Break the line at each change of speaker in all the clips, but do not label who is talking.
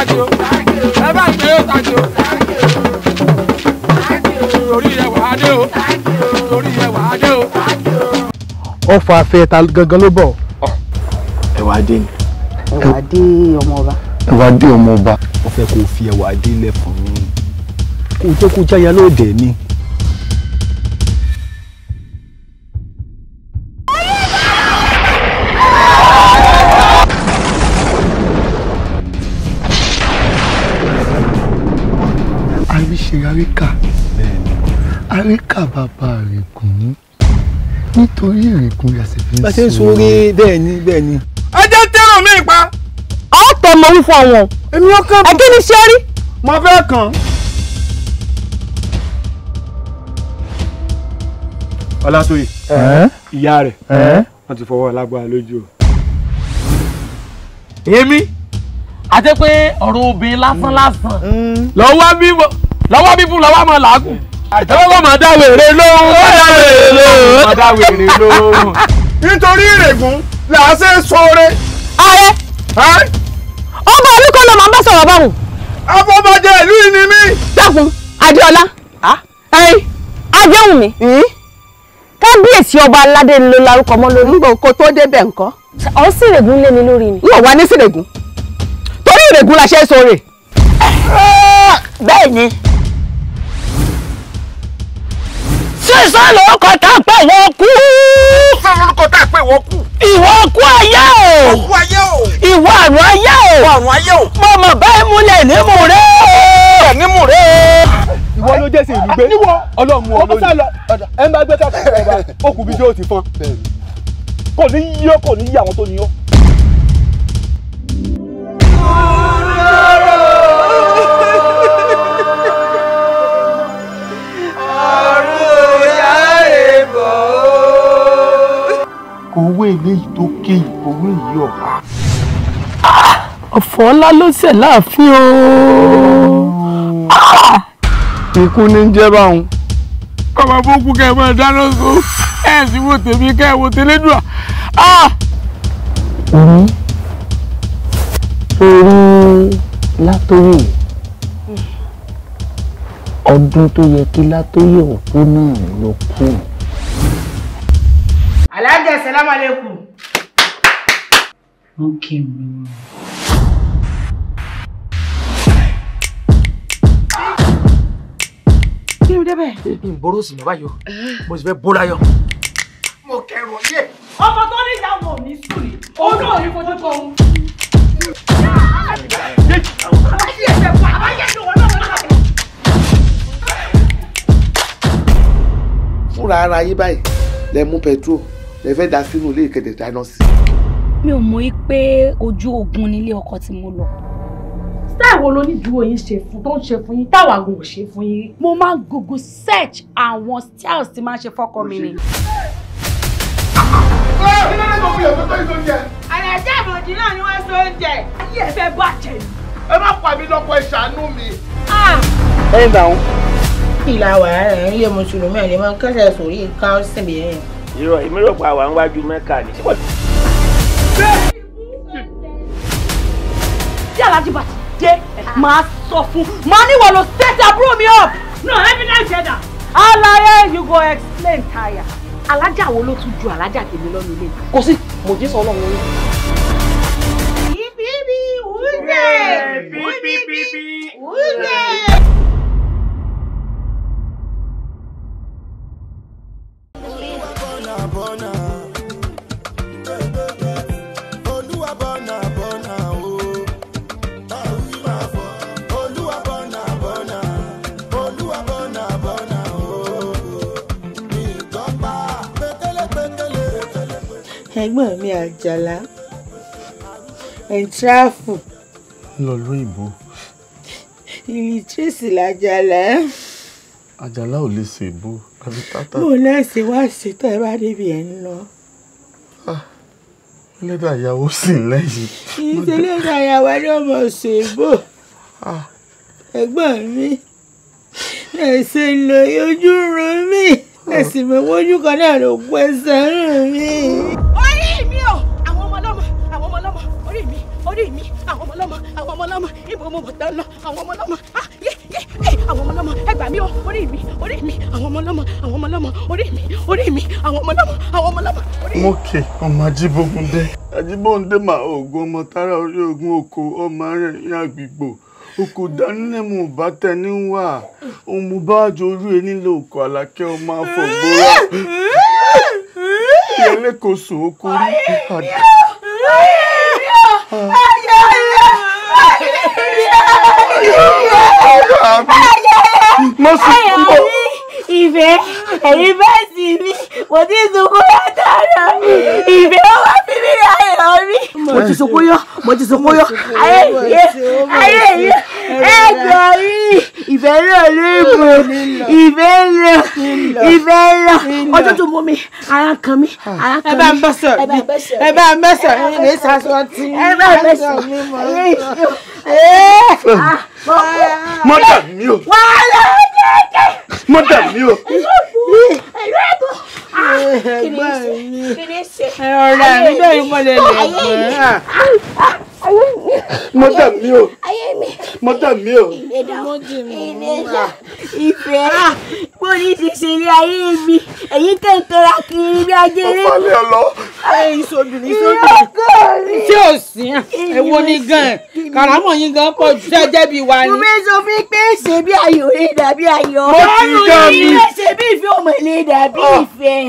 tagi o ẹ bá gbé o tagi o orí rẹ wàá
dé o orí rẹ wàá dé o.
ọfọ afẹ ta gangan ló bọ. ẹwà dé ni. ẹwà dé ọmọọba. ẹwà dé ọmọọba. ó fẹ́ kó o fi ẹwà dé lẹ́fọ̀ọ́ kó o jẹ́ kó o jáyà lóde ni.
ṣe àríkà àríkà bàbá àrègùn nítorí àrègùn yàtọ̀ fi ń sọ. bá a ṣe ń sọrí bẹ́ẹ̀ ni bẹ́ẹ̀ ni.
ẹ jẹ́ tẹ́rọ̀ mi pa. ọ̀tọ̀ mọ̀ wí fún àwọn. èmi ò kàn. ẹ
kí ni ṣe rí. mo fẹ́ kàn.
ọlátòyè ìyá rẹ̀ wọ́n ti fọwọ́ alágbára lójú o. èmi àti pé ọ̀rọ̀ obìnrin lásán lásán lọ́wọ́ bímọ lọ́wọ́ bíbú lọ́wọ́ máa làágùn àtẹ́wọ́ máa dá wèrè lóhùn máa dá wèrè lóhùn. nítorí ìrègùn là á ṣe é sóore. ààrẹ ọba olùkọ́ ló máa ń bá sọ̀rọ̀ báwò. afọbajẹ ìlú yìí ni mí. dákun adéọlá ajéhùn mi kábíyèsí ọba aládé ló larúkọ mọ́ lórí. nbọ kó tó débẹ̀ nǹkan. ọ̀ ń sìrègùn lé mi lórí ni. n ò wá ní sìrègùn torí ìrègùn la ṣe é sóore. bẹ́ẹ̀ ni sísọ lórúkọ
tá a pè wọ́n kú. sísọ lórúkọ tá a pè wọ́n kú. ìwọ kú ayé o. ìwọ
ayé o. ìwọ àrùn ayé o. ìwọ àrùn ayé
o. mo mọ̀ báyìí
múlẹ̀ nímú rẹ̀ o. nímú rẹ̀ o. ìwọ ló jẹ́ sí ìlú gbé ọlọ́run mú ọ lónìí ẹ ń bá gbé sáfù ọba ó kù yóò ti fọn kò ní yí ó kò
ní yí àwọn tó ní ó.
owó eléyìí tó
kéyìí owó èyí ọ̀há. ọ̀fọ̀ ńlá ló ṣẹ̀ láàfin o. Ah! ikú ní jẹ́ báwọn. bàbá bókú kẹ́ ẹ máa dáná sun ẹ̀ sí wo tèmi kẹ́ ẹ wo tẹ́lẹ́dùà. Ah!
orí orí
látòyè
ọdún tó yẹ kí látòyè òkú náà ló kù
alájà sàlámù alẹ́kùn.
Okay kì í mú un.
kí ni o débẹ̀. ìbòrò sì ní báyìí o ah. mo sì fẹ́ bó láyọ̀. mo kẹrù ọyẹ. ọmọ tó ní ìyá wọn sùn ni òun náà ní fojú kọ òun. fúnra ara yín báyìí lẹ mú pẹtrol ẹ fẹ́ da sínú ilé ìkẹ̀dẹ̀ dáná sí. mi ò mọ̀ í pé ojú ogun nílé ọkọ tí mo lọ. style wo ló ní ju oyin ṣe fún tó ń ṣe fún yín táwa àgùn ò ṣe fún yín. mo máa ń google search àwọn styles tí máa ń ṣe fọ́kọ mi ni. àyàjẹ́ ìmọ̀jì náà ni wọ́n so oúnjẹ ayé ẹ̀ fẹ́ bàjẹ́ ni. ẹ má pa mí lọ́kọ ẹ ṣàánú mi. ẹ ń bá wọn. ìlà wàhálà ń lé mùsùlùmí àlè máa irọ́ èmi rò pé àwa ń wájú mẹ́ka ni. tí alájí bá ti dé máa sọ fún máa níwọ̀ ló set àbúrò mi up. no evidence ẹ̀dà. alaye you go explain tire. alájà wo ló tún ju alájà tèmi lọ́nu ilé kò sí mòjí sọ ọlọ́run orí.
Bibi, who's there? Bibi, Bibi, who's there? ẹ̀gbọ́n mi
àjàlá ẹ̀ńtíráfù. lọ lóyìnbó.
ìlítírèsì làjàlá.
àjàlá ò lè ṣe ìbò àbí tátà. mo
náà ṣe wá ṣètò ẹ bá débi ẹ ń lọ. Ah,
ẹlẹ́dàá ìyàwó sì ń lẹ́yìn. ìṣe ẹlẹ́dàá ìyàwó ni ọmọ ṣe ìbò. Ah. ẹ̀gbọ́n mi ẹ̀sìn lò yójú rún mi ẹ̀sìn ah. mọ̀ wọ́jú kan náà ló pẹ́ sẹ́rùn mi.
ọmọlọ́mọ ibo mo bọ̀ tán lọ àwọn ọmọlọ́mọ ah yé yé yé àwọn ọmọlọ́mọ ẹ gbà mí o orí mi orí mi àwọn ọmọlọ́mọ àwọn ọmọlọ́mọ orí mi orí mi àwọn ọmọlọ́mọ àwọn ọmọlọ́mọ
orí mi. mọ́kè ọmọ ajíbógundé ajíbógundé mà oògùn ọmọ tára orí ogun oko ọmọ arìnrìn àgbègbò oko dánilẹ̀ mo bá tẹni wá òun mo bá jojú ẹni lè oko àlàkẹ́ ọmọ àfọ̀gbọ́rọ̀ ìyẹlẹ́kọ̀ọ́sọ̀ oko rí àdá.
mo sùn mo. ìfẹ́
ẹ̀yin bẹ́ẹ̀ sì ni mo ti sunkún látara ìfẹ́ ó wá sí mi ayọ̀ mi.
mo ti sunkún yọ mo ti sunkún yọ ayé ìyẹ ayé ìyẹ ẹ̀jọ̀ mi ìfẹ́ náà ló ìbò ìfẹ́ lọ ìfẹ́ lọ ọjọ́ tó mú mi ara kan mi ara kan mi. ẹ bá ń bẹ́sẹ̀ ẹ bá ń bẹ́sẹ̀ ẹ bá ń bẹ́sẹ̀ ẹ bá ń bẹ́sẹ̀ ẹ bá ń
bẹ́sẹ̀ mọ
mọ́tà mi o mọ́tà mi o.
ìlera ìfẹ́ pọ́lì ah, ti ṣe ilé ayé mi èyí tẹ̀ ń tọ́ra kiri bí ajẹ́rẹ́. ọ̀pá mi ọ̀ lọ. ẹyin sobìnrin
sobìnrin tí ò sí ẹ wo ni gan karamọ yín gan pọ̀ jù jẹ́jẹ́ bí wa ni. mo fẹ́ sọ pé ṣe bí ayò lè dàbí ayò. mo ti dá mi. ṣe bí ìfẹ́
ọmọ lè dàbí ah. ìfẹ́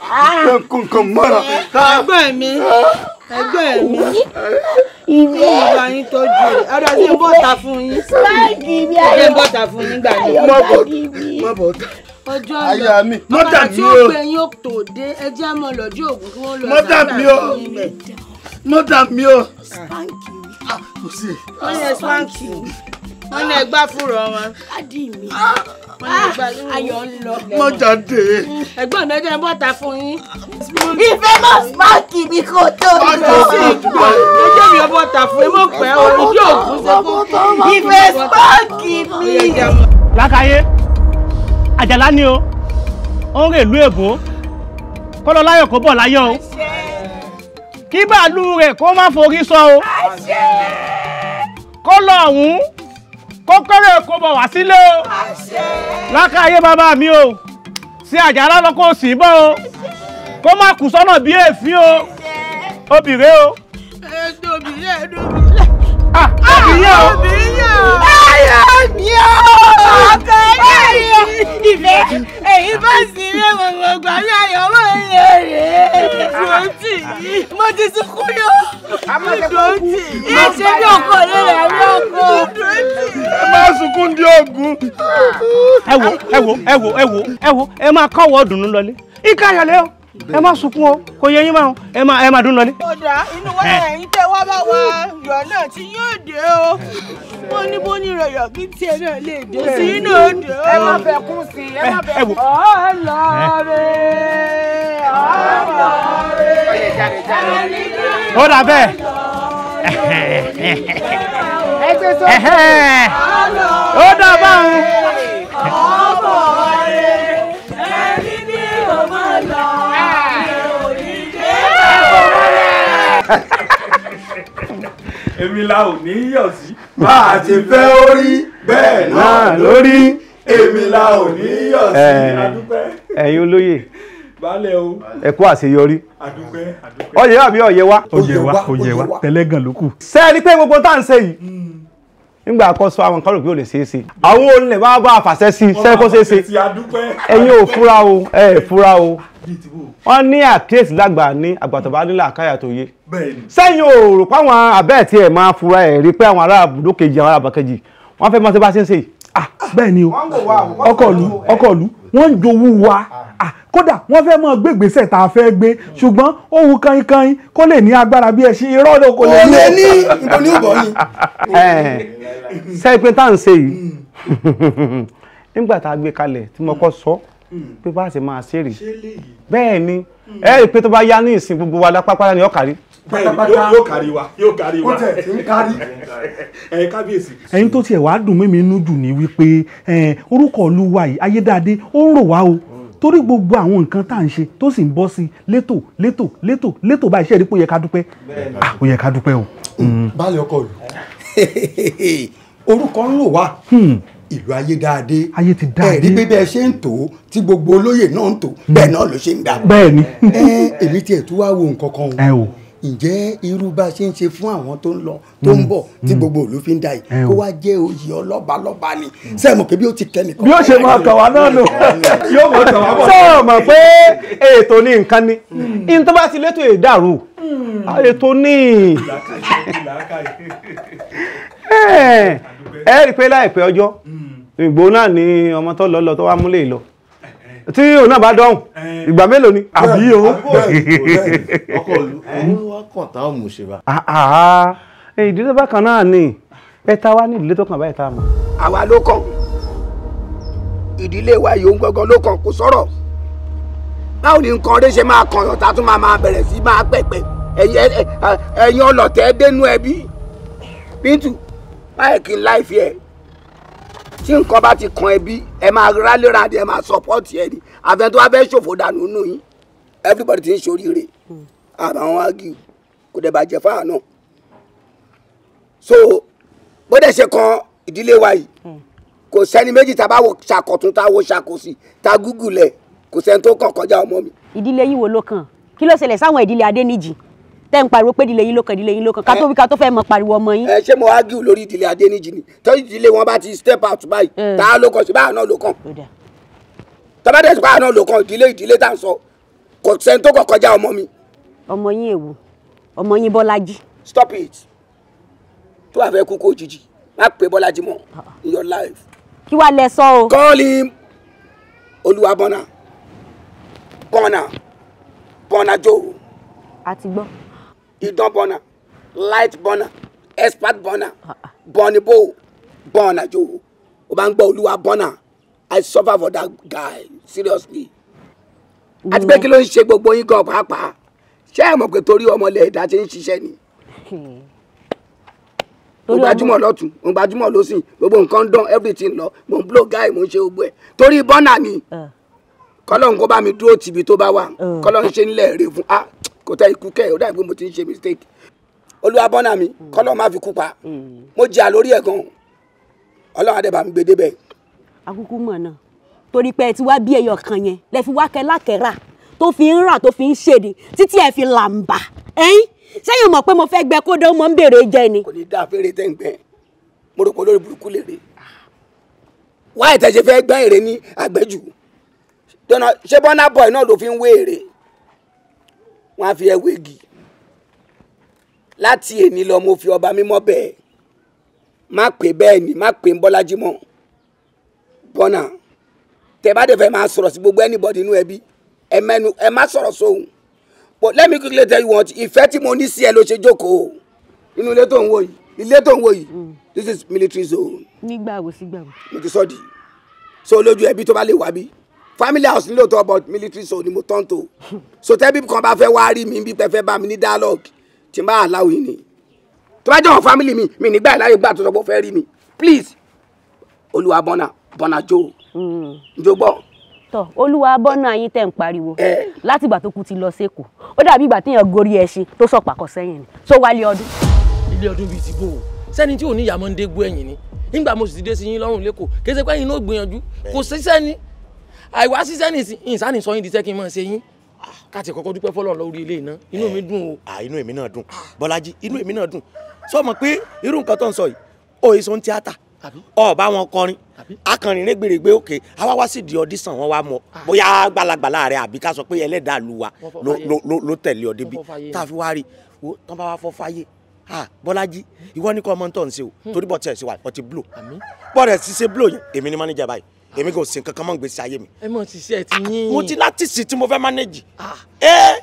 kankan mọ́ra. ẹgbẹ́ mi
ẹgbẹ́ mi ibi ìgbà yín tọ́jú rẹ̀ ọ̀dọ̀ sí ń bọ̀ta fún yín ṣé ń bọ̀ta fún yín gbà yín. má bọ̀ tá ọjọ́ lọ bàbá tí ó pè
yín ó tó dé ẹjẹ́ àmọ́ lọ́jọ́ ògùn kí wọ́n lọ sábà yín lẹ̀. mọ́tà mi o. mọ́tà mi o. spanky. Ah, kò sí. wọ́n yẹ spanky wọn ní ẹgbà fúnra wọn. dádì mi ah, ah, ayọ̀ ń lọ. mo jáde. ẹ̀gbọ́n mi jẹ́ bọ́ta fún yín. ìfẹ́ mọ̀ smáàkì mi kò tó lọ. ọjọ́ sì gbọ́ ẹjọ́ mi bọ́ta fún yín mo pẹ́ orí yóò kú sẹ́kù. ìfẹ́ smáàkì mi. lákàyé àjàlá ni o ó ń rè ìlú èbó kọ́lọ́ láyọ̀ kó bọ̀ láyọ̀ o kí bàálù rẹ̀ kó má forí sọ o kọ́lọ́ ọ̀hún kókóró èkó bọ̀ wá sílé o lákàáyé bàbá mi o sí àjàrà lọ́kọ̀ òsì bọ́ o kó má kù sọ́nà bí èéfín o
obìnrin o.
obìnrin ẹ̀ lóbìnrin.
ah obìnrin o. obìnrin o. ayọ̀ mi o. ọkọ ẹ̀yìn ìfẹ́ èyí bá
sí ilé gbogbo ìgbà ní ayọ̀ mọ́ ilé rẹ̀. ìdòtí mo ti sunkún yó. ìdòtí ìṣẹ́jú ọkọ̀ rẹ̀ rẹ̀ wọ́
ẹ wo ẹ wo ẹ wo ẹ wo ẹ wo ẹ máa kọ́ ọ̀wọ́ dùnú lọlé ika ayọ̀lẹ́ o ẹ má sunkún o kò yẹ yín máa ẹ máa ẹ máa dún lọlé. ọ̀dà inú wa ẹ̀yin tẹ wá bá wa yọ̀ náà tí yóò dé o wọ́n ní bó
ní rọ̀yọ̀ kí tiẹ̀ náà lè dé
sí inú òde o. ẹ má bẹ
kún sí i ẹ má bẹ kún. ọlọ́ọ̀rẹ́ ọlọ́ọ̀rẹ́ ẹni bí ọlọ́ọ̀rẹ́. ó dà bẹ́ẹ̀ ẹgbẹ́ sọ ó dọ̀bọ̀ ń. ọ̀pọ̀ rẹ̀ ẹni bí o
máa lọ mi ò ní dé bọ̀. èmi la ò ní yọ̀ sí. bá a ti fẹ́ orí bẹ́ẹ̀ náà lórí èmi la ò ní yọ̀ sí. adúpẹ́.
ẹ̀yin baálẹ̀ o. ẹ kú àṣeyọrí. àdúpẹ́ àdúpẹ́. ọyẹ àbí ọyẹ wa. ọyẹ wa ọyẹ wa tẹlẹgàn ló kù. sẹ́ẹ̀ni pé gbogbo tá à ń ṣe yìí hmm. nígbà kan sọ àwọn kan rò pé ò lè ṣeé ṣe àwọn olè bá bá àfàṣẹ sí sẹ́ẹ̀ kó ṣeé ṣe ẹ̀yin ò fura o ẹ̀ ẹ̀ fura o wọ́n ní àkíyèsí lágbà ní àgbàtọ̀bá nílà káyà tó yé sẹ́yìn ò rò páwọn àbẹ́ẹ̀ tí ẹ̀ máa fura ẹ̀ rí pé àwọn ará àbúdó kejì àwọn ará àbàkejì wọ́n fẹ́ mọ́ sí bá ṣe ń ṣe ah, o ọkọ̀ lu ọkọ̀ lu wọ́n ń jowú wa ah. kódà wọ́n fẹ́ mọ gbégbèsè tá a fẹ́ gbé hmm. ṣùgbọ́n ó wu kankan kó lè ní agbára bí ẹṣin irọ́ ló kò lè ní. olè ní ìbòlú ìbọn ni. sẹ́yìn pé tá à ń ṣe yìí
hmm.
nígbà tá a gbé kalẹ̀ tí mo kọ́ sọ hmm. pé bá a ṣe máa ṣe rè bẹ́ẹ̀ ni ẹ̀ ẹ́ pé tó bá yá ní ìsìn gbogbo wa lápapá ni ọkàrí pátápátá yóò kárí wa
yóò kárí wa kó tẹ̀ tí ń kárí. ẹ̀yin kábíyèsí.
ẹ̀yin tó tiẹ̀ wàá dùn mímí inú jù ní wípé orúkọ olúwa yìí ayédáadé ó rò wá o torí gbogbo àwọn nǹkan tá à ń ṣe tó sì ń bọ́ sí létò létò létò létò báyìí ṣe é rí pé ó yẹ ká dúpẹ́ ah, ó yẹ ká dúpẹ́ o. Hmm. baálẹ̀ ọkọ lù orúkọ ń rò wá hmm. ìlú ayédáadé ayé ti dáadé ẹ̀rí pé bẹ́ẹ̀ ṣe ń tò ó tí gbogbo olóyè náà ń tò hmm. bẹ́ẹ̀ náà ló ṣe ń dà. bẹ́ẹ̀ ni. èmi tiẹ̀ tún wá wo nǹkan kan o. ẹ o ǹjẹ́ irú bá a ṣe ń ṣe fún àwọn tó ń lọ tó ń hmm. bọ̀ tí hmm. gbogbo ìlú fi ń da yìí hmm. kó wá jẹ́ oyè ọlọ́ba lọ́ba ni sẹ́mu pé ó ti kẹ́nìkan. bí ó ṣe máa kàn náà nù yóò máa kàn sọ ma pé ètò ní nǹkan ni ihun bá ti létò ìdàrú ah, ètò ní. ẹ rí i pé láìpẹ́ ọjọ́ ìgbó náà ni ọmọ tó lọ lọ tó wá múlẹ̀ lọ tí òun náà bá dọ̀hùn eh. ìgbà mélòó ni àbí o. ọkọ olúwa kọ̀ tá ò mú ṣe bá. Ah, ah, ah. eh, ìdílé bákan náà ni ẹ ta wá ní ìdílé tó kàn báyìí tá a mọ̀. àwa ló kàn ìdílé wa yòó gangan ló kàn kó sọ̀rọ̀ báwo ni nǹkan ọ̀rẹ́ ṣe máa kàn yọ̀tá tún máa máa bẹ̀rẹ̀ sí máa pẹ̀pẹ̀ ẹ̀yin ọlọ̀tẹ̀ dénú ẹbí bíntù báyìí kì í láì fi ẹ̀ tí nǹkan bá ti kan ẹbí ẹ máa rálẹ́ra ẹ máa sọpọ́ọ̀tì ẹ ni àfẹn tó wá fẹ́ ṣòfò dànù nù yín everybody ti ń ṣoríire hmm. àbáwọn ágì kò dẹ̀ bàjẹ́ fáà náà so bó dẹ̀ ṣe kan ìdílé wa yìí hmm. kò sẹ́ni méjì tá a bá wo ṣàkọ̀tún tá a wo ṣàkósì tá a gúgùlẹ̀ kò sẹ́ni tó kàn kọjá ọmọ mi. ìdílé yìí wo ló kàn kí ló ṣẹlẹ̀ sáwọn ìdílé Adéníjì tẹ́ ń pariwo pé ìdílé yín ló kàn ìdílé yín ló kàn ká tó eh. wí ká tó fẹ́ mọ pariwo ọmọ yín. ẹ eh, ṣé mo argue lórí ìdílé Adéníjì ni tó ìdílé wọn bá ti step out báyìí eh. tá a ló kàn sí báà náà ló kàn tọ́bádé sí báà náà ló kàn ìdílé ìdílé tá à ń sọ kò sẹ́ni tó kàn kọjá ọmọ mi. ọmọ yín èwo ọmọ yín Bọ́lájí. stop it tó bá fẹ́ kú kó jìjì má pè Bọ́lájí mọ́ ah. in your life. kí wàá lẹ sọ o. call him Olúwabọ́nà bọ́nà bọ́nà jó. àti gbọ́ idán burner, light burner, expert bọ́nà ah, ah. bọ́nibó burner. jò ó bá ń gbọ́ olúwa burner. i suffer for that guy seriously àti pé kí ló ń ṣe gbogbo yín gan pàápàá ṣé ẹ mọ̀ pé torí ọmọlẹ̀ ẹ̀dá ṣe ń ṣiṣẹ́ ni mo gbajúmọ̀ lọ́tún mo gbajúmọ̀ lọ́sìn gbogbo nǹkan dán everything lọ mo ń blow guy mo ń ṣe gbogbo ẹ̀ torí bọ́nà ni ah. kọ́lọ́n bá mi dúró tìbí tó bá wà kọ́lọ́n ṣe nílẹ̀ rè fún ah kò tẹ́ ikú kẹ́ ẹ̀ dàbí pé mo ti ń ṣe mistake olúwabọ́nà mi mm. kọ́lọ́ máa fi kú pa mm. mo jà lórí ẹ̀ gan ọlọ́run adébà mi gbèdé bẹ́ẹ̀. akúkú mọ̀ náà torí pé ẹ ti wá bí ẹyọ kan yẹn lẹ fi wá kẹ lákẹ́rà tó fi ń rà tó fi ń ṣèdè títí ẹ fi làǹbà ẹ̀yìn sẹ́yìn mọ̀ pé mo fẹ́ gbẹ kódà ó mọ̀ ń bèrè jẹ ni. kò ní dáa fèrè tẹ́ ń gbẹ mo rò pé olórí burúkú lè rè wá ìtẹ̀sẹ̀ fẹ́ gbẹ́ èrè ní àgbẹ̀jù ṣé bọ́nà bọ̀ náà ló fi ń wé èrè wọ́n á fi ẹwé gì láti èmi lọ mo fi ọba mímọ́ bẹ́ẹ̀ má pè bẹ́ẹ̀ ni má pè ń bọ́lájí mọ́ bọ́nà tẹ bá dẹ̀ fẹ́ máa sọ̀rọ̀ sí gbogbo anybody inú ẹbí ẹ mẹ́nu ẹ má sọ̀rọ̀ sóhun but let me quickly tell you what ìfẹ́ tí mo ní sí ẹ ló ṣe jókòó inú ilé tó ń wò yìí ilé tó ń wò yìí mm. this is military zone. nígbà wo sígbà wo. mo ti sọ di so olójú ẹbí tó bá lè wá bí family house nílò tó but military so ni mo tán tó so tẹ́bí kan bá fẹ́ wá rí mi bí pẹ́fẹ́ bá mi ní dialogue tí n bá aláwọ̀ yìí ni tó bá jẹ́ wọn family mi mi nígbà ìláyè gbà tó sọ pé ó fẹ́ rí mi please olúwa bọ́nà bọ́nà jó hmm. jó gbọ́. tọ olúwa bọ́nà yín tẹ̀ ń pariwo látìgbà tó kú ti lọ sẹ́kọ̀ọ́ ó dàbí ìgbà téèyàn gorí ẹṣin tó sọ pàkọ́ sẹ́yìn ni tó wálé ọdún. ilé ọdún bíi ti bò ó sẹ́ni tí ò ní ìyá ń dé gbó ẹ̀yìn ni nígbà mo sì ti dé sí yín lọ́rùn lẹ́kọ̀ọ́ kì í ṣe pé ẹ̀yin náà gbìyànjú kò sí sẹ́ni àìwá ṣiṣẹ́ nìsín ìsáni sọ yín di sẹ́kìn mọ̀ ṣe yín ah, káàtì kọ́kọ́ dúpẹ́ fọlọ́ lórí ilé iná inú mi dùn o. à ah, inú èmi náà dùn ah. bọ́lájí inú èmi náà dùn sọ mọ̀ pé irú nǹkan tó ń sọ yìí òye sọ ń tíátà ọba wọn kọrin akànrin ní gbèrègbè òkè àwa wá sí di audition wọn wá mọ bóyá gbalagbala rẹ àbí ká sọ pé ẹlẹ́dàá lu wa ló tẹ̀lé ọ débi tá a fi wá rí wo tán bá wá fọ́ fáyé bọ́lájí ìwọ ní kọ́ ọmọ ń tọ̀ ń ṣe o hmm. torí bọ́ tẹ̀ ṣe wà ọtí blow bọ́ọ̀rẹ̀ ṣiṣẹ́ blow yẹn èmi ni manager báyìí èmi kò sin kankan mọ́ gbèsè ayé mi. ẹ mọ̀ ti ẹ ti yín. mo ti láti sí tí mo fẹ́ manage. Ah. ẹ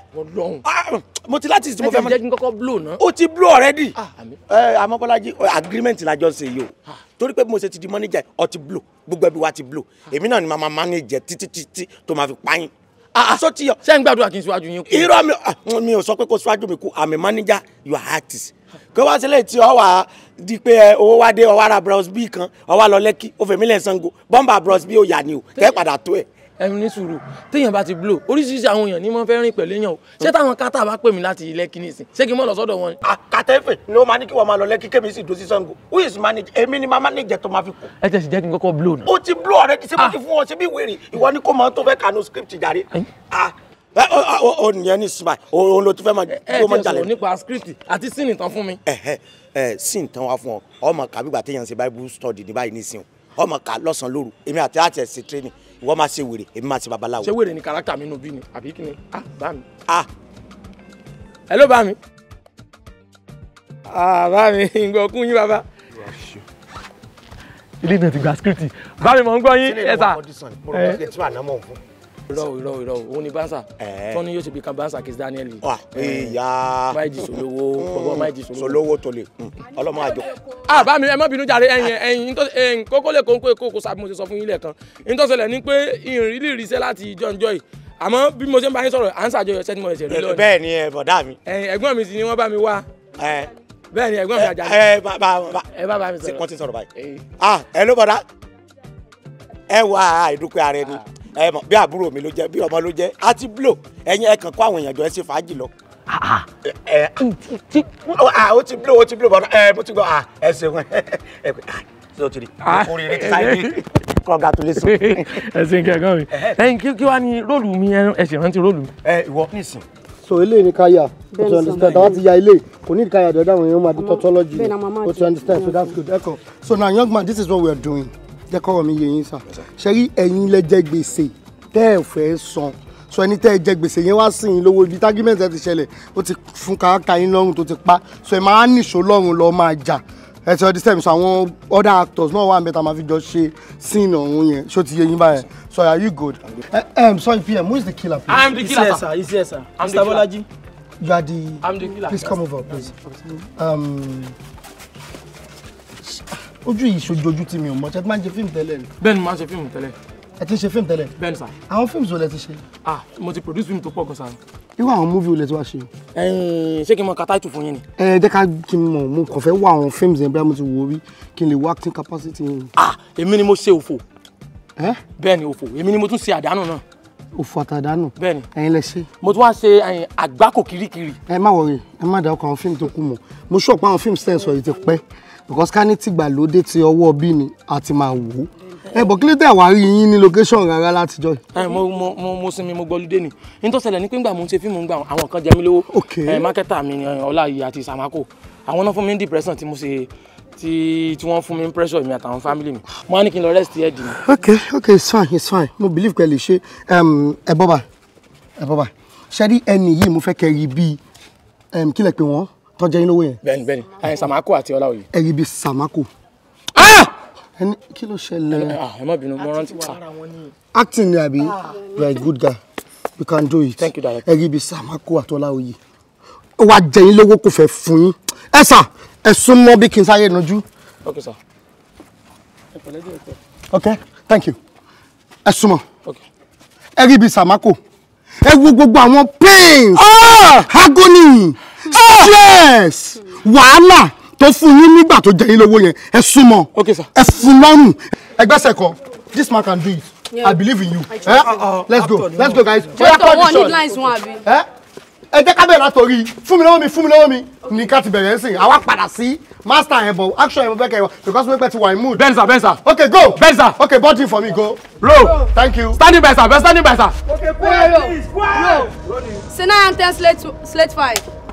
ah, mo ti láti sí tí mo fẹ́ manage. ẹ jẹ́ kí n kọ́kọ́ blow náà. o ti blow already. Ah, ẹ amọ́bọ́lájí agreement la jọ ṣe yìí o torí pé mo ṣe ti di manager ọ ti blow gbogbo ẹbí wa ti blow èmi náà ni màá manage títí títí tó máa fi pààyàn. àṣọ ti yọ. ṣé gbàdúrà kí n ṣíwájú yín kú. irọ́ mi ò sọ pé kó ṣíwájú mi kú I'm a manager you are artist kó wá sílẹ̀ tí ọ wà di pé owó wá dé ọwọ́ ara bros bí kan ọwọ́ lọ lẹ́kí ó fèmí lẹ̀ sango bọ́mbà bros bí ó yà ni o kẹ́ padà tó ẹ̀. ẹnu ní sùúrù téèyàn bá ti blow oríṣiríṣi àwọn èèyàn ni mo fẹ́ rìn pẹ̀lú èèyàn o ṣé táwọn kátà bá pè mí láti lẹ́kí nìsín ṣé kí n mọ̀ lọ sọ́dọ̀ wọn. àkàtẹ́fẹ̀ ni ah, máa ní kí wọ́n máa lọ lẹ́kí kémi sì dosí sango who is manager èmi ni mama níjẹ tó máa fi kú. ẹ tẹ̀sí jẹ́ kí n kọ́kọ́ blow náà. ó ti blow already ṣé mo ah. ti fún ọ ṣe bí wèrè ìwọ ni kò máa tó fẹ́ kanu script jàre ó nìyẹn ní sinmi òun ló tún fẹ́ máa kó máa jalè. ẹ ẹ script àti sin ìtàn fún mi. ẹ ẹ sin ìtàn wa fún ọ ọmọ kà bí gbà téèyàn ṣe bible study ní báyìí nísìnyí ọmọ kà lọ́sàn-án lóru èmi àti láti ẹ̀ ṣe training ìwọ máa ṣe wèrè èmi máa ṣe babaláwo. ṣé wèrè ni kàrákítà mi nù bí ni àbí kí ah bá mi. ah hello bá mi. ah bá mi nǹkan kún yín bàbá
ilé náà ti gba script bá
mi mọ̀ ń gbọ́ yín ẹ̀ sà. sílẹ̀ mo rò pé ẹ̀ tí wà náà irọ́ irọ́ irọ́ òun ni bánsà tó ní yóò ṣe bí kan bánsà kìí Daniel ìyá máìjì sòlówó bọ̀bọ̀ máìjì sòlówó tòlè hmm, ọlọ́mọ àjọ. àbá mi ẹ má bínú jàre ẹ̀yin ẹ̀yin kókó lè kóńkó èkó kó sábà mo ṣe sọ fún yín lẹ́ẹ̀kan ní tó ṣẹlẹ̀ ni pé ìrìnrìn ìrìnsẹ̀ láti ìjọ́njọ́ yìí àmọ́ bí mo ṣe ń bá yín sọ̀rọ̀ à ń ṣàjọyọ̀ ṣẹ́ni mo ṣe rí lọ́ọ̀ni. bẹ́ẹ̀ ni ẹ bọ̀dá mi. ẹ̀gbọ́n mi sì ni wọ́n bá mi wá bẹ́ẹ̀ ni ẹ̀gbọ́n mi àjà ẹ bá bá ẹ bá bá mi sọ̀rọ̀ wọ́n ti sọ̀rọ̀ báyìí. ah ẹ ló bọ̀dá ẹ wà á ìdúpẹ́ ara ẹni ẹ mọ̀ bí àbúrò mi ló jẹ́ bí ọmọ ló jẹ́ á ti blow ẹ̀yin ẹ kó àwọn èèyàn jọ ẹ ṣe fàájì lọ. Ah, ah. Ah, ó ti blow ó ti blow bọ́dọ̀ ẹ mo ti gbọ́ ẹ ṣeun ẹ pé o ti rí oríire ti sáyé congratulation. ẹ ṣe nǹkan kan mi ẹyin kí wàá ní róòlù mi ẹ ṣe rántí róòlù ẹ ìwọ nísìn so eléyìí ni ká yà o ti understand àwọn ti ya eléyìí kò ní ká yà àwọn èèyàn máa di tautology o ti understand so that's good ẹ kọ so now young man this is what we are doing jẹ́ kọ́rọ̀ mi yé yín sàn ṣe rí ẹ̀yin lẹ jẹ gbèsè tẹ́ ẹ̀ fẹ́ san sọ ẹni tẹ́ ẹ jẹ gbèsè yẹn wá sí yín lówó ibi tágímẹ̀ntì ẹ ti ṣẹlẹ̀ ó ti fún kàrákà yín lọ́rùn tó ti pa sọ ẹ máa nìṣó lọ́rùn lọ́ọ́ máa jà ẹ ti ọdí sẹ́mi sọ àwọn other actors náà wà ń bẹ tá a máa fi jọ ṣe scene ọ̀hún yẹn ṣó ti yé yín báyẹn so are you good. ẹ ẹ eh, um, m sorry pm who is the killer please. i am the killer sir he is here sir mr bolaji. you are the. i am the killer please come over please. Um, ojú yìí ṣojoojú tí mi ò mọ̀ ṣe ti máa ń ṣe fíìmù tẹ́lẹ̀ ni. bẹ́ẹ̀ ni máa ń ṣe fíìmù tẹ́lẹ̀. ẹ ti ń ṣe fíìmù tẹ́lẹ̀. bẹ́ẹ̀ ni sà. àwọn fíìmù wo lẹ ti ṣe. ah mo ti produce fíìmù tó pọ̀ gan sa. irú àwọn múvi wo lẹ ti wá ṣe. ṣé kí n mọ ka táìtù fún yín ni. ẹ jẹ́ ká kí n mọ̀ mo kàn fẹ́ wá àwọn fíìmù yẹn bí a mo ti wò rí kí n lè wá acting capacity yẹn. ah èmi ni mo ṣe òfò. ẹ bẹ́ẹ̀ ni òfò èmi ni mo tún ṣe àdánù náà òfò àtàdánù. bẹ́ẹ̀ni ẹ̀yin lẹ ṣe. mo tún wá ṣe ẹ̀yin àgbákò kirikiri. ẹ má wọrí ẹ má dá ọkọ àwọn fíìmù tó kù mọ́ mo ṣọpọ àwọn fíìmù because ká ní tìgbàlódé ti ọwọ́ bí ni àti máa wò ó ẹ bọ̀ kí ló tẹ̀ wá rí yín ní location rárá látijọ́ yìí. ẹ mo mo mo mo sinmi mo gbọ́lúdé ni n tó ṣẹlẹ̀ ní pé ńgbà mo ń ṣe fíìmù ńgbà àwọn kan jẹ mí lówó ẹ mákẹ́tà mi ọláyé àti samako àwọn náà fún mi ní depression tí mo ṣe tí tí wọ́n fún mi ní pressure mi àtàwọn family mi mo á ní kí n lọ rest here dì mí. ok ok it's fine it's fine mo believe pé ẹ lè ṣe ẹ bọ́ bá ẹ bọ́ bá ṣe rí ẹni yìí mo fẹ́ kẹ́ bíi kílẹ̀ pé wọ́n tọ́jẹ́ yín lówó yẹn. bẹ́ẹ̀ni bẹ́ẹ̀ni ẹ samako àti ọláoyè. ẹ yí bi samako. ẹni kí ló ṣẹlẹ̀. ẹ ah, má bínú mo rántí wa. acting ni àbí ah. you are a good guy you can do it. thank you director. ẹ yí bi samako àti ọláoyè. ó wàá jẹ yín lówó kò fẹ́ fún yín. ẹ sà ẹ sún mọ́ bí kí n sáyé nájú. ok sir. ok thank you. ẹ súnmọ́. ẹ yí bi samako. ẹ wo gbogbo àwọn pains. Ah! agony yes wàhálà tó fún yín nígbà tó jẹ yín lówó yẹn ẹ súnmọ́ ẹ fún lọ́rùn ẹ gbẹ́sẹ̀ kọ this man can do it yeah. i believe in you eh? uh -uh. let's go let's go guys. jọ́tọ̀ wọ́n ní lines wọn àbí. Eh? ẹ jẹ́ ká bẹ̀rẹ̀ látọ̀rí fún mi lọ́wọ́ mi fún mi lọ́wọ́ mi ní ká ti bẹ̀rẹ̀ ẹ̀sìn àwa padà sí master ẹ̀bọ̀ action ẹ̀bọ̀ bẹ́ẹ̀ kẹ̀wọ̀ because wípé ti wà in mood. benza benza. okay go benza. okay body for me go. roll thank you. standing Benza. sir standing Benza. sir. okay quiet please quiet. roll. ten slate slate five.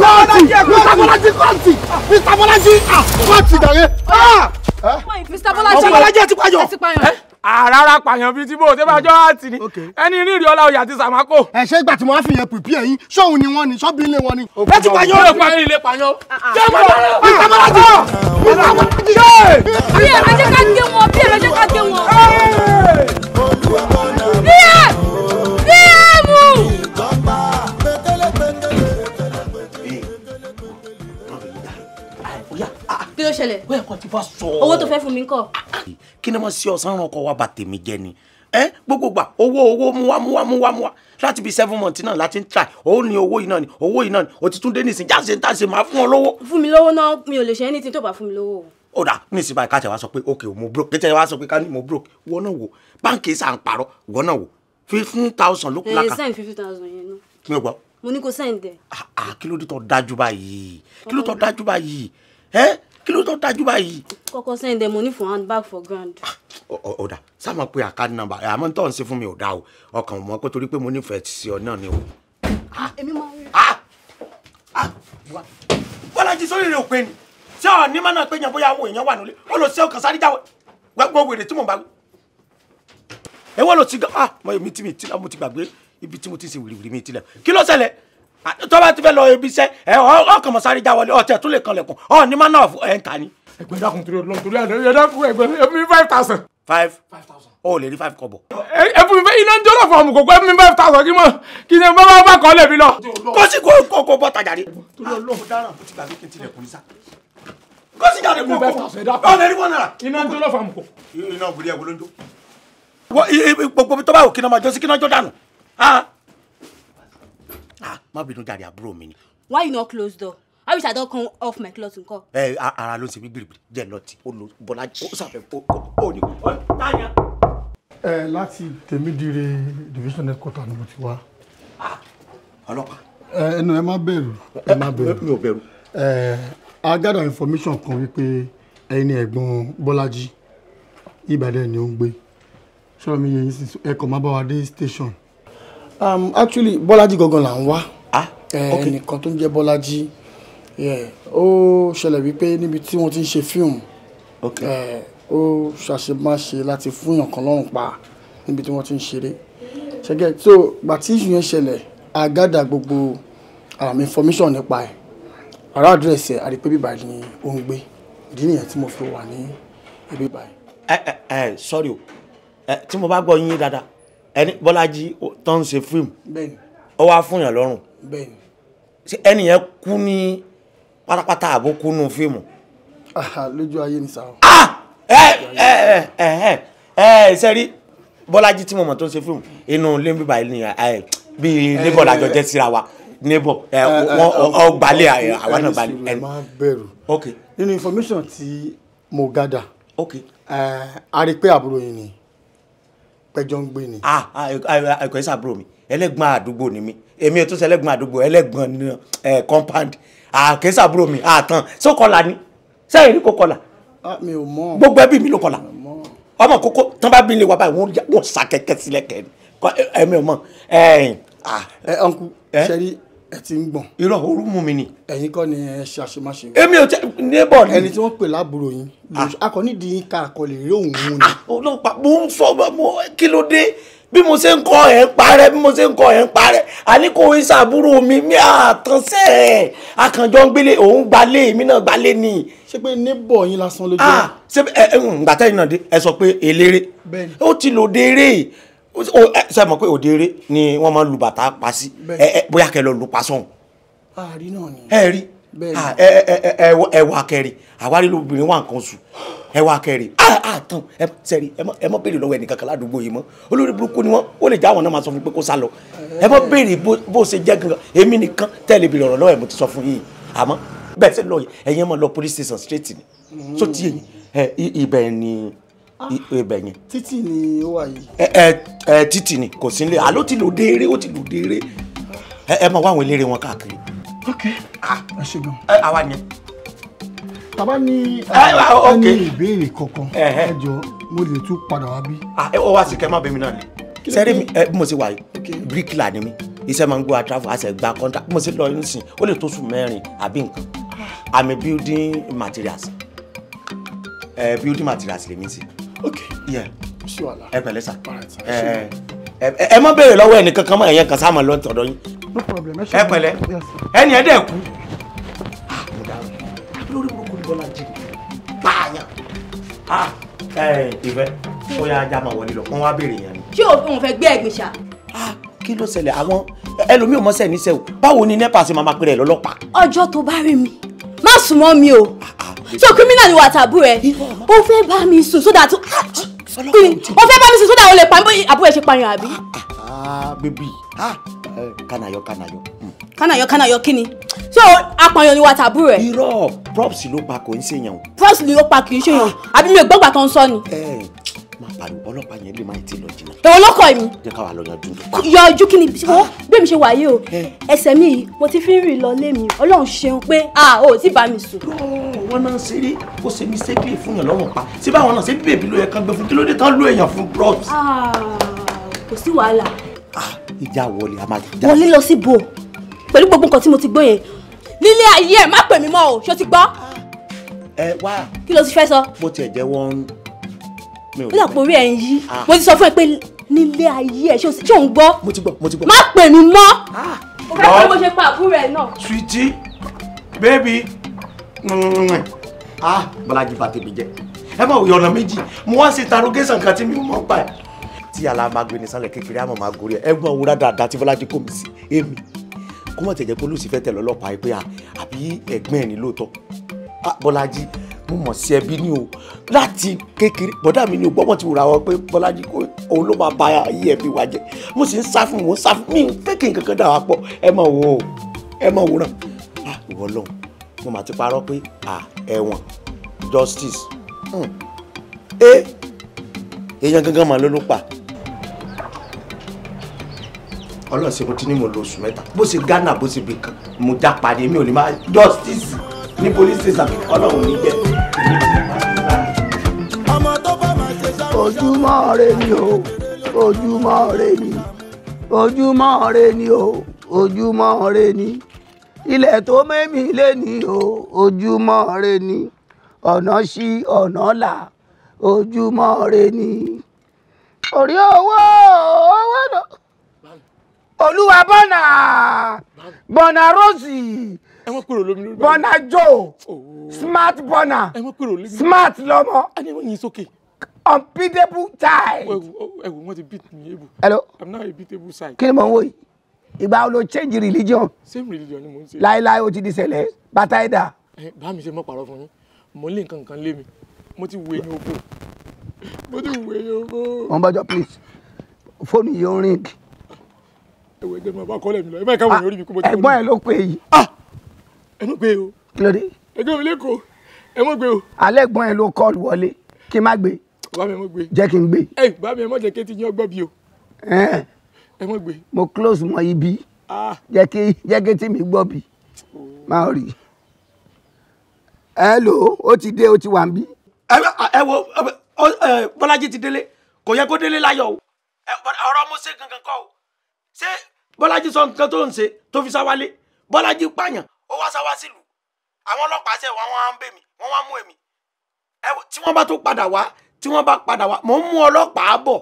kọ́ọ̀tì Mr Bọ́lájí kọ́ọ̀tì Mr Bọ́lájí kọ́ọ̀tì dàrẹ́.
Mr Bọ́lájí Mr Bọ́lájí ah, ah, ah. ẹ ti pààyàn. àràrà pààyàn bíi tí bó o ṣe bá jọ àti ni ẹni rírì ọlá oyè àti sàmákò. ẹ ṣe ìgbà tí mo wá fi yẹn pìpì ẹyin ṣóun ni wọn ni ṣọ́ọ̀bù ilé wọn ni. ẹ ti pààyàn ó lè pààyàn ilé
pààyàn. ṣé mo lọ Mr Bọ́lájí Mr Bọ́lájí. bí ẹ lọ jẹ́ ká gé wọn bí ẹ lọ jẹ́ ká gé wọn.
ló ṣẹlẹ̀. wẹ́ẹ̀ kan ti bá sọ. owó tó fẹ́ fún mi kọ. kí ni mo ṣe ọ̀sán ràn ọkọ wa bà tèmi jẹ ni ẹ gbogbo gbà owó owó mú wá mú wá mú wá mú wá láti bíi seven months náà láti ń try òun ni owó yìí náà ni owó yìí náà ni òtítún dé nísìnyí jáde tá ṣe máa fún ọ lówó. fún mi lówó náà mi ò lè ṣe anything tó bá fún mi lówó. ó dà nísìnyí báyìí káàtì wa sọ pé ok mo broke kété wa sọ pé ká ní mo broke wọ náà wò báńkì sàn parọ́ wọ náà wò fifteen thousand ló kún láka. ẹ eh, send fifty thousand yẹn náà. mi ò gbọ́. mo ní kó Ah, ẹ. Ah, kí ló dé tó dájú báyìí kí ló tó dájú báyìí ẹ kí ló tó dájú báyìí. kọ́kọ́ sẹ́yìn dẹ̀ mo ní fún handbag for grand. ọ̀dà sáà máa pe àkáàdì nàmbà àmọ́ tó ń ṣe fún mi ò dáa o ọkàn mọ́ pé torí pé mo nífẹ̀ẹ́ sí ọ náà ni o.
Ah, èmi máa ń rí. Ah!
Ah! bọ́lájí sórí rẹ̀ ò pé ni ṣé ọ̀ ní mọ́nà pé yan bóyá àwọn èèyàn wà nílé ó lọ sí ọkàn sáré jáwé gbọ́n wèrè tí mò ń bá wí. èwo ló ti gan ah mo ti mi ti mo ti gbàgbé ibi tí mo ti ṣe wìrìwìrì mi ti lẹ̀ kí ló ṣẹlẹ̀ tó ti fẹ́ lọ ibi iṣẹ́ ẹ ọkàn mọ̀sáré já wọlé ọ̀tẹ̀ tún lè kanlẹ̀kùn ọ̀ ní maná ọ̀f ẹ̀ ń ta ni. ẹgbẹ́ dákun torí ọlọ́run torí àná ẹ̀dá fún ẹgbẹ́ ẹ̀mí five thousand. five o lè rí five kọ́bọ̀. ẹ fún mi fẹ́ iná ń fún ọmọ kòkó ẹ̀mí five thousand kí mọ̀ kí ni bá bá bá kọ́ lọ. kó sì kó kó kó bọ́ tajà rí. torí ọlọ́run kọ́sì kó kó ọ̀nà ẹ̀rí wọn nara. iná ń jọ́lọ̀ fún ọmọ kòkó. iná òbúrí ẹ̀ wọlé ń jó ah má bínú jàre àbúrò mi ni. why you no close door how you don come off my cloth nkan. ẹ ara ló ń ṣe mí gbìrìgbìrì jẹ nọọtì ó lọ bọlá ó sàfẹ ó ní. ẹ eh, láti tèmídìrè division headquarter ni mo ti wá. Ah, ọlọ́pàá. ẹ eh, ẹnu ẹ má bẹ̀rù ẹ má eh, bẹ̀rù. mi ò bẹ̀rù. ẹ a gather information kan wípé ẹ̀yin ni ẹ̀gbọ́n Bọ́lájí
Ìbàdàn ni ó ń gbé sọ̀rọ̀ mi yẹn ẹ kàn má bá wa dé station
um, actually bọ́lájí gangan là ń wá ah, eh, ẹnìkan tó ń jẹ́ bọ́lájí ó ṣẹlẹ̀ wípé níbi tí wọ́n ti ń ṣe fíìmù eh, ó ṣàṣemáṣe láti fún yàn kan lọ́rùn pa níbi tí wọ́n ti ń ṣeré ṣẹ́gẹ́ tó gbàtí ìṣù yẹn ṣẹlẹ̀ àgádà gbogbo um, information nípa ẹ̀ ará àdírẹ́sì ẹ̀ àdìpé bíbá ni ó ń gbé ìdí nìyẹn tí mo fi wà ní ibi báyìí. ẹ ẹ ẹ sọ́rí o eh, tí mo bá gbọ́ yín dáadáa ẹni bọ́lájí tó ń ṣe fíìmù ó wá fún yàn lọ́rùn ẹni yẹn kú ní pátápátá àbó kú nù fíìmù. lójú ayé ni sáà. Ah! ẹ ẹ ẹ ẹ ẹ sẹ́rí bọ́lájí tí mo mọ̀ tó ń ṣe fíìmù inú ilé bíbá ilé yẹn bíi labour làjọ jẹ́ síra wa labour wọn gbalẹ̀ àwọn náà gbalẹ̀. ẹ má bẹ̀rù nínú information tí mo gather a rí i pé àbúrò yìí ni pẹjọ ń gbé ni. àìkọ́ ah, ah, ah, ẹ̀ sàbúrò mi ẹlẹ́gbọ̀n àdúgbò ni mi èmi ò tún ṣe ẹlẹ́gbọ̀n àdúgbò ẹlẹ́gbọ̀n ní eh, compound àìkọ́ ẹ̀ sàbúrò mi àtàn sókọlà ni sẹ́yìn ní kò kọlà gbogbo ẹbí mi ló kọlà ọmọ kókó tán bá bí ilé wa báyìí wọ́n sá kẹ́kẹ́ sílẹ̀ kẹ́ni ẹ̀mí ò mọ̀ ẹ̀yìn. ẹ ọ̀nkú eh, eh? ṣẹ́rí ẹ ti ń gbọ̀n. irọ́ òru mú mi ni. ẹ̀yin kọ́ ni ẹ ṣe àṣemáṣe. èmi ò tẹ nébọ̀ ni. ẹni tí wọ́n pè láàbùrò yín akọ̀nídìí ah. ń ka àkọlẹ̀ rí òun mú ni. Ah, ọlọ́pàá mo ń sọ kí ló dé bí mo ṣe ń kọ ẹ̀ ń parẹ́ bí mo ṣe ń kọ ẹ̀ ń parẹ́ àní kò ń ṣàbúrò mi mi àtànṣe ẹ̀ akànjọ ń gbélé òun gbalé mi náà gbalé ni. ṣé pé nébọ̀ yín lásán ló jẹ́. Ah, ṣé ẹ ǹgbàtẹ́yìn náà dé ẹ sọ pé eléré ó ti lòdì eré o ṣe mọ̀ pé òdeere ni wọ́n máa ń lu bàtà pa sí bóyá kẹ lọ lu pa sọ̀hún. àárí náà ni. ẹ rí ẹwà kẹrin àwárí lóbìnrin wà nǹkan oṣù ẹwà kẹrin àtàn sẹrí ẹ má béèrè lọ́wọ́ ẹnìkan kan ládùúgbò yìí mọ́ olórí burúkú ni wọ́n ó lè já àwọn náà máa sọ fún pé kó sá lọ ẹ má béèrè bó ṣe jẹ́ gangan èmi nìkan tẹ́lẹ̀ béèrè ọ̀rọ̀ lọ́wọ́ ẹ̀ mo ti sọ fún yín àmọ́ bẹ́ẹ̀ sẹ́ lọ́ọ̀yẹ̀ ẹ̀yẹ́ máa lọ police station straight ni mm. so ti yẹn ibẹ̀ ni ibẹ̀ ah. yẹn. títì ni ó wà yìí. ẹ ẹ ẹ títì ni kò sí nílé àló ti lò dé eré ó ti lò dé eré ẹ ẹ máa wá àwọn eléré wọn káàkiri. ok ah. ẹ ṣe gan. ẹ àwa yẹn. tàbá ní ẹni ìbéèrè kankan ẹ jọ mo lè tún padà wá bí. Ah, ẹ ọ wá sí kẹ má bẹ mi náà ni sẹ́rí mi ẹ bí mo ṣe wà yìí bíríkìlà ni mi iṣẹ́ máa ń gbọ́ àtàwọn àṣẹ gba kọ́ńtà mo ṣe lọ nísìnyí ó lè tó sùn mẹ́rin àbí nǹkan àmì building materials building materials lèmi sí. Okay, yeah ẹ pẹ̀lẹ́ sà ẹ eh, eh, eh, ẹ má béèrè lọ́wọ́ ẹnì kankan mọ́ ẹ̀yẹn kan sáà mọ́ lọ tọ̀dọ̀ yín ẹ pẹ̀lẹ́ ẹnì ẹ̀ dẹ̀ kú. Ah, lórí burúkú ni bọ́lá jẹ pààyàn. Ah, ẹ ìfẹ́ ó yá ajá máa wọlé lọ wọ́n wá béèrè yẹn ni. ṣé òun fẹ́ gbé ẹ̀gbìn ṣá. Ah, kí ló ṣẹlẹ̀ àwọn ẹlòmíì ò mọ́sẹ̀ níṣẹ́ o báwo ni nepa ṣe máa máa pèrè lọ́lọ́pàá. ọjọ́ tó bá rí mi má sùn mọ́ mi o so criminal ni wà tàbú ẹ ó fẹ́ bá mi sùn so that ó ah, ah, fẹ́ bá mi sùn so that ó lè pa mi àbúrò ẹ ṣe pariwo àbí. Ah,
bébì eh, kànáyọ kànáyọ. Hmm.
kànáyọ kànáyọ kí ni so apààyàn ni wà tàbú ẹ. irọ́ props ló pa kò ń ṣèyàn. props ló pa kì í ṣèyàn àbí mi ò gbọ́gbà tó ń sọ ni. Eh, máa pariwo ọlọ́pàá yẹn lè máa ti lọ jìnnà. èwo lọkọ mi. jẹ́ ká wà lọ yanjú nípa. yọ ojú kí ni wọ́n ah. bẹ́ẹ̀ mi ṣe wáyé o eh. ẹsẹ̀ mi yìí mo ti fi ń rìn lọ lé mi ọlọ́run ṣeun pé a ò tí bá mi sùn. wọn náà ṣe rí ó ṣe mí ṣe pé fún yàn lọ́rùn pa ṣé báwọn náà ṣe bèbí ló yẹ kán gbé fún kí ló dé tán ló èèyàn fún bros. Ah, kò sí wàhálà. Ah, ìjà wọlé a máa jà. wọlé lọ sí bo pẹ̀lú gbogbo nǹkan tí mo ti gbọ́ yẹn nílé ayé ẹ má pè mí mọ́ o ṣó ti gbọ́. ẹ eh, wá. kí ló ti fẹ́ sọ. mo tiẹ̀ jẹ́ wọ́n ó dà pé orí ẹ̀ ń yí ah. mo ti sọ fún ẹ pé nílé ayé ẹ ṣé òun gbọ́ mo ti gbọ́ mo ti gbọ́ má pè mí mọ́ ah. o fẹ́ pé mo ṣe pa àbúrò ẹ náà. sweetie baby ah balaji bá tèmi jẹ ẹ máa yọ ọ̀nà méjì mo wá sí tarugẹ́sàn kan tí mi ò mọ̀ pa ẹ̀ tí ala máa gbé ní sálẹ̀ kékeré àmọ́ máa gorí ẹ ẹ gbọ́n wúrà dáadáa tí bọ́lájí kò mí sí èmi kó mọ̀ tẹ̀jẹ̀ pé olùsífẹ́ tẹ̀ lọ́lọ́pàá yìí pé ah, àbí ẹ̀gbọ́n ẹ̀ ní lóòótọ́ bọ́lájí mo mọ̀ sí ẹbí ni o láti kékeré bọ́dà mi ni o gbọ́mọ̀ tí mo ra wọn pé Bọ́lájí kò òun ló máa ba ayé ẹbí wa jẹ mo sì ń sá fún mo ń sá fún mi kékeré kankan dà wá pọ̀ ẹ mọ̀ wò ó ẹ mọ̀ wòran
à ah, ìwọ lọ́hùn
mo mà ti parọ́ pé à ah, ẹ̀wọ̀n justice hmm. ẹ èèyàn gangan mà ló ló pa ọlọ́run ṣe mo ti ní mo lo oṣù mẹ́ta bó ṣe Ghana bó ṣe bìkan mo já padì èmi ò ní máa justice ní police station ọlọ́run ní jẹ́
ojúmọ́ re ni o ojúmọ́ re ni ojúmọ́
re ni o ojúmọ́ re ni ilẹ̀ tó mẹ́mí lé ni o ojúmọ́ re ni ọ̀nà ṣí ọ̀nà là ojúmọ́
re ni
orí owó owó lọ
olúwa bọ́nà bọ́nà rọ́ọ̀sì bọ́nà jọ smart burner smart lọ́mọ unbeatable child.
ẹwù wọn ti beat me
ebu. hello i'm now a beatable child. kí ni mò ń wò yìí ìgbà wo lo change religion. same religion ni mo ń ṣe. láéláé o ti di ṣẹlẹ̀ bàtà ẹ̀dá. bá mi ṣe mọ́ pàrọ̀ fún yín mo ń lé nǹkan kan lé mi mo ti wé yín oko
mo ti wé yín oko. wọn
bá jọ please fóònù yìí ó ń ring.
ẹwẹ ẹgbẹ́ mi ọba kọ́lẹ̀ mi lọ ẹ má ká wọ̀nyí orí mi kú mo ti wọ́n. ẹ̀gbọ́n ah! ẹ ló pè
yìí. ẹ má o. kí ló dé ẹgbẹ́ mi lẹ́kọ̀ọ́ ẹ mọ̀ gbé o. alẹ́ gbọ́n ẹ ló kọ́ọ̀lù wọlé kí n má gbé. bá mi ẹ mọ̀ gbé. jẹ́ kí n gbé.
ẹ bá mi ẹ mọ̀ jẹ́ kí ti yín ọgbọ́n bí o.
ẹ mọ̀ gbé. mo close mọ ibi ah. jẹ́ kí jẹ́ kí tí mi gbọ́ bí máa rí. ẹ lò ó ti dé ó ti wà ń bí. ẹ wo Bọ́lájí ti délé kò yẹ kó délé láyọ̀ o ọ̀rọ̀ mo ṣe gangan kọ́ o ṣé Bọ́lájí sọ nǹkan tó ń ṣe tó fi sá wálé Bọ́lájí pààyàn ó wá sá wá sílùú àwọn ọlọ́pàá ṣe wọn wọn á ń bè mí wọn wá mú èmi tí wọ́n bá tún padà wá tí wọ́n bá padà wá mò ń mú ọlọ́pàá bọ̀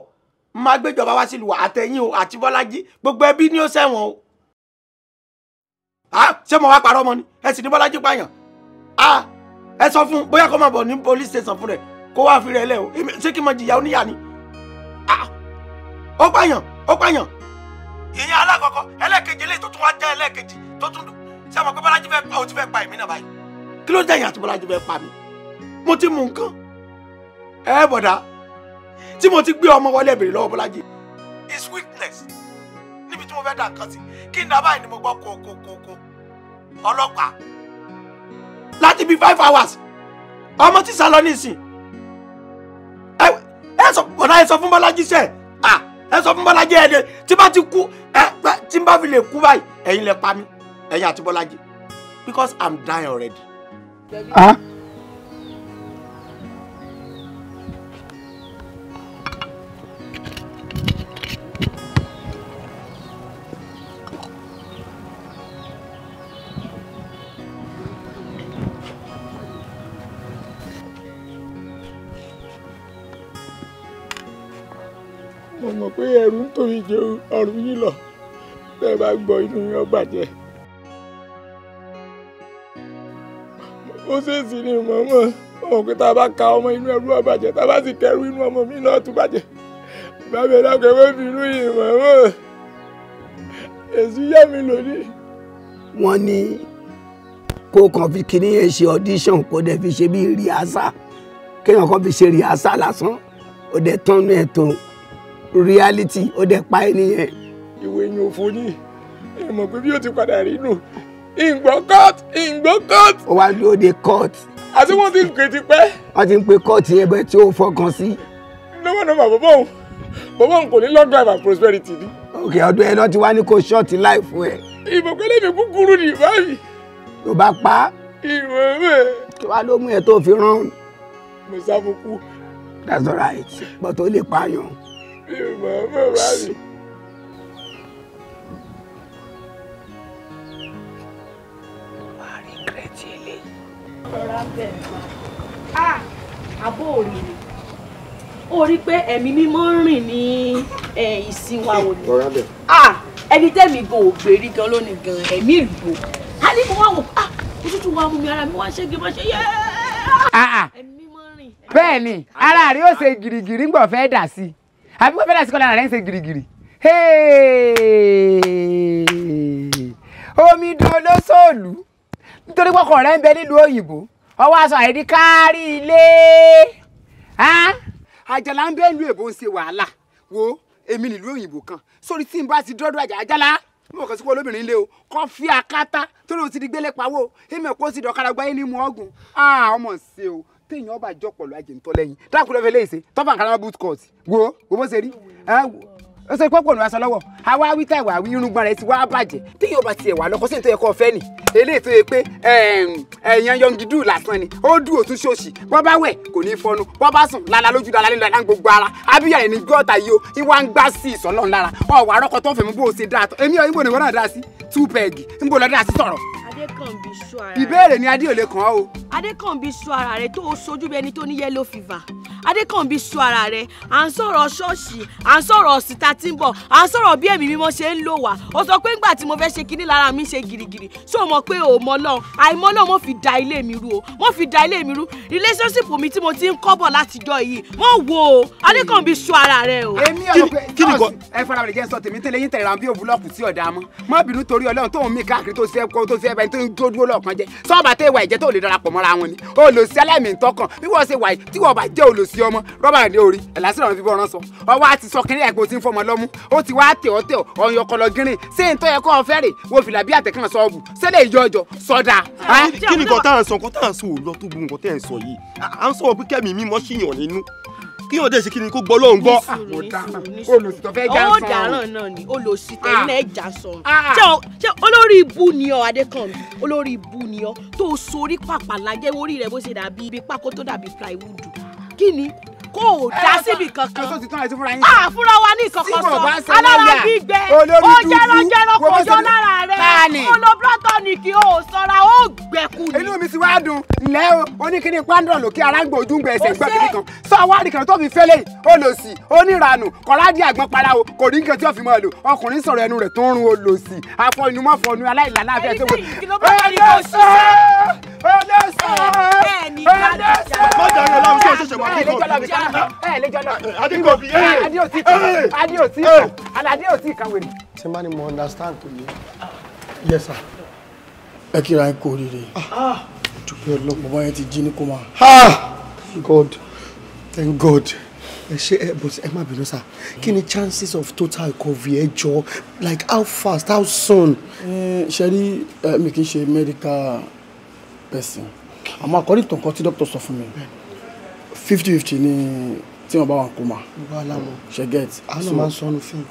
má gbéjọba wá sílùú àtẹ̀yìn o àti bọ́lájí gbogbo ẹbí ni ó ṣẹ̀wọ̀n o ah, ṣé mo wá parọ́ ọmọ ni ẹ sì ní bọ́lájí pààyàn ah, ẹ sọ fún bóyá kó máa bọ̀ ní police station fún rẹ̀ kó wá fi rẹ̀ lẹ̀ o ṣé kí n máa jìyà oníyà ni ah, ó pààyàn ó pààyàn. ìyẹn alákọ̀ọ́kọ́ ẹlẹ́ẹ̀kejì eléyìí tó tún wá jẹ́ ẹlẹ́ẹ̀kejì tó tún ṣé mo pé bọ́lájí fẹ́ pa òtún fẹ́ pa èmi báyìí kí ló dẹ̀yìn àti Bọ́lájí bẹ́ẹ̀ pa mi mo ti mú nǹkan ẹ bọ̀dá tí mo ti gbé ọmọ wọlé ìbèrè lọ́wọ́ Bọ́lájí is weakness níbi tí mo fẹ́ dà nǹkan sí kí n dábàá ni mo gbọ́ kòkòkòkò ọlọ́pàá láti bíi five hours ọmọ tí sálọ nísìn ẹ sọ bọ̀dá ẹ sọ fún Bọ́lájí sẹ́ẹ̀ ah ẹ sọ fún Bọ́lájí ẹ dẹ tí bá ti kú ẹ tí bá fi lè kú báyìí ẹ̀yin lẹ pa mí ẹ̀yin àti Bọ́lájí because i'm dying already.
Ah.
mo mọ̀ pé ẹrù ń torí jẹ ọrùn yín lọ tẹ́ bá gbọ́ inú yín ó bàjẹ́. ó ṣèèṣì ni mọ̀mọ́ ọ̀hún pé tá a bá ka ọmọ inú ẹrú ọ̀bàjẹ́ tá a bá sì kẹrù inú ọmọ mi náà tún bàjẹ́ bàbá ẹ̀dá kẹwé fi inú yìí mọ̀mọ́ èsì yá mi lónìí.
wọ́n ní kó kàn fi kinní yẹn ṣe audition kó dẹ̀ fi ṣe bí rìásà kéèyàn kan fi ṣe rìásà lásán ó dẹ̀ tán ètò reality ó dẹ̀ pa ẹ nìyẹn. ìwé yín ò fún yín ẹ mọ̀ pé bí ó ti padà rí nù In ìgbọ́ court ìgbọ́ court. ó wá dúró de court. àti wọ́n ti ń pè tipẹ́. wọ́n ti ń pe court yẹn bẹ́ẹ̀ tí ó fọkàn sí.
lọ́wọ́ náà bàbá òun bàbá òun kò ní long life and prosperity ni.
ok ọdún ẹ náà ti wá ní kó short life ẹ.
ìbọ̀kẹ́lẹ́ mi kúkúrú ni báyìí. ló bá pa á.
ìwọ mi. kí wàá ló mú ẹ tó fi rán. mo sá kú. that's all right but ó lè pààyàn.
ìwọ mi báyìí.
Ah, bẹ̀ máa àbó òrìrì ó rí pé ẹ̀mí mímọ́ ń rìn ní ìsìn wa wò ni ẹni tẹ́mi gan ò gbèrí gan lónìí gan ẹ̀mí ìlú a ní kó wá wò ó tútù wá mú mi ara mi wá ṣe gbé bá ṣe yẹ. ẹ̀mí mímọ́ ń rìn. bẹ́ẹ̀ ni ara rí ó ṣe gìrìgìrì ń gbọ̀ fẹ́ dà sí i àbí wọ́n fẹ́ dà sí kọ́lá rẹ̀ ń ṣe gìrìgìrì omi dán ló sóòlù nítorí pọ́kọ rẹ̀ ń bẹ nílùú òyìnbó ọwọ́ aṣọ àìrí kárí ilé àjàlá ń bẹ ìlú èbó ń ṣe wàhálà wo èmi nílùú òyìnbó kan sórí tí n bá ti dọ́dọ̀ àjàlá mo kàn sí pé olóbìnrin lé o kọ́ fi àkátá torí o ti di gbélé pawó èmi kó sì dọ̀kadà gbáyé ní mu ọ̀gùn ọmọ ṣe o téèyàn ọba jọ pọ̀lú ajé ń tọ́ lẹ́yìn dákúrẹ́fẹ́ léèṣe tọ́fà nǹkan wo wo bó ṣe rí ó sọ pé kònú aṣọ lọ́wọ́ àwa wí tá ìwà wí irúgbọ́n rẹ ti wá bàjẹ́ tí yóò bá tiẹ̀ wà lọ́kọ́ sí nítorí ẹ̀kọ́ ọ̀fẹ́ nì eléyìí tó yẹ pé ẹ̀yàn yọngidú lásán ni ó dùn òtún ṣòṣì bọ́ bá wẹ̀ kò ní fọnu bọ́ bá sùn lálá lójú lálá nílò àdá gbogbo ara abíyá ẹni gọ́ọ̀tà yìí ó ìwà ń gbá sí ìsọ̀lọ́ ńlára ọ̀wà arọ́kọ tó fẹ̀mú bó o ṣe dáa tó èmi ò ń bò ní wọ́n náà dáa sí túpẹ̀gì ń bò lọ́ dáa sí sọ̀rọ̀
adékànbí ṣú ara rẹ. ìbéèrè ni adé ò kàn
án o. adékànbí ṣú ara rẹ tó o ṣojú bí ẹni tó ní yellow fever adékànbí ṣú ara rẹ à ń sọ̀rọ̀ ṣọ́ọ̀ṣì à ń sọ̀rọ̀ ọ̀sìn tá a ti ń bọ̀ à ń sọ̀rọ̀ bí ẹ̀mí mímọ́ ṣe ń lò wá o sọ pé ńgbà tí mo fẹ́ ṣe kinní lára mi ṣe gìrìgìrì ṣó o mọ̀ pé o mọ̀ náà àìmọ̀ náà mo fi da ilé mi rú o mo fi da ilé mi rú relationship mi tí mo ti ń kọ́bọ̀ látijọ́ yìí mo wo, ó adékànbí ṣú ara rẹ o. èmi ọ̀rọ̀ pé ṣọ́ọ̀ṣì ẹ fara balẹ̀ jẹ́ sọ tèmi tẹ́lẹ̀ yín tẹ̀lé ra bí òbúlọ̀kù sí tí ń dúró lọ́ọ̀kan jẹ́ sọ́ọ̀bà tẹ ìwà ìjẹ́ tó lè darapọ̀ mọ́ra wọn ni olùsí aláìmì tọkàn bí wọ́n ṣe wà yìí tí wọ́n bá jẹ́ olùsí ọmọ rọ́bà ní orí ẹ̀lásìrò àwọn fífọ́ ránṣọ ọwọ́ àti sọkìnrin ẹ̀gbọ́n ti ń fọmọ lọ́mú ó ti wá tẹ̀ ọ́ tẹ̀ ọ̀yàn ọkọlọ gírin ṣé n tó yẹ kó o fẹ́ rè wo fìlà bí àtẹ̀kàn sọ́ọ̀bù sẹ́lẹ̀ ìjọ́jọ́ sọ́dà. kí ni nǹkan tá à ń sọ nǹkan tá à ń sọ òòlọ́ tó bu nǹkan tẹ́ ẹ̀ ń sọ yìí à ń sọ pé kẹ́mi mímọ́ ṣìyàn nínú kí wọn dẹ̀ sí kí ni kó gbọ́ lóhùn gbọ́. Ah, mo dáhùn ah, olùsítọ́ fẹ́ já sọ̀rọ̀. ó dáràn náà ni olùsítọ́ ah. iná ẹ̀ já sọ̀rọ̀. ṣé olórí ibu ni ọ adékànmí olórí ibu ni ọ tó sorí pàpàlà jẹ́ orí rẹ̀ bó ṣe dàbí ibi pákó tó dàbí plywood kí ni kó o dá síbi kankan. ẹ̀sọ́ ti tán àti fúnra yín. a fúnra wa ní ìkọ̀kọ̀ sọ alára gbígbẹ ó jẹ́rọ̀jẹ́rọ̀ kò jọ lára rẹ̀ olóbrátọ́nìkì ó sọra ó gbẹ̀kú ni. inú mi ti wá dùn ǹlẹ́ o oníkíní pandora lòkè arágbó ojú gbẹ ẹsẹ̀ gbọ́ kiri kan sọ àwárí kan tó fi fẹ́lẹ̀ olòṣì oníranù kọ́ládì àgbọn para o kò rí nǹkan tí wọ́n fi máa lò ọkùnrin sọ̀rọ̀ ẹnu rẹ̀ tó ń rún olòṣì afọnumọ́fọnu aláìlá láàfin ẹ̀sẹ̀ wò. ẹ̀yin lẹ́yìn kìlómítà ni kò
ṣiṣẹ́
bẹ́ẹ̀ ni kájíjà. má jà yẹn láwùjọ ṣe ṣe wà kíkọ. ẹ lè jọ lọ adínkò bí ẹ adíòsí adíòsí
adíòsí kàwé. ṣé má ni mo understand to me. yes sir. ẹ kíra ẹ kú oríire. dúpẹ́ ọlọ́pàá báyẹn ti jí ní kó máa. god thank god ṣe ẹ but ẹ má bínú sir. kí chances of total recovery ẹ jọ like how fast how soon. ṣe rí mi kì í ṣe medical person àmọ́ according to nǹkan tí doctor sọ fún mi fifty fifty ni tí wọ́n bá wà kó ma ṣe get so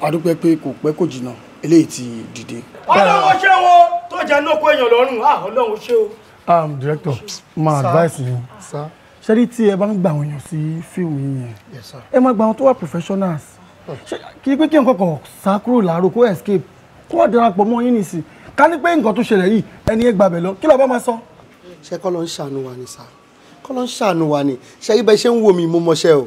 adúpẹ́ pé kò pẹ́ kò jìnnà eléyìí ti dìde. ọlọ́run ṣé wo tó jẹ́ nókó èèyàn lọ́rùn ah, ọlọ́run ṣé o. um director
my advice ni
ṣé rí tí ẹ bá ń gba àwọn èèyàn sí fíìmù yìí yẹn ẹ máa gba àwọn tó wà professionals kí pé kí n kọ́kọ́ sá kúrò láàárọ̀ kó escape kó wà darapọ̀ mọ́ yín nìsín ká ní pé nǹkan tó ṣẹlẹ̀ yìí ẹni ẹ gbàbẹ̀ lọ kí ló bá máa sọ ṣé kọ́ ló ń ṣàánú wa ni sá kọ́ ló ń ṣàánú wa ni ṣé ibẹ̀ ṣe ń wò mí mo mọṣẹ́ o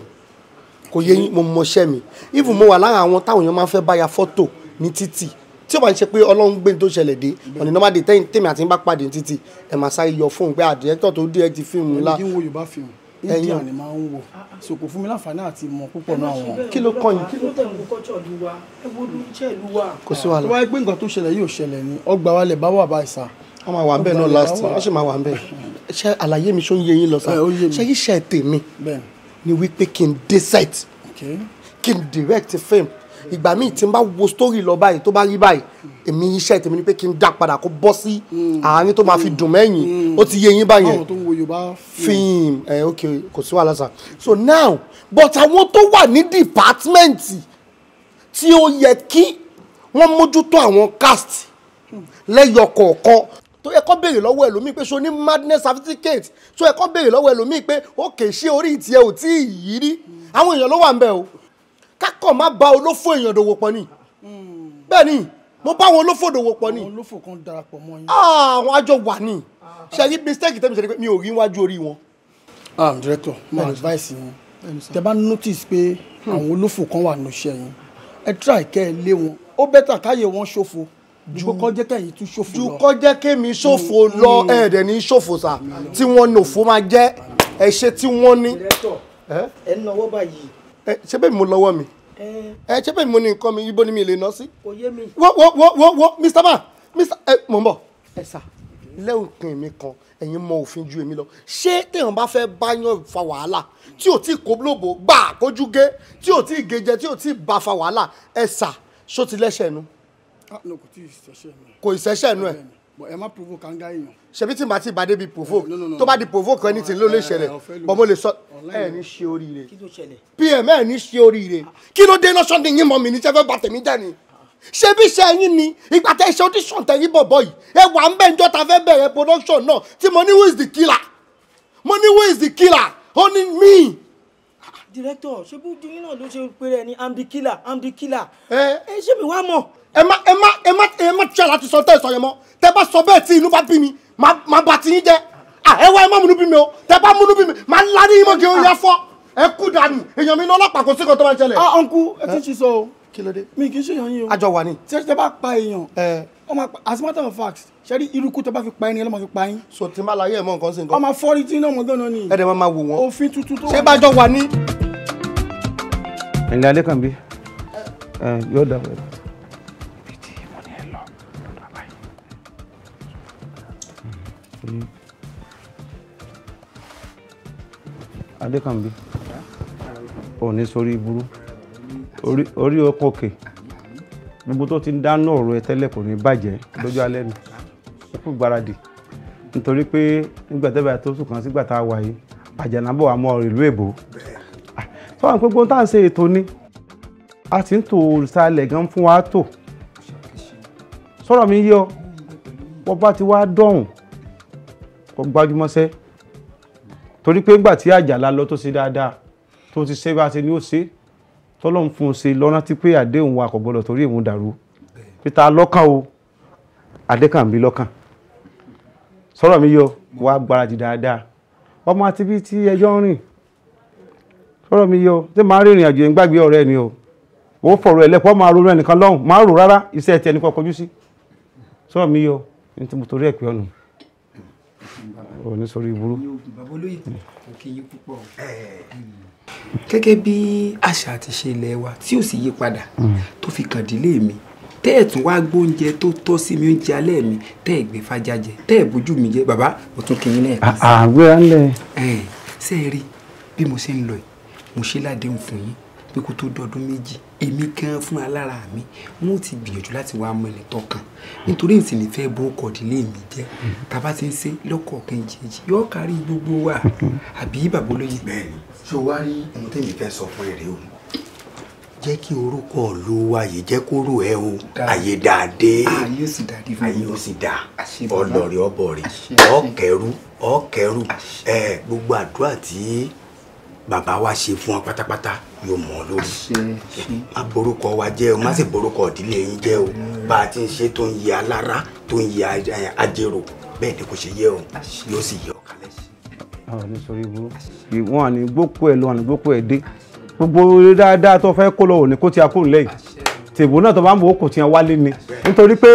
kò yé mo mọṣẹ́ mi even mo wà lára àwọn táwọn èèyàn máa ń fẹ́ bá ya fọ́tò ní títì tí ó bá ń ṣe pé ọlọ́run gbé tó ṣẹlẹ̀ dé ọ̀nà normal day tẹ́yìn tèmi àti ń bá pàdé títì ẹ̀ máa sáré yọ fóun pé àdìrẹ́tọ̀ tó direct fíìmù ńlá. ẹni tí ń wo yorùbá ni máa ń wò so kò fún mi láǹfààní àti mọ púpọ̀ náà wọn. kí ló kàn yín. kí ló tẹ̀ ń kó kọ́jọ́ ìlú wa ẹ wo ìlú iṣẹ́ ìlú wa. kò sí wàhálà. wọ́n á gbé nǹkan tó ṣẹlẹ̀ yóò ṣẹlẹ̀ ni ọgbà wa lè bá wà báyìí sá wọ́n máa wà ń bẹ́ẹ̀ náà last time wọ́n sì máa wà ń bẹ́ẹ̀ ṣé àlàyé mi ṣó ń yé yín lọ sá ṣé iṣẹ́ tèmi ni wípé kí n dé kí n direct film ìgbà míì tí n bá wo story lọ báyìí tó bá rí báyìí èmi iṣẹ́ tèmi ni pé kí n dá padà kó bọ́ sí hmm. àárín tó máa fi dùn mẹ́yìn hmm. ó ti yé yín báyẹn fíìm ẹ eh, ok kò sí wàhálà sá so now but àwọn tó wà ní dìpátímẹ́ǹtì tí ó yẹ kí wọ́n mójútó àwọn cast hmm. lẹ́yọ kọ̀ọ̀kan tó yẹ kó béèrè lọ́wọ́ ẹlòmíì pé ṣo ní madness certificate tó yẹ kó béèrè lọ́wọ́ ẹlòmíì pé òkè ṣé orí ìtìẹ ò tí ì yí rí àwọn èèyàn ló wà ń bẹ o kákọ̀ má bá olófò èèyàn dòwò pọ̀ ni hmm. bẹ́ẹ̀ ni mo bá wọn olófò dòwò pọ̀ ni
àwọn
ah, àjọ wà ní ṣe yí mistake tẹ́mi ṣe pé mi ò rí wájú orí wọn. ah director my advice yín tẹ bá notice pé hmm. àwọn olófò kan wà nù iṣẹ́ yín ẹ try kẹ́ ẹ lé wọn ó bẹ́tà káyé wọn ṣòfò ju kọjẹ́ kẹ́yìn tún ṣòfò lọ ju kọjẹ́ kẹ́mi ṣòfò mm, lọ mm. ẹ̀ẹ́dẹ̀ ní ṣòfò sà tí wọ́n ní òfò máa jẹ́ ẹ̀ṣẹ̀ tí wọ́n ní. ẹ nọwọ́ báyìí. ẹ ṣé bẹ́ẹ̀ mo lọ́wọ́ mi ẹ ṣé bẹ́ẹ̀ mo ní nǹkan mi ibo ni mi lè ná sí. kò yé mi. wọ́ wọ́ wọ́ wọ́ mr man mr ẹ mò ń bọ̀ ẹ sà lẹ́òkìn mi kan ẹ̀yin mọ òfin ju èmi lọ ṣé téèyàn bá fẹ́ báyàn fa wàhálà tí ò tí kó lóbo gbà kójú gé tí ò tí gé jẹ tí ò tí bá fa wàhálà ẹ sà ṣó nu. Ah, kò ìṣẹ́ṣẹ́ nù ẹ̀ ẹ má provoke anga èèyàn. ṣebí tí màá ti bàdé bi provoke tó bá di provoke anything ló lè ṣẹlẹ̀ bọ́ mo lè sọ ẹ ní ṣe oríire pm ẹ ní ṣe oríire kí ló dé lọ́sọ̀dì yín mọ́ mi ní sẹ́fẹ́ bá tèmi jẹ́ ni ṣebí iṣẹ́ yín ni ìgbà tẹ iṣẹ́ audition tẹ yín bọ̀bọ̀ yìí ẹ wà ń bẹ̀ ń jọta fẹ́ bẹ̀rẹ̀ production náà tí mo ní who is the killer mo who is the killer ó me director ṣebí ojú yín náà ló ṣe pé rẹ ni i'm the killer i'm the killer ẹ ṣé mi wá mọ̀ ẹ má ẹ má ẹ má ẹ má tíya láti sọ tẹ́ ẹ sọ yẹn mọ́ tẹ́ bá sọ bẹ́ẹ̀ tí inú bá bí mi má bá ti yín jẹ́ ẹ wá ẹ má múnú bí mi o tẹ́ bá múnú bí mi má lárí yín mọ́ kí n yá fọ́ ẹ kú dànù èèyàn mi ní ọlọ́pàá kò sí kan tó máa ń ṣẹlẹ̀. ah uncle ẹ ti ṣe sọ o kí mi kì í ṣe yan yín o àjọ wà ní. tí ẹ bá pa èèyàn ọmọ as a matter of fact ṣẹ́rí irúkú tó bá fi pa ẹni ọlọ́mọ fi pa yín. so tí má láyé ẹ̀ mọ́ nǹkan sí nǹkan. ọmọ fọ́rí tí náà mọ̀ gánà ni. ẹ dẹ̀ máa wò wọ́n. òfin tuntun tó wà. ṣé bájọ wà ní. ẹ̀yin alẹ́ kàn bí yóò dábọ̀
free. Adékànbí. Ò ní sórí
burú. Orí okun Gbogbo tó ti ń dáná ọ̀rọ̀ ẹ tẹ́lẹ̀ kò ní bàjẹ́ lójú alẹ́ nu. Ó kú gbáradì. Nítorí pé nígbà tó sùn sígbà tá a wà yìí, mọ́ àmọ́ ìlú èbó. Ah, Fáwọn gbogbo ni. A ń tò gan fún wa tò. Sọ̀rọ̀ mi Wọ́n bá kó gbájúmọ́ sẹ́ torí pé ńgbà tí àjàlá lọ tó ṣe dáadáa tó ti ṣe bá ṣe ni ó ṣe tọ́lọ́run fún un ṣe lọ́rántí pé àdéhùn wa kò gbọ́dọ̀ torí èèmù dàrú peter lọ́kàn o adékàn bí lọ́kàn sọ̀rọ̀ mi yọ wá gbáradì dáadáa ọmọ àti bí tí ẹjọ́ ń rìn sọ̀rọ̀ mi yọ tí màá rìnrìn àjò yẹn gbàgbé ọ̀rẹ́ ni o ó fọ̀rọ̀ ẹlẹ́pọ̀ máa ronú ẹnìkan lọ́hùn máa rò rárá iṣẹ́ ti ẹnìkan kọjú sí sọ̀rọ̀ mi yọ ní tí mo torí ẹ̀ pé ọ̀nà oníṣòrí burú. gẹ́gẹ́ bí àṣà àti ṣe ilẹ̀ wa tí ò sì yí padà hmm. tó fi kàn dílé mi tẹ́ ẹ̀ tún wá gbóúnjẹ tó tọ́ sí mi oúnjẹ alẹ́ mi tẹ́ ẹ̀ gbé fájá jẹ tẹ́ ẹ̀ bójú mi jẹ bàbá mo tún kìyìn
náà. àgbẹ̀ alẹ́. ẹ
ṣe é rí bí mo ṣe ń lọ yìí mo ṣe ládéhùn fún yín pé kó tó dọdún méjì èmi gan fúnra lára mi wọn ò ti gbìyànjú láti wá mọ́lẹ̀ tọkàn nítorí ìsìn ní fẹ́ bó kọ̀dílé mi jẹ́ tàbá ti ń ṣe lọ́kọ̀ọ̀kan ìjẹ́jì yóò kárí gbogbo wa àbí bàbá olóyè. bẹ́ẹ̀ni ṣé o wá rí ohun tèmi fẹ́ sọ fún èrè o jẹ́ kí orúkọ ló wa yìí jẹ́ kó rò ẹ́ o àyè dáadé àyè ah, ó sì dá ọlọ́rẹ̀ ọbọ̀rẹ̀ ọ̀kẹ́rù ọ̀kẹ́rù gbogbo àdúrà tí bàbá wa ṣe fún ọ pátápátá yóò mọ lórí má wa jẹ́ o má sì borúkọ ìdílé yín jẹ́ o bá a ti ń ṣe tó ń yẹ alára tó ń yẹ ajérò bẹ́ẹ̀ ni kò ṣe yẹ o yóò sì yẹ ọ kalẹ̀ sí. àwọn ní sori burú wọn àní gbókù ẹ lọ àní gbókù ẹ dé gbogbo eré dáadáa tó fẹ́ kó lọ òní kó ti akóhùn lẹ́yìn tèbó náà tó bá ń bò ó kò tiẹ̀ wálé ni nítorí pé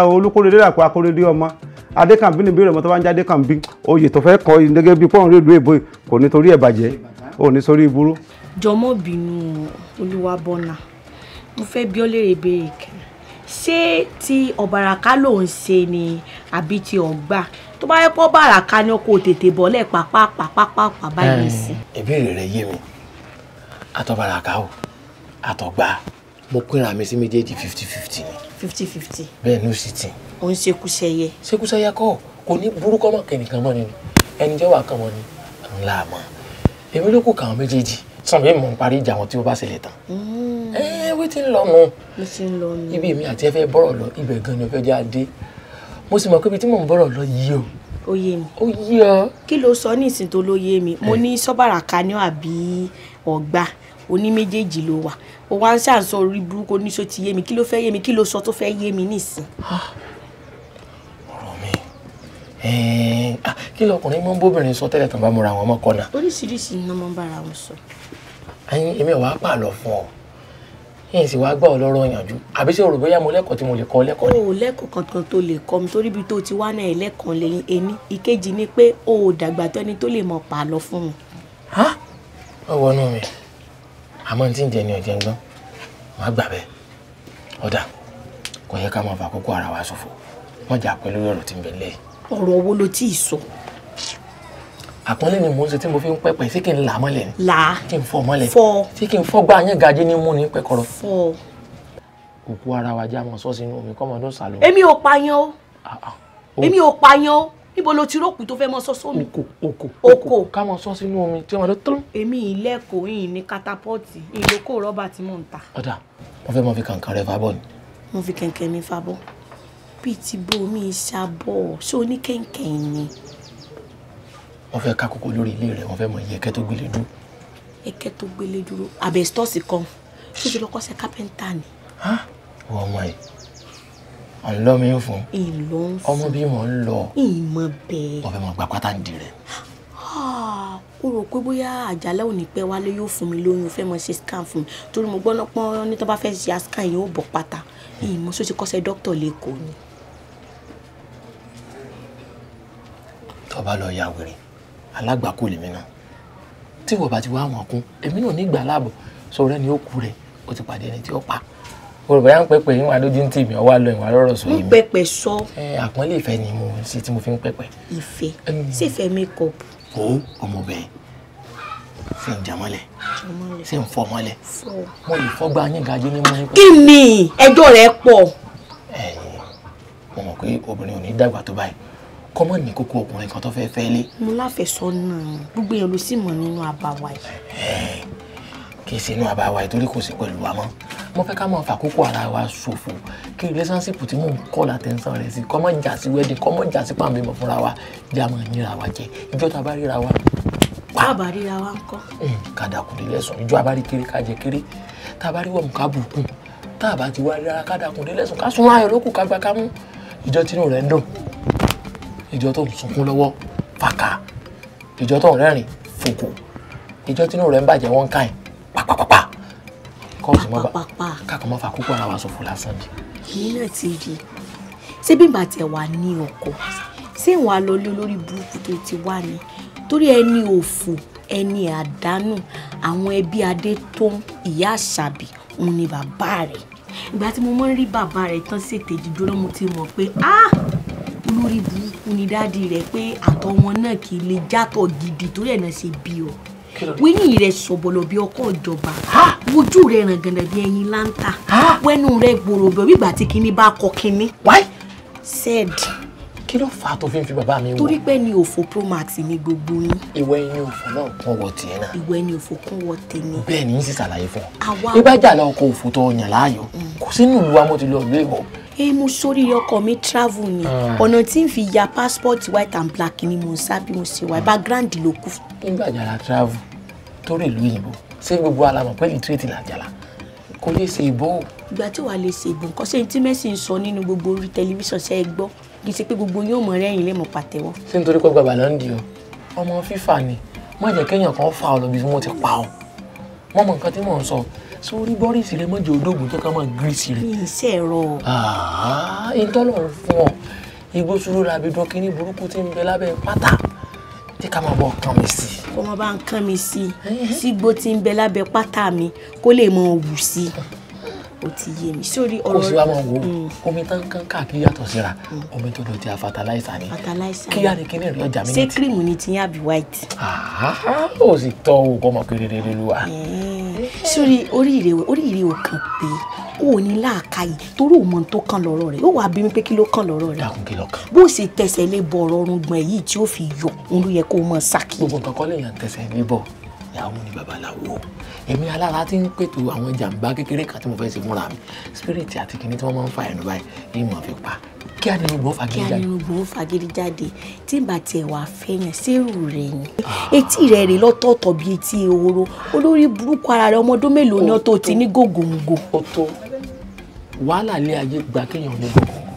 olùkórè dé dàpọ̀ akórè dé ọmọ adékànbí ni bíi rẹ̀ mọ́ tó bá ń jẹ́ adékànbí oyè tó fẹ́ kọ́ gẹ́gẹ́ bíi pọ́n rèlú èbó kò ní torí ẹ̀ bàjẹ́ ò ní sórí ìburú. jọmọ bínú Olúwabọ́nà mo fẹ́ bí ó léèrè béèrè kẹ ṣé ti ọ̀bàràká ló ń ṣe ni àbí ti ọ̀gbà tó bá yẹ pọ́ bàràká ni kò tètè bọ́lẹ̀ pàápàá báyìí sí. ìbéèrè rẹ yé mi àtọ̀bàràká o àtọ̀gbà mo pínra mi sí méjèèjì fifty fifty ni. fifty fifty. bẹ́ẹ̀ ni ó sì tì í ó ń ṣekúṣẹyẹ. ṣekúṣẹyẹ kọ́ kò ní burúkọ mọ kẹnìkan mọ nínú ẹni jẹ́ wà kàn mọ́ ni ńlá mọ́ èmi ló kù káwọn méjèèjì sọmi mọ̀ ń parí ìjà wọn tí ó bá ṣẹlẹ̀ tán. Hmm. ẹ wí ti ń lọ nu
ibi èmi àti ẹ fẹ́
bọ́rọ̀ lọ ibẹ̀ gan ni ó fẹ́ adé mo sì mọ̀ pé ibi tí mò ń bọ́rọ̀ lọ yìí o ó yé mi. ó yé ọ. kí ló sọ ní ìsìn tó ló yé mi mo ní sọ́bàrà kaní àbí ọ̀gbà oní méjèèjì ló wà ó wá ń ṣàǹsọ orí burúkú oníṣó ti yé mi kí ló fẹ́ yé mi kí ló sọ tó fẹ́ yé mi nísìn. Ah, Ah, kí lọkùnrin mọ́ bóbìnrin sọ tẹ́lẹ̀ tán bá múra wọn mọ́kànnà. oríṣiríṣi ni wọ́n máa ń bára wọn sọ. ẹyin èmi ò wá pààlọ́ fún ọ yìí sì wá gbọ́ ọlọ́rọ̀ yanjú àbí ṣé o rò bóyá mo lẹ́kọ̀ọ́ tí mo lè kọ́ lẹ́kọ̀ọ́ ni. o lẹ́kọ̀ọ́ kankan tó lè kọ́ mi torí ibi tó ti wá náà ẹlẹ́kọ̀ọ́ lẹ́yìn ẹni ìkejì ni pé o ò dàgbà tó ẹni tó lè mọ̀ pààlọ́ fún un. ọ wọnú mi àmọ́ tí ń jẹ ni ọ̀jẹ̀ ń gbọ́n má gbà bẹ́ẹ̀ ọ̀dà kò yẹ ká máa fàkókò ara wa ṣòfò wọ́n jà pẹ́ lórí tí ń bẹ lẹ́yìn ọ̀rọ̀ wo ló tí ì sọ. àpọ́nlé ni mò ń ṣe tí mo fi ń pẹ́pẹ́ sí kí n là á mọ́lẹ̀. là á kí n fọ mọ́lẹ̀ fọ sí kí n fọ gbá yín gajé ní mú ní pẹ́kọ̀rọ̀. fọ òkú ara wa já mọ sọ́ọ̀sì inú omi kọ́mọ ló sàlọ. èmi ò pààyàn ah, ah. o èmi ò pààyàn o níbo lo ti rókù tó fẹ́ mọ sọ́sọ́ mi. oko oko oko ká mọ sọ́ọ̀sì inú omi tí wọ́n lọ tó. èmi ìlẹ́kọ̀ọ́ yìí ní katapọ́ọ̀tì ìlókò rọ́bà tí mò ń ta. ọ̀dà bíi ti bomi ìsàbọ̀ ṣé o ní kẹ̀kẹ́ ni. wọ́n fẹ́ ká kókó lórí ilé rẹ̀ wọ́n fẹ́ mọ iye ẹ̀kẹ́ tó gbélé dúró. ẹ̀kẹ́ tó gbélé dúró àbẹ̀sítọ́ọ̀sì kan ṣé ojú lọ́kọ́ ṣe kápẹ́ńtà ni. wọ́n ọmọ ẹ̀ ọ̀lọ́ mi ń fún. ìlọ ń fún ọmọ bí ń lọ. ìmọ̀ bẹ́ẹ̀. wọ́n fẹ́ mọ gba pátá ń di rẹ̀. o rò pé bóyá àjálẹ̀ ò ní pẹ́ wálé yóò fún mi lóyún fẹ́ mọ ṣe scan fún mi torí mo gbọ́n náà pọ́n ní tó bá fẹ́ ṣe scan yóò bọ̀ pátá ìmọ̀ sóṣe kọ́sẹ́ dókítà lẹ́kọ̀ọ́ ni. tó
bá lọ ya wèrè
alágbàkú lèmi náà tí wọ́n bá ti wá wọn kún èmi náà nígbà láàbọ̀ sọ̀rọ̀ ẹni ó kú rẹ̀ ó ti pàdé ẹni tí ó pa olùbọ̀ yà ń pẹ́pẹ́ yín wà lójú ń tì mí ọwọ́ àlọ́ ìwà lọ́rọ̀ sọ yìí. mo pẹpẹ sọ. ẹ àpọ́nlé ìfẹ́ ni mo ṣe tí mo fi ń pẹpẹ. ìfẹ́ ṣe fẹ́ mékọ́pù. o ọmọbìnrin ṣe ń jamọ́lẹ̀ ṣe ń fọmọ́lẹ̀ mo lè fọ́gbà yín gajé ní mọ́ni. kí ni ẹjọ́ rẹ pọ̀. ẹ mo mọ̀ pé obìnrin ò ní dàgbà tó báyìí kọ́mọ ní kókó ọkùnrin kan tó fẹ́ fẹ́ lé. mo láfẹ̀sọ́nà gbogbo èèyàn ló sì mọ̀ nínú àbàwà yìí. kì í ṣe inú àbàwà yìí torí kò sí pẹ̀lú wa mọ́ mo fẹ́ ká mọ̀ fàkókò ara wa ṣòfò kí relationship tí mò ń kọ́ látẹ̀sán rẹ̀ sí kọ́mọ jà sí wedding kọ́mọ jà sí pàmímọ̀ fúnra wa jẹ́ àmọ́ níra wa jẹ ìjọ ta bá ríra wa pa. tábàárí ra wa ń kọ́. Hmm, kàdàkùn délẹ̀ sùn ìjọ abárí kéré ká jẹ kéré tábàárí wọ̀mù ká bùkún tábà ti wá rí ara kàdàkùn délẹ̀ sùn ká sun ayọ̀ lókù ká gba ká mú ìjọ tinú rẹ̀ ń dùn ìjọ tó ń sunkún lọ́wọ́ fàkà ìjọ tó ń rẹ́rìn fòkò ìjọ tí inú rẹ̀ ń bàjẹ́ wọ́n ń káyìn pàpàpàpà kọ́ọ̀sì mọ́ bá kákan mọ́ fà kókó ara wa ṣòfò lásán ni. èyí náà ti rí ṣé bí ìgbà tẹ wà ní ọkọ ṣé ìwà lọlé olórí burúkú tó ti wà ní torí ẹni òfò ẹni àdánù àwọn ẹbí adé tó ìyá àṣàbí òun ni bàbá rẹ̀ ìgbà tí mo mọ rí bàbá rẹ̀ tán ṣètè dídúró mo ti mọ̀ pé ah olórí burúkú ni dáàdi rẹ pé àtọ wọn náà kì í lè jàtọ̀ gidi torí ẹ̀ náà ṣe bí ọ wíní rẹ sọ̀bọ̀lọ̀ bí ọkọ̀ ìjọba ojú rẹ ràngànà bí ẹyin láńtà wẹ́nu rẹ gbòòrò bí ìgbà tí kinní bá kọ kinní said kí ló fà á tó fi ń fi bàbá mi wò. torí pé ni òfò promax ni gbogbo yín. ìwọ ẹni òfò náà kún wọ tiẹ̀ náà. ìwọ ẹni òfò kún wọ tèmi. bẹ́ẹ̀ ni yín sì ṣàlàyé fún ọ. ìbájà náà kọ òfò tó yàn láàyò mm. kò sínú ìlú wa mo ti lọ ìlú ìbọn èyí mo sórí ọkọ mi travel ni ah. ọ̀nà tí n fi ya passport white and black ni mo ń sá bí mo ṣe wà background mm. ló kù. nígbà jàrá travel torí ìlú òyìnbó ṣé gbogbo alamọ pé literate là jàrá kò lè ṣe ìbọn o. ìgbà tí wàá lè ṣe ìbọn kọ́sẹ́ tí mẹ́sì ń sọ nínú gbogbo orí tẹlifíṣàn ṣe é gbọ́ kì í ṣe pé gbogbo yóò mọ rẹ́yìn lè mọ pàtẹ́wọ́. ṣé nítorí pé gbàgbà ló ń di o ọmọ fífà ni má jẹ́ kéèyàn kan fà ọ lọ́bi tí wọ́n ti pa ọ mọ́ mọ nǹkan tí mò ń sọ sórí bọ́rìsì rẹ mọ́jọ odóògùn tó ká máa gírísì rẹ. mi ì sẹ́ ẹ̀rọ. ìtọ́lọ̀ fún ọ igbó sùúrù làbí dán kínní burúkú tí ń bẹ lábẹ́ pátá tí ká máa bọ̀ kàn mí sí. kó bá ń kàn mí sí sígbó tí ń bẹ lábẹ́ pátá mi kó lè mọ òwú sí o ti yé mi sórí ọ̀rọ̀ kò sí wa máa wo omi tán kán káàkiri yàtọ̀ síra mm. omi tó dọ̀tí a fertilizer ni kí yá ni kí ni ìrìnàjà mi ní ti. ṣé kírìmù ni ti yín àbí white. ó sì tọ́ o kọ́ ọmọ kiri rere lu wa. sórí oríire oríire ò pé o ò ní láàkàyè torí òun tó kàn lọ́rọ̀ rẹ̀ ó wàá bí mi pé kí ló kàn lọ́rọ̀ rẹ̀. dàkún kí ló kàn. bó o ṣe tẹsẹ̀ lé bọ̀ ọ̀rọ̀ ọ̀rùngbọ̀n yìí tí ó fi yọ òun ló yẹ kó o mọ̀ ṣàkíyè. gbogbo nǹkan kọ́ lè yàn ìyàwó ni babaláwo èmi alára ti ń pètò àwọn ìjàmbá kékeré kan tí mo fẹ́ ṣe fúnra mi spirit àti kinní tí wọ́n máa ń fa ẹnu báyìí ní ìmọ̀ fi pa kí anirugbọn fagiri jáde. kí anirugbọn fagiri jáde tí bá tiẹ̀ wà fẹ́yàn sẹ́rù rẹ̀ yẹn ah. etí rẹ̀ rè lọ́tọ̀ọ̀tọ̀ bíi etí ehoro olórí burúkú ara rẹ̀ ọmọdún mélòó ni ọ̀tọ̀ ti ní gògòǹgò. ọ̀tọ̀ wàhálà ilé ayé gba kéèyàn ní gògòǹgò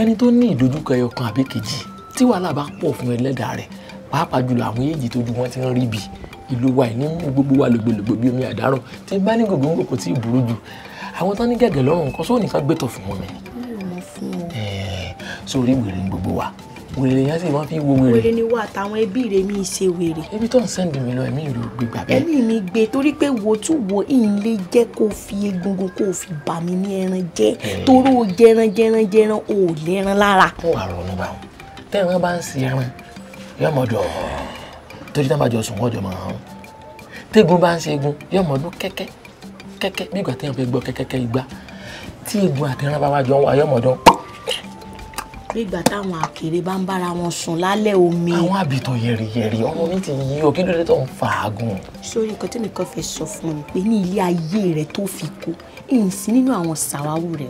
ẹni tó ní ìdojúkọ ẹyọ kan àbí kejì tí wàhálà bá pọ̀ fún ẹlẹ́dàá rẹ̀ pàápàá jùlọ àwọn èjì tójú wọn ti ń rí bíi ìlú wa ìní mú gbogbo wa lògbòlògbò bí omi àdárọ̀ tí bá ní gbogbo ńlò kò tí ì burú jù àwọn tán ní gẹ̀gẹ̀ lọ́rùn kan sóò nìkan gbẹ̀tọ̀ fún wọn ni. sórí wèrè ni gbogbo wa wèrè yẹn sì máa fi wo wèrè. wèrè ni wà táwọn ẹbí rẹ mi ṣe wèrè. ẹbí tó ń sẹ́ndì mi lọ ẹ̀mí ìlú gbígbà bẹ́ẹ̀. ẹ̀mí mi gbé torí pé wo tún wo ìyìn lè jẹ́ kó fi egungun kó fi bà mí ní ẹran jẹ́ toró jẹran jẹran jẹran ò lẹ́ran lára. wọ́n wà rọ̀ ọ́nà báwọn tẹ́ran bá ń ṣe ẹran yọmọdọ̀ torí tá a bá jọ sùn wọ́n jọ máa hàn tégun bá ń ṣe egun yóò mọ ọdún kẹ́kẹ́ kẹ́kẹ́ bí ìgbà téèyàn fẹ́ gbọ́ kẹ́kẹ́kẹ́ igbá tí egun àti ẹran bá wá jọ ń yóò mọ ọdún. nígbà táwọn àkèrè bá ń bára wọn sùn lálẹ́ omi. àwọn àbìtọ̀ yẹ̀rìyẹ̀rì ọmọ mi ti yí o kí ló dé tó ń fàágùn. sórí nǹkan tí nìkan fẹ́ sọ fún mi pé ní ilé ayé rẹ tó fi kú ìsìn nínú àwọn sàwáwù rẹ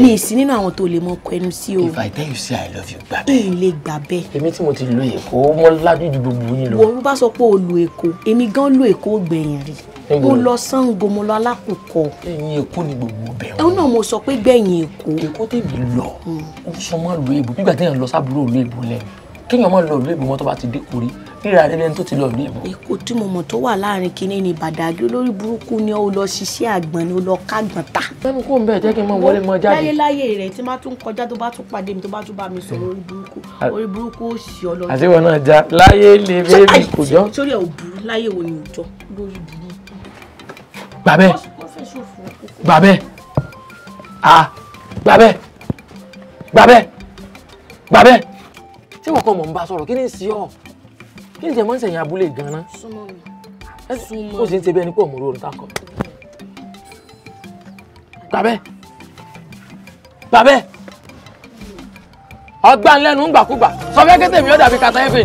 o ní ìsìn nínú àwọn tó lè mọ ọkọ ẹnu sí o. if i tell you say i love you gbà bẹ́ẹ̀. ìlè gbà bẹ́ẹ̀. èmi tí mo ti lo èkó mo ládùn ju gbogbo yín lọ. wọ́n bá sọ pé o lo èkó èmi gan lo èkó gbẹ̀yìn rí mo lọ Ṣàngó mo lọ alákòókò. ẹ̀yin èkó ni gbogbo bẹ̀ wọ́n. ẹ̀hún náà mo sọ pé gbẹ̀yìn èkó. èkó tèmi lọ hmm. ó sọ mọ́ lo èbò nígbà téèyàn lọ sábúrò lo èbò lẹ́nu kéèyàn má lọ lo èbò wọn tó bá ti dé kórè ríra rẹ bẹ́ẹ̀ tó ti lọ ìlú ìbò. èkó tí mo mọ̀ tó wà láàrin kinní ni bàdàgì olórí burúkú ni ó lọ ṣiṣẹ́ àgbọ̀n ni ó lọ kágbọ̀n ta. lẹ́nu kó ń bẹ̀ jẹ́ kí n mọ wọlé mọ jáde. láyé láyé rẹ̀ tí má tún kọjá tó bá tún pàdé mi tó bá tún bá mi sọ̀rọ̀ orí burúkú orí burúkú ó sì ọ lọ. àtiwọ náà já láyé lè bẹ́ẹ̀ kò jọ. sórí ẹ̀ ò burú láyé wo ni lórí burúkú. ah gbàbẹ́ gbàbẹ́ gbàbẹ́ tí wọn kàn mọ̀ ń bá sọ̀rọ̀ kí kí n jẹ mọ́ ń sẹ̀yìn abúlé gan-an. súnmọ́ mi súnmọ́. ó sì ń ṣe bí ẹni pé òmùrò orin takọ. bàbẹ́ bàbẹ́ ọgbà ńlẹ́nu ńgbàkúgbà sọ fẹ́ kí tèmi ó dàbí kàtà ẹ̀fẹ̀.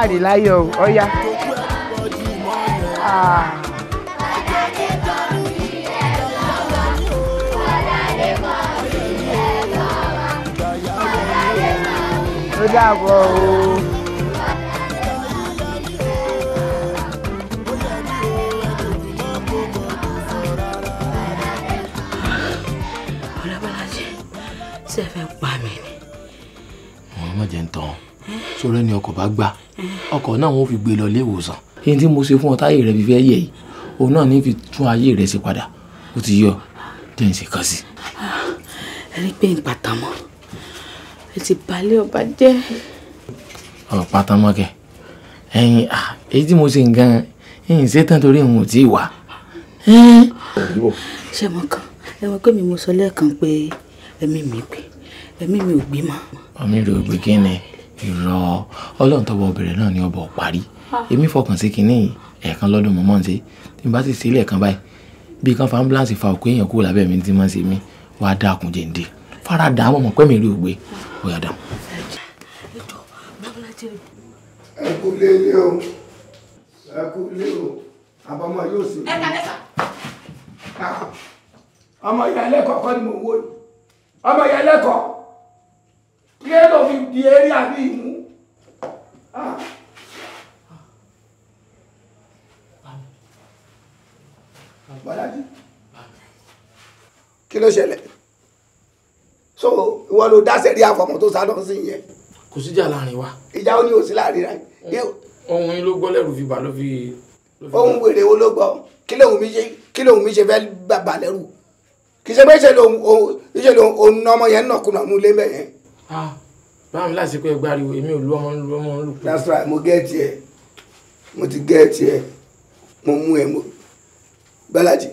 pàdé láyọ̀ ọ̀yá.
Ah. ó dàbọ̀ o. ọ̀rẹ́ bọ́lájì ṣe fẹ́ pa mí ni.
mo má jẹ́ ń tán sọ̀rọ̀ ẹni ọkọ̀ bá gbà ọkọ̀ náà wọ́n fi gbé lọ ilé ìwòsàn. èyí tí mo ṣe fún ọ táyé rẹ fi fẹ́ yẹ yìí òun náà ní fi tún ayé rẹ ṣe padà ó ti yọ díẹ̀ ń ṣe kàn sí. ẹ rí pé ìpàtàmọ́ ẹ ti balẹ̀ ọba jẹ́. ọ̀rọ̀ pàtàmọ́ kẹ ẹyin èyí tí mo ṣe nǹkan ẹyin ṣetán torí òun ò tí ì wá. ṣé mo kàn ẹ mọ̀ pé mi mo sọ lẹ́ẹ̀kan pé ẹ̀mí mi pé ẹ̀mí mi ò gbé mọ́. ọmọ mi rò pé kí ni irọ́ ọlọ́run tọ́wọ́ bẹ̀rẹ̀ náà ni ọbọ̀ parí èmi fọkàn sí kinní ẹ̀ẹ̀kan lọ́dún mọ́mọ́ ń ṣe tí n bá sì sílẹ̀ kan báyìí bí kan fa ambulance fa òkú èèyàn kúrò lábẹ́ mi tí wọ́n ṣe mí wàá dá àkùn jẹ̀ǹde fara dà á mọ̀mọ́ pẹ́mi rí ògbé ọ̀yà dà. ẹ kú lé ilé o ẹ kú lé o àbámọ̀ yóò sì. ẹ kàlẹ́ sà. ọmọ ah. ìyá ẹlẹ́kọ̀ọ́ kọ́ ni mo wó ọmọ ìyá ẹlẹ́kọ̀ọ́ kí ẹ fi di eré àbí ìmú. Ah. bọ́lájí kí ló ṣẹlẹ̀ so ìwọ ló dá sẹ́rí àfọmọ́ tó sá lọ sí yẹn. kò síjà láàrin wa. ìjà ó ní òsì láàrin rẹ.
ohun yín ló gbọ́ lẹ́rù fi bà
ló fi. ohun wèrè
wo ló gbọ́ kí lóhun mi ṣe kí lóhun mi ṣe fẹ́ bàbà lẹ́rù kì í ṣe pé ṣe lóhun ìṣe lóhun ọmọ yẹn nàkúnà nulẹ̀ mẹ́yẹn. Ah, báwọn lásìkò ẹ gbáriwo èmi ò lu ọmọ lu ọmọ lu. that's right mo gẹ́ẹ̀tì ẹ mo ti gẹ́ẹ̀tì ẹ mo mú ẹ mo Bọ́lájí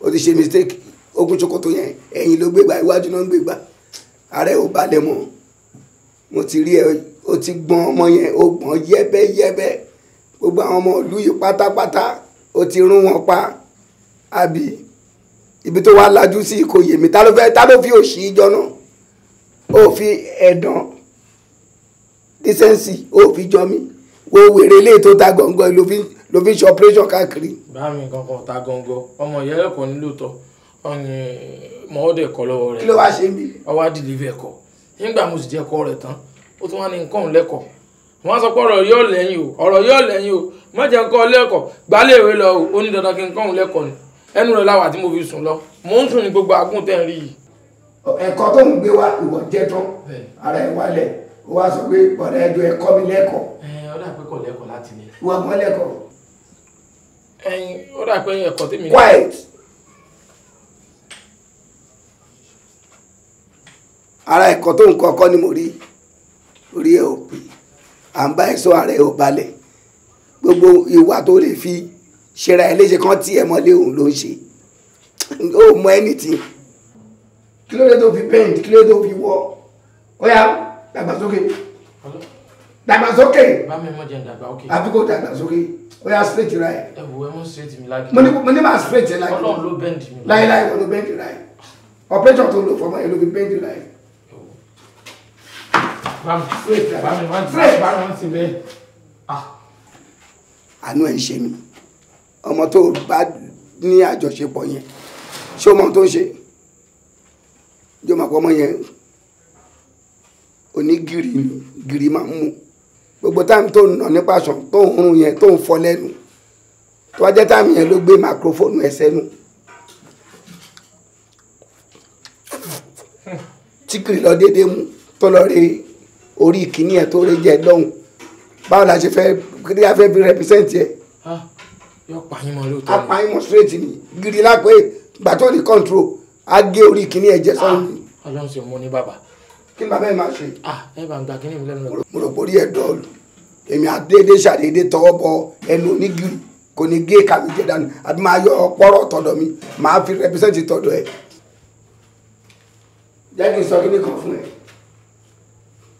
o ti ṣe mistake ogun ṣòkòtò yẹn ẹ̀yìn ló gbégbá iwájú náà ń gbégbá ààrẹ ò balẹ̀ mọ́ mo ti rí ẹ o ti gbọ́n ọmọ yẹn o gbọ́n yẹ́bẹ́yẹ́bẹ́ gbogbo àwọn ọmọ ìlú yìí pátápátá o ti rún wọn pa àbí ibi tó wá lajú sí kò yèmí ta ló fi òṣì jọ náà ó fi ẹ̀dàn dísẹ́ǹsì ó fi jọ mí wo wèrè ilé tó ta gọ̀ǹgọ̀ ló fi ló fi ṣe operation káàkiri. bá mi kankan ta gọ̀ǹgọ̀ ọmọ ìyá ẹ̀kọ́ nílò tọ́ ọ̀nì mọ́ọ́dẹ̀ kọ́ lọ́wọ́ rẹ̀. kí ló wá ṣe mí. ọwọ́ àdìlífẹ̀ ẹ̀kọ́ nígbà mo sì jẹ́ ẹ̀kọ́ rẹ̀ tán ó tún wá ní nǹkan lẹ́kọ̀ọ́ wọ́n sọ pé ọ̀rọ̀ yóò lẹ́yìn o ọ̀rọ̀ yóò lẹ́yìn o má jẹ́ nǹkan lẹ́kọ̀ọ́ gbálẹ̀ ìwé lọ o ó ní dandan kí nǹkan lẹ́kọ̀ọ́ ni ẹnu rẹ̀ láwà tí mo fi sùn lọ mò ń sùn ní gbogbo àgùntàn rí yìí ẹ̀kọ́ tó ń gbé wá ìwọ jẹ́ tán ara ẹ̀ wálẹ̀ ó wá sọ pé ọ̀rẹ́ ẹjọ́ ẹ̀kọ́ mi lẹ́kọ̀ọ́. ó dà pé kò lẹ́kọ̀ọ́ láti ní. wọ́n mọ́ lẹ́kọ̀ọ́.
ẹyin ó dà pé ẹ̀kọ́ tèmi. quiet.
ara ẹ̀kọ́ tó ń kọ́kọ́ ni mo rí orí ẹ̀ ò pè à ń bá ẹ̀ sọ ara ẹ̀ ò balẹ̀ gbogbo ìwà tó lè fi ṣera ẹ̀ léṣe kán tí ẹ̀ mọ́lé òun ló ń ṣe ó mọ anything kí ló dé tó fi bend kí ló dé tó fi wọ́ ó yá dàgbàsókè dàgbàsókè àfi kò dàgbàsókè ó yá straight ra ẹ mo ní máa straight ẹ láìláì wọn ló bend ra ẹ operation tó lò fọmọ ẹ ló fi bend ra ẹ àánú ẹ̀ ń ṣe mi ọmọ tó bá ní àjọṣepọ̀ yẹn ṣé ọmọ tó ń ṣe jọ máa pọ ọmọ yẹn onígìrì gìrì máa ń mú gbogbo táìmù tó ń nà nípa sàn tó ń rún yẹn tó ń fọ lẹ́nu tó wá jẹ́ táìmù yẹn ló gbé máikrófóònù ẹ̀ sẹ́nu tí kìrì lọ déédéé mú tó lọ rí orí ìkíní ẹ̀ tó rí jẹ lọ́hùn báwo la ṣe fẹ́ kí ni a fẹ́ fi rẹpísẹ́ǹtì ẹ̀ ah, yọ pààyàn mọ́ lóòótọ́ apààyàn mọ́ straight ni gìrì lápẹ́ gbàtọ́ ní control a gé orí kìíní ẹ̀jẹ̀ sọ́run. Ah, ọlọ́run sì mú ní bàbá. kí bàbá ẹ máa ṣe. Ah, ẹ bá ń gba kìíní mi lẹ́nu. mo rò borí ẹ dọ́ọ̀lù èmi àdéédé ṣàdéédé tọwọ́ bọ ẹnu onígiri kò ní gé kàmí jẹ dànù àbí máa yọ ọpọ́rọ̀ tọ̀dọ̀ mi máa fi rẹpísẹ́ǹtì tọ̀dọ̀ ẹ. jẹ́ kí n sọ kíní kan fún ẹ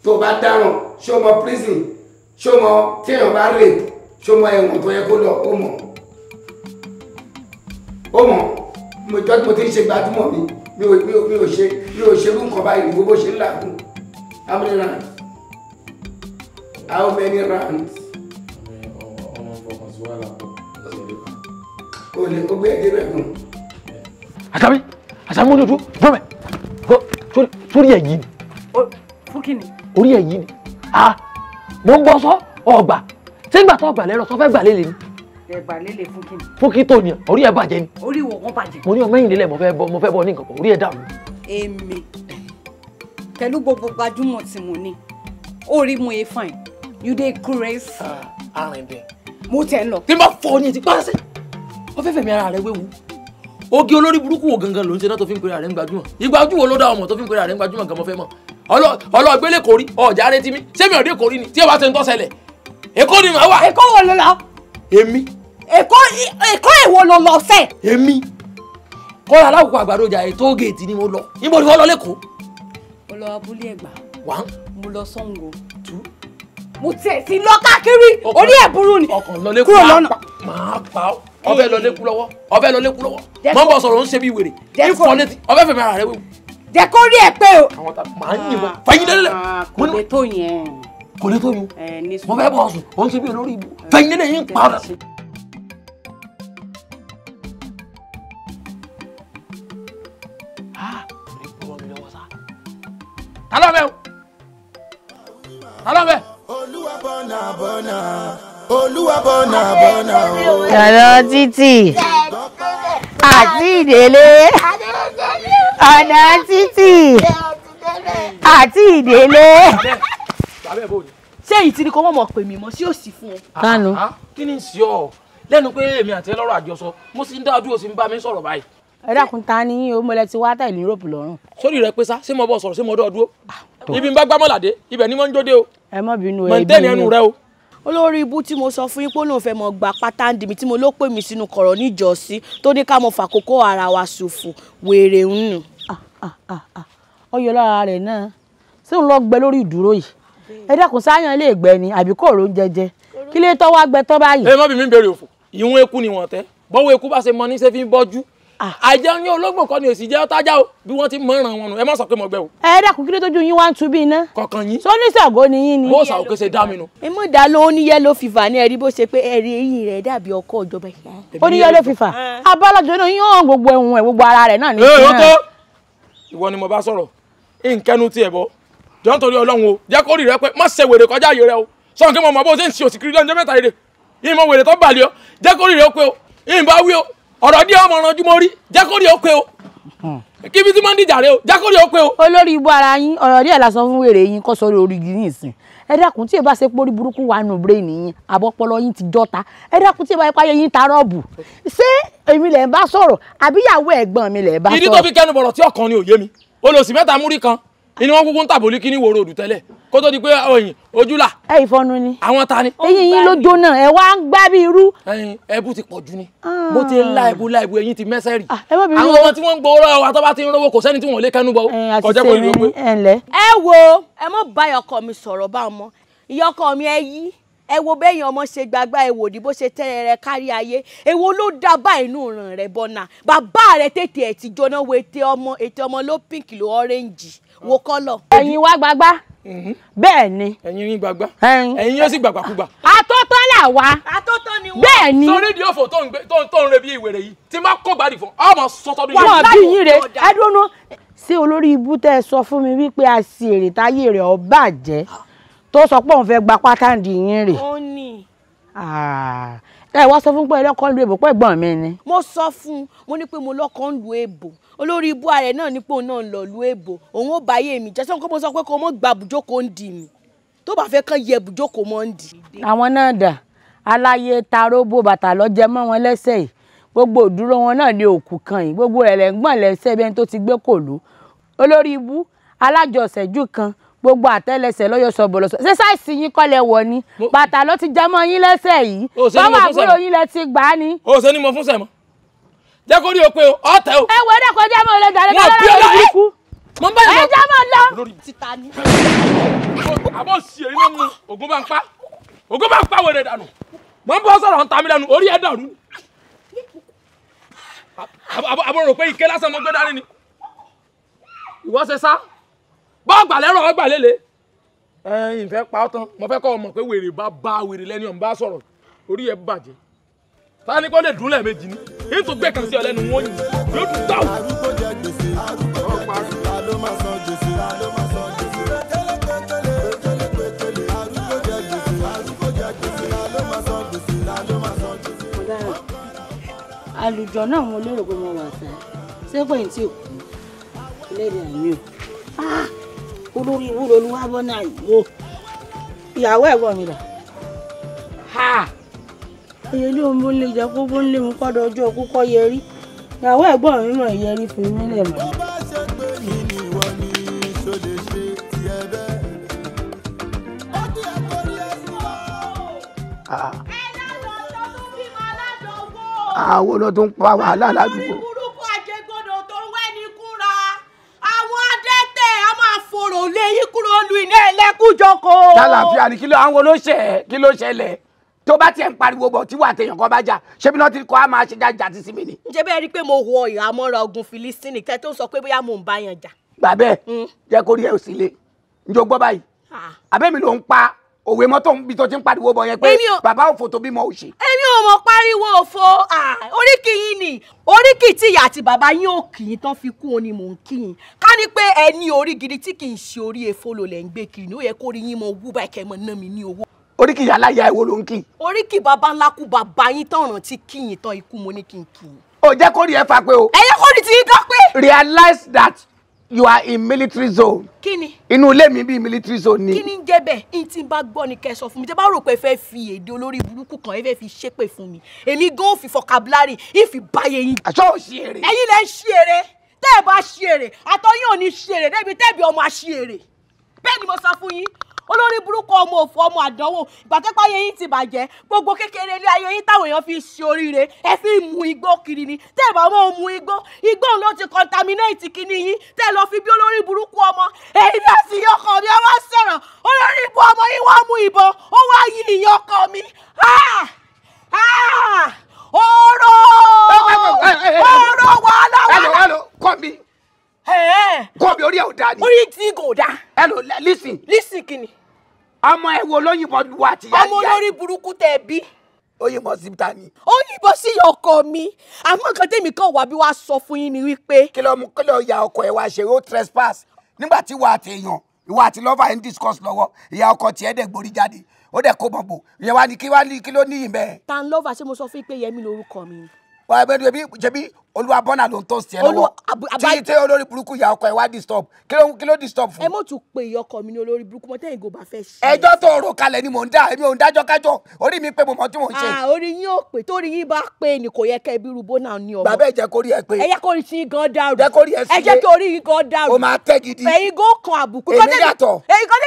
tó o bá dáràn ṣé o mọ prison ṣé o mọ téèyàn bá rèé ṣé o mọ ẹ̀wọ̀n tó yẹ kó lọ o mọ̀ o mọ̀ mo jọ́ tí mo ti ń ṣe gbajúmọ̀ mi mi ò mi ò mi ò ṣe mi ò ṣe irú nǹkan báyìí gbogbo ṣe ń làágùn how many rand how many rand. o lè kó gbé ẹgbẹ́ rẹ̀ gùn. àtàwé àtàwé mo ní ojú bọ́ọ̀mẹ̀ sórí ẹ̀ ni. fún kí ni. orí ẹ̀ yìí ni. Ah, mo ń bọ́ sọ ọgbà tí ń tó ọgbà lẹ́rọ sọ fẹ́ gbà lélẹ̀ ni ẹ̀bà lélẹ̀ fún kí ni. fún kí tó ni orí ẹ bàjẹ́ ni. orí ìwọ kan bàjẹ́. mo ní ọmọ ẹ̀yìn lélẹ̀ mo fẹ́ bọ́ ní nǹkan kan orí ẹ dàrú. èmi pẹ̀lú gbogbo gbajúmọ̀ tí mo ní orí mu yẹn fine you dey craze. arìn ah, ah, bẹ́ẹ̀. mo tẹ̀ ń lọ. tí n bá fọ ní etí pàṣẹ. wọ́n fẹ́ fẹ̀mí ara rẹ wéwu. oge olórí burúkú wo gangan ló ń ṣe náà tó fi ń pèrè àrẹ ń gbajúmọ̀ ìgbajúmọ̀ ló dá ọmọ tó fi ń pèrè àrẹ ń gbajúmọ̀ gan mo fẹ́ mọ̀ ọlọ́ọ̀gbélé kò rí ọ̀jà retí mi sẹ́mi ọ̀dẹ́ kò rí ni tí ẹ bá ti ń tọ́ ṣẹlẹ̀ èkó ni màá wà. èkó wo ló lọ. èmi èkó èkó èwo ló lọ fẹ́. èmi kọ́ra aláwòkọ́ àgbàdo ọjà ètò géètì ni mo lọ níbo ni wọ́n lọ lẹ́kọ̀ọ́. mo lọ abúlé ẹ̀gbá. wá. mo lọ Ṣàngó. tú. mo tiẹ̀ ti lọ káàkiri orí ẹ̀ burú ni kúrò lọ́nà. máa pa ọ́ ọbẹ̀ lọ lẹ́kú lọ́wọ́ ọbẹ̀ lọ lẹ́kú lọ́wọ́ mọ́ bọ̀ sọ̀rọ̀ ń ṣe bí wèrè ifọ̀ létí ọbẹ̀ fẹ̀mí ara rẹ wéwu. jẹ́ kó rí ẹ pé o. àwọn ta máa ń yìnbọn ah, fẹ̀yìn lélẹ̀. Ah, kò lè tó yẹn. kò lè tó yẹn. mo fẹ́ bọ̀ sùn ó ń ṣe bí olórí ibu fẹ̀yìn lélẹ̀ yín pa ọ̀dà.
alábẹ́. olúwa bọ́nà bọ́nà olúwa bọ́nà bọ́nà
o. ọ̀rọ̀ títì àti ìdèlé ọ̀nà títì àti ìdèlé.
ṣé èyí tí ni kò wọ́n mọ̀ pè mí mọ́ sí òsì fún ọ. kánú. Ah, kí ni ń sọ lẹ́nu pé èmi àti ẹ lọ́rọ̀ àjọsọ mo sì ń dá dúró sí ń bá mi sọ̀rọ̀ báyìí ẹ dákun ta ni yín o mọlẹ ti wá tẹ ní europe lọ́rùn. sórí rẹ pé sá ṣé mo bọ sọ̀rọ̀ ṣé mo dọ dúró ah, ibi ń bá gbámọlàdé ibẹ̀ ni mo ń jóde o. ẹ má bínú ẹ bínú mọ̀ntẹ́ni ẹnu rẹ o. olórí ibú tí mo sọ fún yín pé òun fẹ́ mọ gba pátánì mi tí mo ló pè mí sínú kọ̀rọ̀ níjọ́sí tó ní ká mo fàkókò ara wa ṣòfò wèrè ń nù. ọyọ ah, ah, lára rẹ náà ṣé òun lọ gbẹ lórí ìdúró yìí ẹ dákun sáyàn lè gbẹ ni àbí kò ró ń jẹjẹ kí lè tọ́ wá gbẹ tọ́ báyìí. ẹ má bí mi bèrè òfò ìwọ̀n eku ni wọ́n tẹ́ bọ́wọ́ eku bá ṣe mọ ní ṣe bọ́jú Ah. àjẹun yín ológbò kọ́ ni òsì jẹ́ ọ́tájà o bí wọ́n ti mọ ìràn wọn nù ẹ má sọ pé mo gbẹ o. ẹ dákun kí ló tójú yín wá ń tu iná. kọkàn yín. sọ́ni ni yín ni. bó sàgó ṣe dá mi nù. èmi ò dá ló ní yẹ́lò fìfà ní ẹ̀rí bó ṣe pé ẹ̀rí eyín rẹ̀ dàbí ọkọ̀ ìjọba ìyá. ó ní yẹ́lò fìfà abálàjọ náà yín hàn gbogbo ẹ̀hún ẹ̀ gbogbo ara rẹ̀ náà ní. ìwọ ni mo bá sọ̀rọ̀ ọ̀rọ̀ díẹ̀ ọmọ ọ̀rànjú mo rí jẹ́ kó rí o pé hmm. o kíbi tí máa ń dìjà rẹ o jẹ́ kó rí o pé o. olórí ibú ara yín ọ̀rọ̀ díẹ̀ la sọ fún wèrè yín kó sọ lórí igi ní ìsìn ẹ dákun tí ẹ bá ṣe pórí burúkú wà nù brain yín àbọ̀pọ̀lọ yín ti jọ́ta ẹ dákun tí ẹ bá yẹ káyé yín ta rọ́ọ̀bù ṣé èmi lẹ̀ ń bá sọ̀rọ̀ àbíyàwó ẹ̀gbọ́n mi lẹ̀ ń bá sọ̀rọ̀. ìdí tó fi kẹ́nu bọ̀rọ̀ tí ọkàn ni òye mi olùsìn mẹ́ta múrí kan inú wọn kúkú ń tàbólí kí ní wo ròdù tẹ́lẹ̀ kó tó di pé òyìn oh, ojúlà. ẹ ìfọnu ni. àwọn ta ni. eyín yín ló jóná ẹ wá ń gbá bí irú. ẹyin ẹbú ti pọ̀
jù ni. Ah. mo ti láìbu
láìbu eyín ti mẹ́sẹ̀ rì. Ah, àwọn ọmọ tí wọ́n ń gbowó wa tó bá ti ń rówó kò sẹ́ni tí wọ́n lè kẹ́nu bọ̀. kọjá pẹ̀lú ewé. ẹ wo ẹ mọ bá ọkọ mi sọ̀rọ̀ bá ọmọ ìyọkọ mi ẹ yí ẹ wo bẹ́yìn ọmọ ṣe gbagba ẹ wò ní bó ṣe tẹ́lẹ̀ rẹ kárí ayé èwo ló dá bá inú ràn rẹ bọ́nà bàbá rẹ tètè ẹ̀ ti jóná wo ètè ọmọ ètè ọmọ ló pink ló ọ́rẹ́ǹjì wo kọ́lọ̀. ẹ̀yin wá gbagba mhm. bẹ́ẹ̀ ni. ẹ̀yin ní gbagba ẹ̀yin yóò sì gbàgbàkúgbà. àtọ́tọ́ là wá. àtọ́tọ́ ni wọ́n. bẹ́ẹ̀ ni. sórí ìdí òfò tó ń re bí ìwèrè yìí tí má kó gbàdì fún ọmọ sọtọ́ ní. wọn bí yín rè ẹ tó sọ pé òun fẹ́ gba pátánì yín rè. ó ní. Ah. ẹ wá sọ fún pé ẹlọ́kọ̀ lu èbò pé ẹ̀gbọ́n mi ni. mo sọ fún un mo ní pé mo lọ́kọ̀ ń lu èbò olórí ibú ààrẹ náà ní pé òun náà ń lọ lu èbò òun ó bá yé mi jẹ́ sọ́n kó mo sọ pé kó mo gba bùjókòó ń dì mí tó bá fẹ́ kán yẹ bùjókòó mọ́ ń dì. àwọn náà dà aláyé taró bó bàtà lọ́jẹ́ mọ́ wọn lẹ́sẹ̀ yìí gbogbo òdúró wọn náà ní òkú kan yìí gbogbo rẹ̀ lẹ́ngbọ̀n lẹ́sẹ̀ bẹ́ẹ̀ tó ti gbé kòló olórí ibú alájọsẹ̀jú kan gbogbo àtẹ́lẹsẹ̀ lọ́yọ̀ sọ̀bọ̀lọ̀sọ̀ ṣé sáìsì yín kọ́lẹ̀ wọ̀ ni bàtà ló ti jẹmọ́ yín lẹ́sẹ̀ yìí báwọn àbúrò yín lẹ ti gbà á ni. o ṣe ni mo fún sẹ̀mọ́ jẹ́ kó rí o pé o tẹ o. ẹ wo ẹ̀dẹ̀ kọjá mọ́ ilé dàrẹ́ bá lọ́la lórí ikú. mo bá yẹn lọ ẹ jẹ́ mọ́ lọ. àbọ̀ sí èyí ló mú ogun bá ń pa ogun bá ń pa wèrè dànù mo ń bọ́ sọ̀rọ̀ ń ta mi lẹ́nu orí ẹ̀ dànù. àbọ̀ rò pé ike bá ọgbà lẹ́rọ̀ ọgbà lélẹ̀. ẹ ìfẹ́ pa ọ́ tán mo fẹ́ kọ́ ọmọ pé wèrè bá bá wèrè lẹ́ni ọ̀n bá sọ̀rọ̀ orí ẹ̀ bàjẹ́ ta ni kò lè dùn lẹ́ẹ̀mejì ni èyí gbé kan sí ọ lẹ́nu wọ́n yìí yóò dùn dáwù. arúgbó jẹ gbèsè arúgbó parí ta ló máa san gbèsè ta máa san gbèsè. àlùjọ náà mo lérò pé mo wà sẹ́ ṣé pé n tí kú lédè àmì o olórí ìwúrò olúwa bọ́ náà yìí o ìyàwó ẹ̀gbọ́n mi rà ha èyí ló ń bó ń lè jẹ kó bó ń lè mú kọ́dọ̀ ọjọ́ kókọ́ yẹrí ìyàwó ẹ̀gbọ́n mi mọ̀ yẹrí fún mi lẹ̀ mọ́. àwọn olóòtú pa wàhálà ládùúgbò. ò lé yín kúrò lu iná ẹlẹ́kùjọkọ. lálàáfíà ni kí ló àwọn olóṣè kí ló ṣẹlẹ̀ tó bá tiẹ̀ ń pariwo bọ̀ tí wà téèyàn kan bá jà ṣébi náà ti kọ́ á máa ṣe jájà ti sinmi ni. ǹjẹ́ bẹ́ẹ̀ rí i pé mo wọ ìhámọ́ra ogun filistini kẹ́ tó ń sọ pé bóyá mò ń bá yàn jà. gbà bẹ́ẹ̀ hmm. jẹ́ kó ẹ̀ ò le njó gbọ́ báyìí ah. abẹ́mi ló ń pa òwe mọ́tò ń bi tó ti ń pariwo bọ̀ yẹn pé bàbá òfò tó bímọ òṣè. èmi ò mọ̀ pariwo òfò oríkì yín ni oríkì tí ìyá àti bàbá yín ò kì í tán fi kú òní mò ń kí yín ká ní pé ẹni orí gidi tí kì í ṣe orí efó ló lẹ̀ ń gbé kiri ní ó yẹ kó rí yín mọ owó báyìí kẹ́ mọ ná mi ní owó. oríkì yàrá ìyá ló ń kì. oríkì bàbá ńlá kú bàbá yín tán ọ̀ràn tí kì í tán ikú mo ní kì í kì í. ò jẹ́ kó rí ẹ fa pé o. ẹ realize that you are in military zone. Kini, ni. inú ilé mi bíi military zone ni. kí ni ń jẹ́ bẹ́ẹ̀ n tí n bá gbọ́ ni kẹ́ sọ fún mi tẹ́ bá rò pé fẹ́ fi èdè olórí burúkú kan ẹ fi ṣépè fún mi èmi gan ò fi vocabulary ìfi báyé yín. àṣọ ò ṣe èrè. ẹ̀yin lẹ ń ṣe èrè tẹ́ ẹ bá ṣe èrè àtọyún ò ní ṣe èrè débi tẹbi ọmọ àṣe èrè bẹ́ẹ̀ ni mo sọ fún yín olórí burúkú ọmọ òfò ọmọ àdánwò ìgbàtẹ́pá ayé yín ti bàjẹ́ gbogbo kékeré ilé ayé yín táwọn èèyàn fi ṣe oríire ẹ fi mu igbó kiri ni tẹ́ ẹ̀ bá mọ́ mu igbó igbó ló ti contaminate kíní yín tẹ́ ẹ lọ fi bí olórí burúkú ọmọ èyí náà sì yọ ọkọ mi ọwọ́ sọ̀rọ̀ olórí ibú ọmọ yín wá mú ìbọn ó wá yí ìyẹn ọkọ mi ọ̀rọ̀ ọ̀rọ̀ wàhálà wàhálà kọ́ọ̀bì orí ẹ̀ ò da ni. orí tí kò da. ẹ lò lísìn. lísìn kìíní. ọmọ ẹ wo lóyìnbó wa ti yá. ọmọ olórí burúkú tẹ bí. ó yìnbọn sí ta ni. ó yìnbọn sí ọkọ mi àmọ́ nǹkan tèmi kan wà bí wàá sọ fún yín ni wípé. kí ló mú kí ọkọ ẹ wá ṣe ó trespass nígbà tí wàá ti yàn ìwà àti lọ́fà ń discuss lọ́wọ́ ìyá ọkọ tiẹ̀ dẹ̀ gborí jáde ó dẹ̀ kó bọ̀bọ̀ ìyẹn wá ní kí wá ní kí ló níyìn bẹ́ẹ̀. ta ń ṣé mo sọ fún yín pé yẹmi lorúkọ mi. wàá bẹ́ẹ̀ ni olúwa bọ́nà ló ń tó sí ẹ lọ́wọ́ tí tí olórí burúkú ìyá ọkọ ẹ wá disturb kí ló kí ló disturb fún. ẹ mọ̀ tún pé ìyá ọkọ mi ní olórí burúkú mọ tẹ́yìn kò bá fẹ́ ṣe. ẹjọ́ tó rò kalẹ̀ ni mò ń dá èmi ò ń dájọ́ kájọ́ orí mi pé mo mọ tí mò ń ṣe. à orí yín ò pé torí yín bá pé ni kò yẹ kẹ́ bí rúbó náà ní ọmọ. bàbá ẹ jẹ́ kórí ẹ pé. ẹ yẹ kórí sí yín gan dàrú. jẹ́ kórí ẹ sí yé. ẹ jẹ́ kí orí yín gan dàrú. o máa tẹ́ gidi. ẹ̀yin gan kan àbùkù. èmi yàtọ̀. ẹ̀yin gan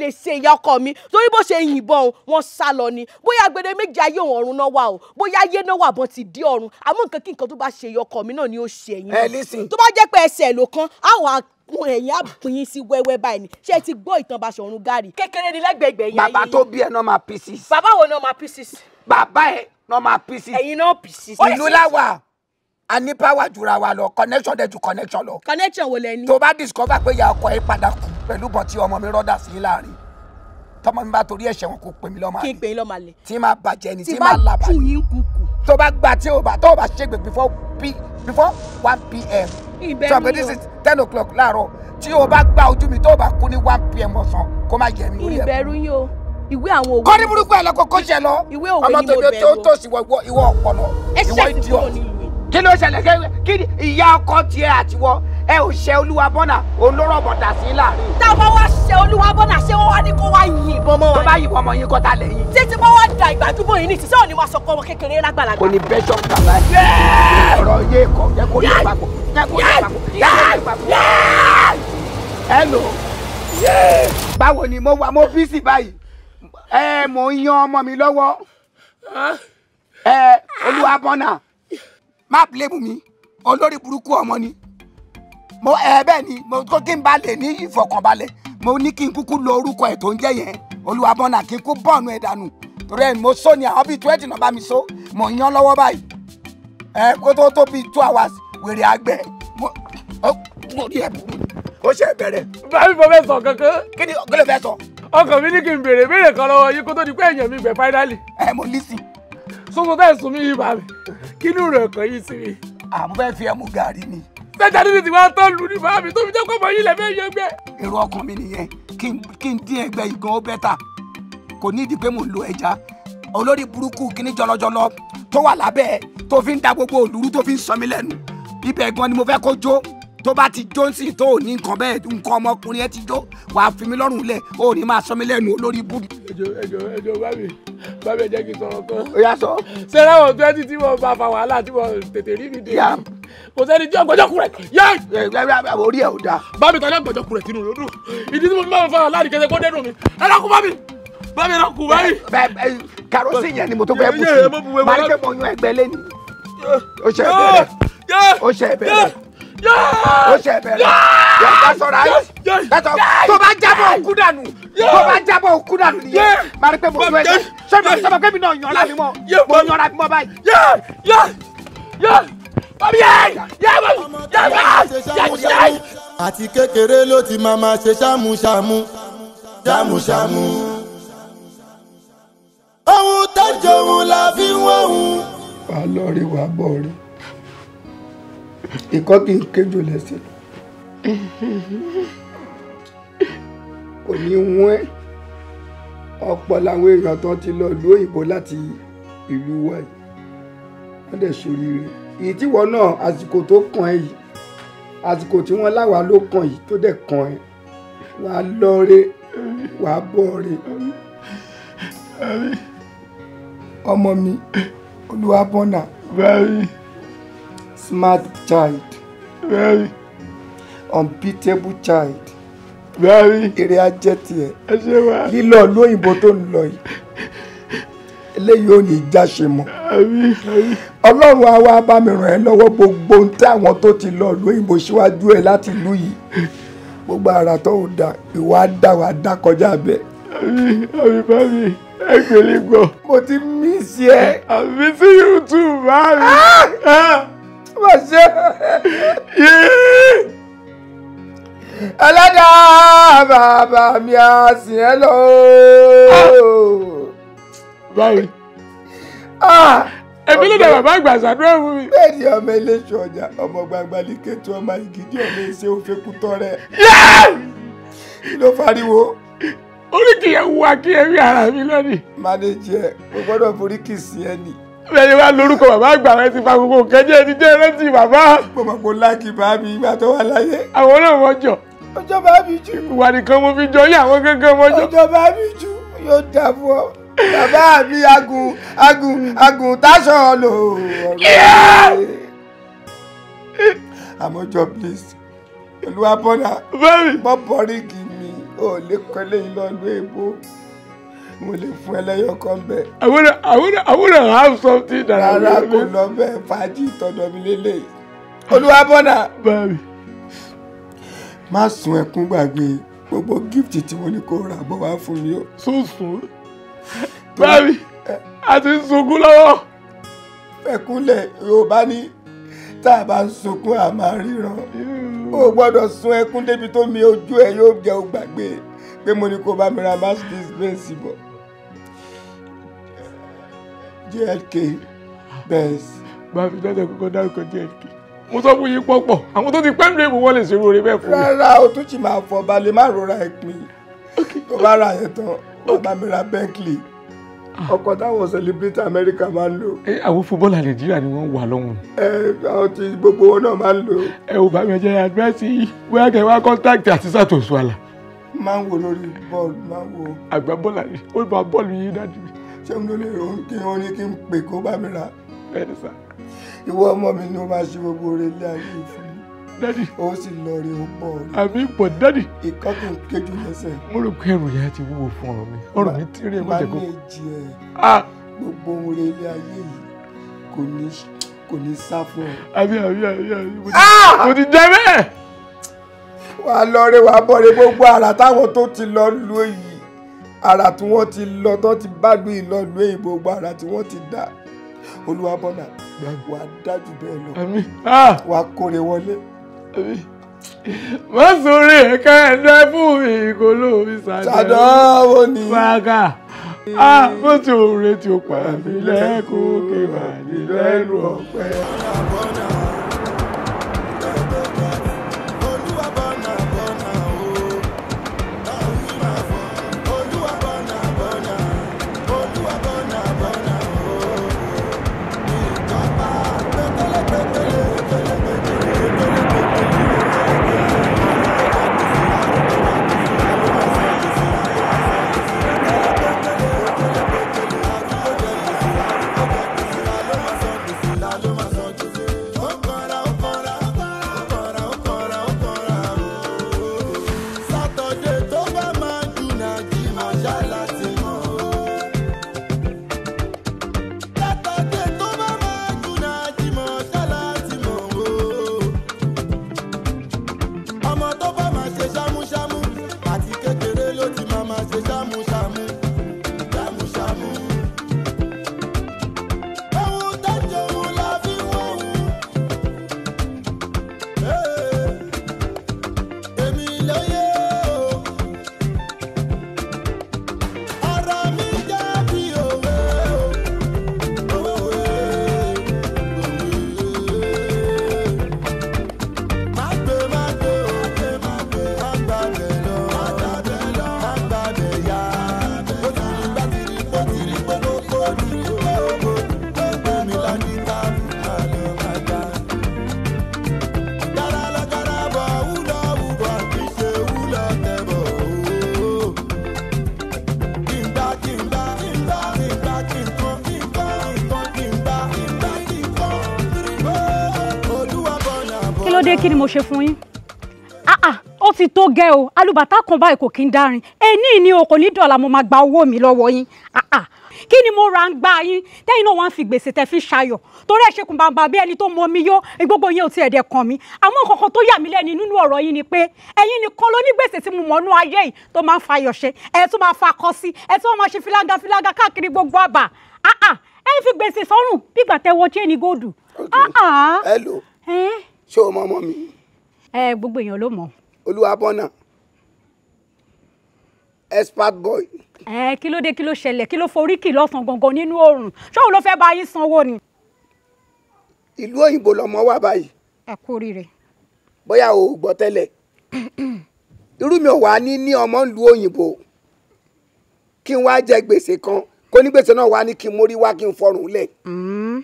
débi kan ṣe ìyá ọkọ mi torí bó ṣe yìnbọn o wọ́n sá lọ ni bóyá gbèdé méjì ayé òun ọ̀run náà wà o bóyá ayé náà wà bọ́n ti dé ọ̀run àmọ́ nǹkan kí nǹkan tó bá ṣe ìyá ọkọ mi náà ni ó ṣe ẹ̀yìn tó bá jẹ́ pé ẹsẹ̀ ló kán àwọn kun ẹ̀yìn àpín sí wẹ́wẹ́ báyìí ni ṣé ẹ ti gbọ́ ìtàn Baṣọ̀run Gáàrí. kékeré ni lẹ́gbẹ̀gbẹ̀ yẹn. bàbá tó bí ẹ náà máa pieces. bàbá wo náà máa pieces. bàbá ẹ náà máa pieces. ẹ̀yin náà pieces. ìlú láwà a ní power jura wa lọ connection dẹ ju connection lọ. connection wo lẹ ní. tó bá discover pé ìyá ọkọ ẹ padà kú pẹ̀lú bọ̀tí ọmọ mi rọ́dà sí láàrin tọmọ mi bá torí ẹ̀ṣẹ̀ wọn kò pè mí lọ́mọ àlè kí n pè yín lọ́mọ àlè tí máa bàjẹ́ ni tí máa làbà tí bá kù yín kùkù tó bá gbà tí ò bá tó bá ṣègbè before before one pm so but this is ten o'clock láàárọ̀ tí o bá gba ojú mi tó o bá kú ní one pm ọ̀sán kó má yẹ mi lórí ẹ̀. ìbẹ̀rù yín o ìwé àwọn òwe. kọ́ni burúkú ẹ̀ lọ kó kó ṣe lọ ọmọ tòbi tó tòsí ìwọ ọpọlọ ìwọ ìdí ọ. ẹ ṣe ti kí ló ṣẹlẹ̀ kẹ́ kí ìyá ọkọ tiẹ̀ àtiwọ́ ẹ ò ṣe olúwa bọ́nà olóró bọ̀dà sí láàrin. tá a bá wá ṣe olúwa bọ́nà ṣé wọ́n wá ní kó wá yìnbọn mọ́ wa. tó bá yìnbọn ọmọ yín kọ́ta lẹ́yìn. títí bá wá da ìgbàdúgbò yìí ní ìtìsẹ́ òní wa sọkọ ọmọ kékeré lágbàlagbà. kò ní bẹ́sọ̀ bàbá yìí ọ̀rọ̀ yé kọ̀ jẹ́ kó yé papọ̀ jẹ́ kó yé papọ̀ jẹ́ kó yé papọ̀. báwo ni mo wa mo bí sí báyìí ẹ mò ń yan ọmọ mi lọ́wọ́ ẹ olúwa bọ́nà map blame mi olori burúkú ọmọ ni mo ẹ ni mo tó kí ni ba lè mo ní kí lo oruko ẹ̀ tó ń jẹ́ yẹn Olúwabọ́nà mo so ni àwọn bíi mi so mo yan lowo báyìí ẹ kó to tó bíi hours were agbe mo mo rí ẹ̀ o se bere bẹ̀rẹ̀. ni mi ní kí n kan yìí kó tó di pé èèyàn mi gbẹ fáínálì. ẹ mo sọmọ bẹ́ẹ̀ sùn mí yìí bá mi kí inú rẹ̀ kàn yìí sí mi. àmọ́ bẹ́ẹ̀ fi ẹmu gàrí ni. sẹ́jà ní ti wá tán lù ní bá mi tó fi jẹ́ kọ́mọ yìí lẹ́fẹ̀ẹ́ yẹn gbẹ. èrò ọkàn mi nìyẹn kí n dín ẹgbẹ́ yìí gan ó bẹ́tà kò ní ìdí pé mò ń lo ẹja olórí burúkú kíní jọlọjọlọ tó wà lábẹ́ tó fi ń da gbogbo òlùrú tó fi ń sọmi lẹ́nu ibẹ̀ gan ni mo fẹ́ kó jó tó bá ti johnson tó ò ní nǹkan bẹ́ẹ̀ nǹkan ọmọkùnrin ẹ ti jó wàá fi mí lọ́rùn lẹ̀ ó ní máa sọ mí lẹ́nu olórí bú. ẹjọ ẹjọ ẹjọ bábí
bábí ẹjẹ kì í sọ̀rọ̀ kan. ó yà sọ. sẹ́rẹ́ wọn twenty tí wọ́n bá fa wàhálà tí wọ́n tètè rí mi dé. kò sẹ́ni tí ọgbọ́jọ́ kúrẹ̀ yá. orí ẹ̀ ò dáa. bábí tọ́jú ọgbọ́jọ́ kúrẹ̀
tìǹbù lódù ìdí tí mo máa ń fa wàhálà nìkẹ́sẹ̀ kó dẹ́nu mi ẹ bámi náà kú báyìí. bẹ́ẹ̀ karosi yẹn ni mo tó fẹ́ bù sí i máa ń gbé mọ oyún ẹgbẹ́ lẹ́nu o ṣe
bẹ̀rẹ̀ o ṣe bẹ̀rẹ̀
ó ṣe bẹ̀rẹ̀
that's alright
that's all tó bá jábọ̀ òkú dànù tó bá jábọ̀ òkú dànù nìyẹn máa rí pé mo lu ẹsẹ̀ sọ́dọ̀ sọ́dọ̀ kébì náà yan ara mi mọ́ mo yan ara mi mọ́ báyìí.
àti kékeré ló ti máa ma ṣe ṣámúṣámú ṣámúṣámú. ohun tẹ́jọ́ òun la fi ń wọ́hun.
wàá lọ rí wàá bọ̀ rí ìkọ́ kì í kéjò lẹ́sẹ̀ kò ní
wọ́n ẹ́ ọ̀pọ̀ làwọn èèyàn tó ti lọ ìlú òyìnbó láti ìlú wa yìí wọ́n dẹ̀ ṣoríire èyí tí wọ́n náà àsìkò tó kàn ẹ́ yìí àsìkò tí wọ́n láwa ló kàn yìí tó dẹ̀ kàn ẹ́
wàá lọ́ọ́rẹ́ wàá bọ́ọ̀rẹ́ ọmọ mi olúwa bọ́nà. báyìí. Smart child. Very. Unbeatable child. Very. Èrè ajẹ́ tiẹ̀. Ẹ ṣe wá. Lílọ lóyìnbó tó ń lọ yìí. Eléyìí ò ní jáṣe mọ́. Àmín àmín. Ọlọ́run á wá bá mi ràn ẹ́ lọ́wọ́ gbogbo ohun tí àwọn tó ti lọ lóyìnbó síwájú ẹ̀ láti ìlú yìí. Gbogbo àrà tó ń da ìwà dá wà dá kọjá bẹ́ẹ̀. Àmín àmín bá mi ẹ gbèlè gbọ́. Mo ti mí sí ẹ. Àmín sí YouTube bá mà ṣe
ẹlẹ́dàá bàbá mi á sìn ẹ́ lọ.
Ah. báyìí èmi lè dẹ bàbá àgbà ṣàdúrà fún mi. bẹ́ẹ̀ ni ọmọ eléṣù ọjà ọmọ gbangba ní kẹtù ọmọ ìgídí ọmọ ìṣe òfin kútọ rẹ. kí ló fariwo oríkì yẹn wá kí ẹ rí ara mi lónìí. mánéjì ẹ kò gbọ́dọ̀ foríkì sí ẹ nì bẹ́ẹ̀ni wá lórúkọ bàbá àgbà rẹ ti fa gbogbo kẹjẹ ẹni jẹ́ rántí bàbá. mo mọ̀ pé láàkì bàbí ìgbà tó wà láyé. àwọn náà wọ́n jọ. ọjọ́ bàbí jù. ìwà nìkan mo fi jọ yí àwọn gángan wọ́n jọ. ọjọ́ bàbí jù yóò dà
bàbá mi agùn agùn agùn táṣọ lò.
àmọ́jọ please olúwa bọ́dà bọ́ọ̀rì mi ò lè kọ́lé ìlọ́nu èèbó mo lè fún ẹlẹ́yọ kan bẹ̀. I wanna, I wanna, I wanna have something that I will. rárá kò lọ bẹ́ẹ̀ fàájì ìtọ́jọ́ mi lélẹ̀. olúwa bọ́dà. báyìí. má sun ẹkún gbàgbé gbogbo gift tí mo ní kó rà bọ̀ wá fún mi o. sunsun báyìí eh. a ti ń sunkún lọ́wọ́. ẹkúnlẹ̀ yorùbá ní
tá a bá ń sunkún a máa ríran o gbọ́dọ̀ sun ẹkún débi tó mi ojú ẹ
yóò jẹ́ ó gbàgbé pé mo ní kó bá mi ra master's bẹ́ẹ̀ sí JLK bẹ́ẹ̀s bàbí dọ́tẹ̀ kọ́kọ́ dárúkọ JLK mo sọ fún yín pọ̀pọ̀ àwọn tó ti pẹ́ nínú èèwọ̀ wọlé ìṣòro rẹ bẹ́ẹ̀ fún mi. rárá o tún ti máa fọ balẹ̀ má rora ìpín tó bá ra yẹn tán bàbá mi ah. ọkọ̀ táwọn celebrate America máa ń lò. ẹ àwọn fúbọ́ọ̀lù Nàìjíríà ni wọ́n wà lọ́hùn. ẹ àwọn tí gbogbo wọn náà máa ń lò. ẹ ò bá mi jẹ àdírẹ́sì bóyá kẹ wá kọ́ńtáàkì àti sàtòsùn àlà. máa ń wo lórí bọ́ọ̀lù máa ń wo. àgbà bọ́ọ̀lù àyè ó máa bọ́ọ̀lù yín dájú mi ṣé n tó lè rún kí wọ́n ní kí n pè kó bá mi ra. bẹ́ẹ̀ni sá. ìwọ ọmọ mi ni ó máa ṣe gbogbo oore ilé ayé ìfún mi. dádì. ó sì lọ rí o pọ̀ rí. àmì pọ̀ dádì. ìkọ́kùn kejì lẹ́sẹ̀. mo rò pé ẹrù yẹn ti wúwo fún ọ̀rọ̀ mi ọ̀rọ̀ mi ti rí ẹ̀ mọ́tẹ́kọ́. máa ní èjì ẹ̀ gbogbo oore ilé ayé yìí kò ní kò ní sá fún ọ. àbí àbí àbí àbí mo ti jẹ bẹ́ẹ̀. wàá lọ rí wàá bọ̀
rí gbogbo àrà táwọn tó ti lọ lu èyí ara tí wọ́n ti lọ tán ti bá lu
ìlọlù èyìnbó gbogbo ara tí wọ́n ti dá olúwa bọ́nà wà á dájú bẹ́ẹ̀ lọ ah! wà á kórè wọlé. má sọ̀rọ̀ ẹ̀ka ẹ̀dá fún mi kò ló mi ṣàdánwò ní. fàgà bó ah, ti òun retí ó pa mí lẹ́kọ̀ọ́ kí wà ní lẹ́nu ọ̀pẹ.
kí ni mo ṣe fún yín ah, ah, ó ti tó gẹ́ o alùbàtà kan báyìí kò kí ń dárin ẹni ni o kò ní dọ̀là mo máa gba owó mi lọ́wọ́ yín ah, kí ni mo ra ń gbá yín tẹ́yìn náà wọ́n á fi gbèsè tẹ́ fi ṣayọ̀ torí ẹ̀ ṣekùn bàbá bí ẹni tó mọ omi yó gbogbo yẹn ò tiẹ̀ dẹ̀ kàn mí àmọ́ nǹkan tó yà mí lẹ́nu nínú ọ̀rọ̀ yín ni pé ẹ̀yin nìkan ló ní gbèsè tí mo mọ̀nú ayé yìí tó máa ń fa ayọ̀ ẹ̀ tó máa fa akọ sí ẹ̀ ṣé o mọ ọmọ mi. ẹ gbogbo èèyàn ló mọ. olúwabọ́nà expert boy. ẹ kí ló dé kí ló ṣẹlẹ̀ kí ló forí kì lọ́sàn-án gangan nínú oòrùn ṣóun ló fẹ́ bá yín sanwó ni. ìlú òyìnbó lọmọ wà báyìí. ẹ kú oríire. bóyá o ò gbọ́ tẹ́lẹ̀ irú mi ò wá ní ní ọmọ ìlú òyìnbó kí n wá jẹ gbèsè kan kó ní gbèsè náà wá ní kí n mórí wá kí n fọrùn lẹ̀. Mm-hmm.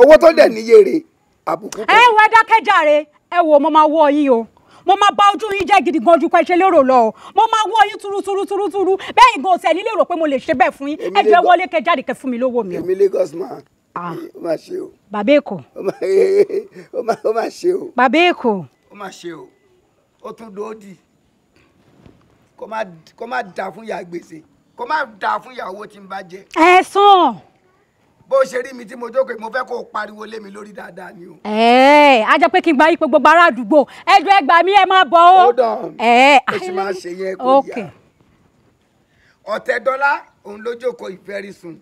owó tó dẹ̀ níye rèé àbùkù kan. ẹ wọ ẹ dákẹ́ jàre ẹ wo mo máa wọ yín o mo máa bá ojú yín jẹ́ gidi gan ojú kan ṣe lérò lọ o mo máa wọ yín turu turu turu turu bẹ́ẹ̀ gan ọ̀sẹ̀ nílé rò pé mo lè ṣe bẹ́ẹ̀ fún yín ẹ jẹ́ wọlé kẹ́ jáde kẹ́ fún mi lówó mi o. èmi Lagos máa ó máa ṣe o. bàbá èkó. ó máa ṣe o. bàbá èkó. ó máa ṣe o ó tún dòódì kó má dà fún ìyá gbèsè kó má dà fún ìyàwó tí ń bá jẹ. ẹ sàn bó ṣe rí mi tí mo jókòó mo fẹ́ kó o pariwo lé mi lórí dáadáa ni o. ẹ a jẹ pé kí n gba ipò gbogbo ará àdúgbò ẹjọ ẹ gbà ẹ máa bọ ó. hold on ẹ ẹ ṣì máa ṣe yẹn kó yá ọ̀tẹ̀dọ́lá òun ló jókòó ìfẹ́rí sun.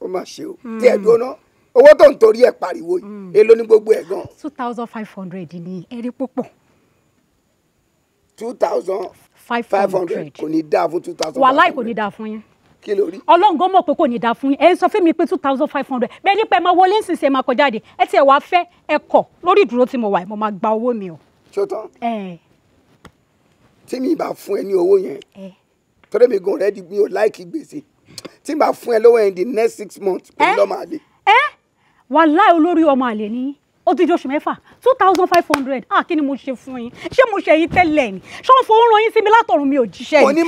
ó mà ṣe o hmm. tí ẹ gbóná owó tó ń torí ẹ pariwo yìí hmm. èló ní gbogbo ẹ gan. two thousand five hundred ni eré púpọ̀. two thousand five hundred kò ní dáa fún two thousand five hundred. wàhálà kò ní dáa fún yín kí ló rí. ọlọ́run gan mọ̀ pé kò ní dáa fún yín ẹ ń sọ fún mi pé two thousand five hundred bẹ́ẹ̀ nípa ẹ máa wọlé ń sìnsìn ẹ máa kọjá de ẹ tiẹ̀ wá fẹ́ ẹ kọ̀ lórí ìdúró tí mo wà mo máa gba owó mi o. ṣótán tí mi bá fún ẹ ní owó yẹn torí mi gan rẹ́ẹ̀dì mi ò láìkí gbèsè tí mi bá fún ẹ lọ́wọ́ yẹn the next six months pẹ̀lú ọmọ àlè. ẹ wàláì olórí ọmọ àlè ni ó ti di oṣù mẹ́fà two thousand five hundred ah kí ni mo ṣe fún yín ṣé mo ṣe yín tẹ́lẹ̀ ni ṣé wọ́n fowó ran yín sí mi látọ̀run mi ò jíṣẹ́ yìí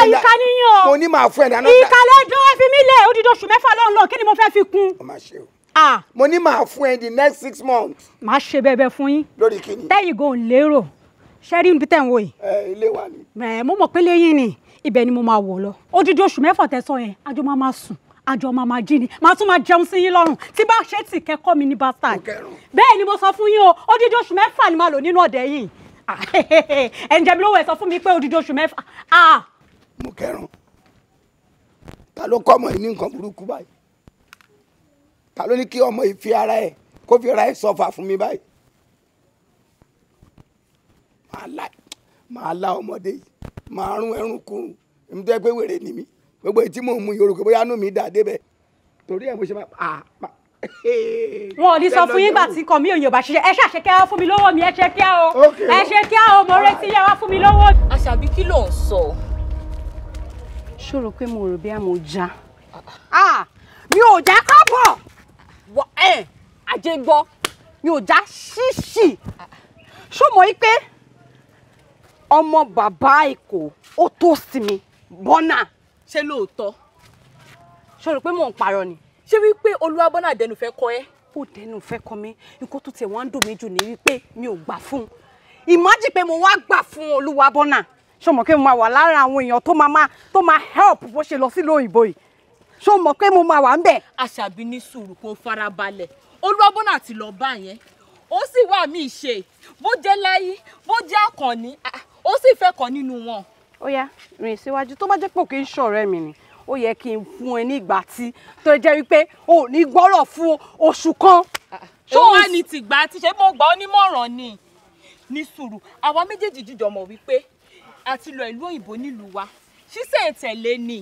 àyíká níyàn mo ní máa fún ẹ̀ dáná ah, ìkàlẹ̀ dán ẹ fi mí lẹ̀ ó ti di oṣù mẹ́fà lọ́nà kí ni mo fẹ́ fi kún. ó ṣe o ah mo ní máa fún ẹ the next six months. máa ṣe bẹbẹ fún yín lórí kíni tẹyìn gan lérò ṣẹrí ibi tẹ ń wò yìí. ẹ ilé wa ni. mo mọ̀ pé lẹ́yìn ni ibẹ̀ ni mo máa wọ̀ lọ odidi oṣù mẹ́fà tẹ̀sán yẹn àjọ máa máa sùn àjọ máa máa jí ni màá tún máa jẹun sí yín lọ́rùn tí bá ṣe tì kẹ́kọ́ mi ní bastard bẹ́ẹ̀ ni mo sọ fún yín o odidi oṣù mẹ́fà ni màá lò nínú ọ̀dẹ̀ yìí ẹ̀ǹjẹ̀ mi ló wẹ̀ sọ fún mi pé odidi oṣù mẹ́fà. Ah. mo kẹrùn ta ló kọ́ ọmọ yìí ní nǹkan burúkú báyìí ta ló ní kí ọmọ yìí fi ara ẹ̀ kó fi ara ẹ̀ sọfà fún mi báyìí màá la ọmọdé yìí màá rún ẹrún kúrú èmi tó yẹ wèrè ni mí gbogbo ètí mò ń mu yorùkọ bóyá nù mí dà débẹ̀ torí ẹ̀ mo ṣe máa pa.
wọn ò ní sọ fún yín gbà
tí kàn mí òyìnbó bá ṣiṣẹ́ ẹ ṣàṣẹ kí á fún mi lọ́wọ́ mi ẹ ṣe kí á o ẹ ṣe kí á o mo retí yẹ wá fún mi lọ́wọ́. àṣàbí kí ló ń sọ. ṣòro pé mo rò bí a mo já ah. Ah, mi ò já kábọ̀ àjẹ gbọ́ mi ò já ṣíṣì ṣó mọ̀ pé ọmọ bàbá èkó ó tó sí bọ́nà ṣé lóòótọ́ ṣó rò pé mò ń parọ́ ni ṣé wípé Olúwabọ́lá dẹnu fẹ́ kọ ẹ́. ó dẹnu fẹ́ kọ mi nǹkan tó tiẹ̀ wá ń dùn mí jù ní wípé mi ò gbà fún un ìmájì pé mo wá gbà fún Olúwabọ́lá ṣó mọ̀ pé mo máa wà lára àwọn èèyàn tó máa máa tó máa help bó ṣe lọ sílùú òyìnbó yìí ṣó mọ̀ pé mo máa wà ń bẹ̀. àṣàbí ní sùúrù kó farabalẹ̀ Olúwabọ́lá ti lọ bá yẹn ó sì wà mí ṣe bó jẹ́ láyé bó jẹ́ àkànní ó sì fẹ́ kàn nínú wọn ó yá rìn síwájú tó bá jẹ́ pé òkè ń ṣọ̀rẹ́ mi ni ó yẹ kí n fún ẹ ní ìgbà tí tó jẹ́ wípé ò ní gbọ́rọ̀ fún oṣù kan. ṣó wà ní tìgbà tí ṣé mo gbà ọ́ nímọ̀ràn ni ní sùúrù àwa méjèèjì jùjọ mọ̀ wípé àti lọ ìlú òyìnbó nílùú wa ṣíṣe ìtẹ̀lé ni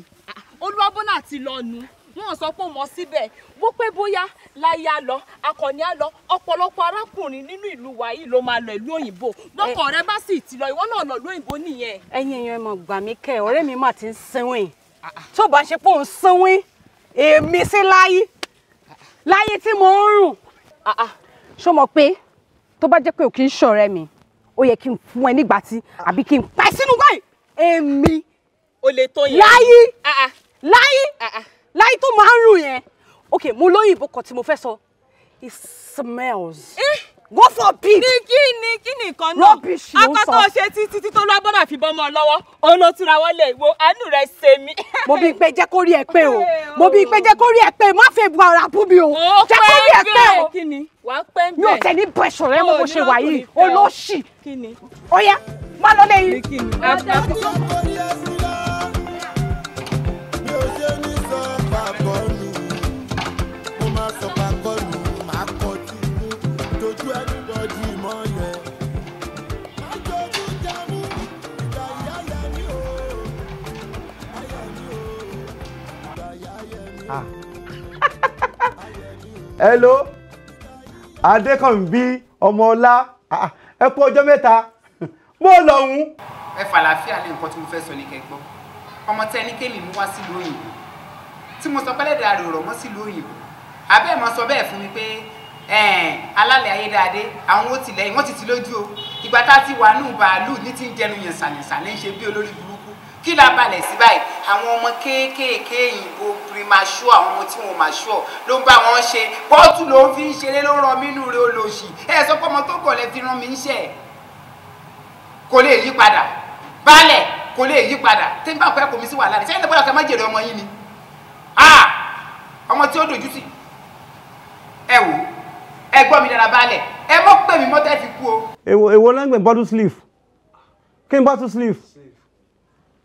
olúwabọ́nà àti lọ́nu wọn sọ pé mọ síbẹ̀ wó pé bóyá láyé á lọ akọni á lọ ọ̀pọ̀lọpọ̀ arákùnrin nínú ìlú wa yìí ló máa lọ ìlú òyìnbó lọ́kọ rẹ bá sì ti lọ ìwọ náà lọ ìlú òyìnbó nìyẹn. ẹ̀yin èèyàn mọ gbà mí kẹ ọ̀rẹ́ mi mà ti ń sinwin ah, ah. tó bá ṣe pé òun sinwin èmi sí láyé láyé tí mo ń rùn. Ah, ṣó mọ̀ pé tó bá jẹ́ pé ò kì í ṣọ̀rẹ́ mi ó yẹ kí n fún ẹ nígbà tí àbí kí n pa ẹ sínú báyìí èmi láyé láyé láì tó máa ń rùn yẹn ok mo lóyìnbó kan tí mo fẹ́ sọ it smells. go eh? for big. ní kí ni kí ni nǹkan náà rubbish ló ń sọ akọ́tọ̀ ṣe títí tí tó lábọ́dà fi bọ́ mọ́ ọ lọ́wọ́ òun ló túra wọlé ìwo àánú rẹ̀ ṣe mí. mo bí pé jẹ́ kó rí ẹ pé o eh, mo bí oh. pé jẹ́ kó rí ẹ pé má fẹ́ bu ara bú mi o jẹ́ kó rí ẹ pé o mi
ò tẹ̀ ní
bẹ̀ṣọ̀ rẹ mo bó ṣe wà yìí olóṣì ó má lọ
lẹ́yìn. mi Ah.
hello adékànbí ọmọọlá ah, ẹ kú ọjọ́ mẹ́ta mo lọ́hùn. ẹ fàlàfíà lé nǹkan tí mo fẹ́ sọ ní kẹ́gbọ́n ọmọ tẹ́ ẹ ní kémi mú wá sílùú òyìnbó tí mo sọ pé lẹ́dàá rẹ̀ rọ̀ mọ́ sílùú òyìnbó àbẹ́ẹ̀ mọ́ sọ bẹ́ẹ̀ fún mi pé alálẹ̀ ayédáadé àwọn ó tilẹ̀ wọ́n ti ti lójú o ìgbà tá a ti wà nù bàálù ní ti ń jẹnu yànsànyànsà ní í ṣe bí olórí burúkú kí la balẹ̀ sí báyìí àwọn ọmọ kéékèèké ìbò primasure àwọn ọmọ tí wọn masure ló ń bá wọn ṣe pọ́ọ̀tù ló ń fi ń ṣeré ló ń rán mí nù rẹ olóṣì ẹ sọ pé ọmọ tó kọ̀ lẹ́ fi rán mi ń ṣe kò lè yí padà balẹ̀ kò lè yí padà tí n bá pẹ́ kò mí sí wàhálà ní sẹ́yìn tó bọ́lá kẹ́ má jèrè ọmọ yín ni Ah, ọmọ tí ó dojú sí ẹ wò ẹ gbọ́ mi dára balẹ̀ ẹ mọ́ pè mí mọ́tẹ́ fi kú o. èwo èwo lẹ́gbẹ̀ẹ́ bottle sleeve kí ni bottle sleeve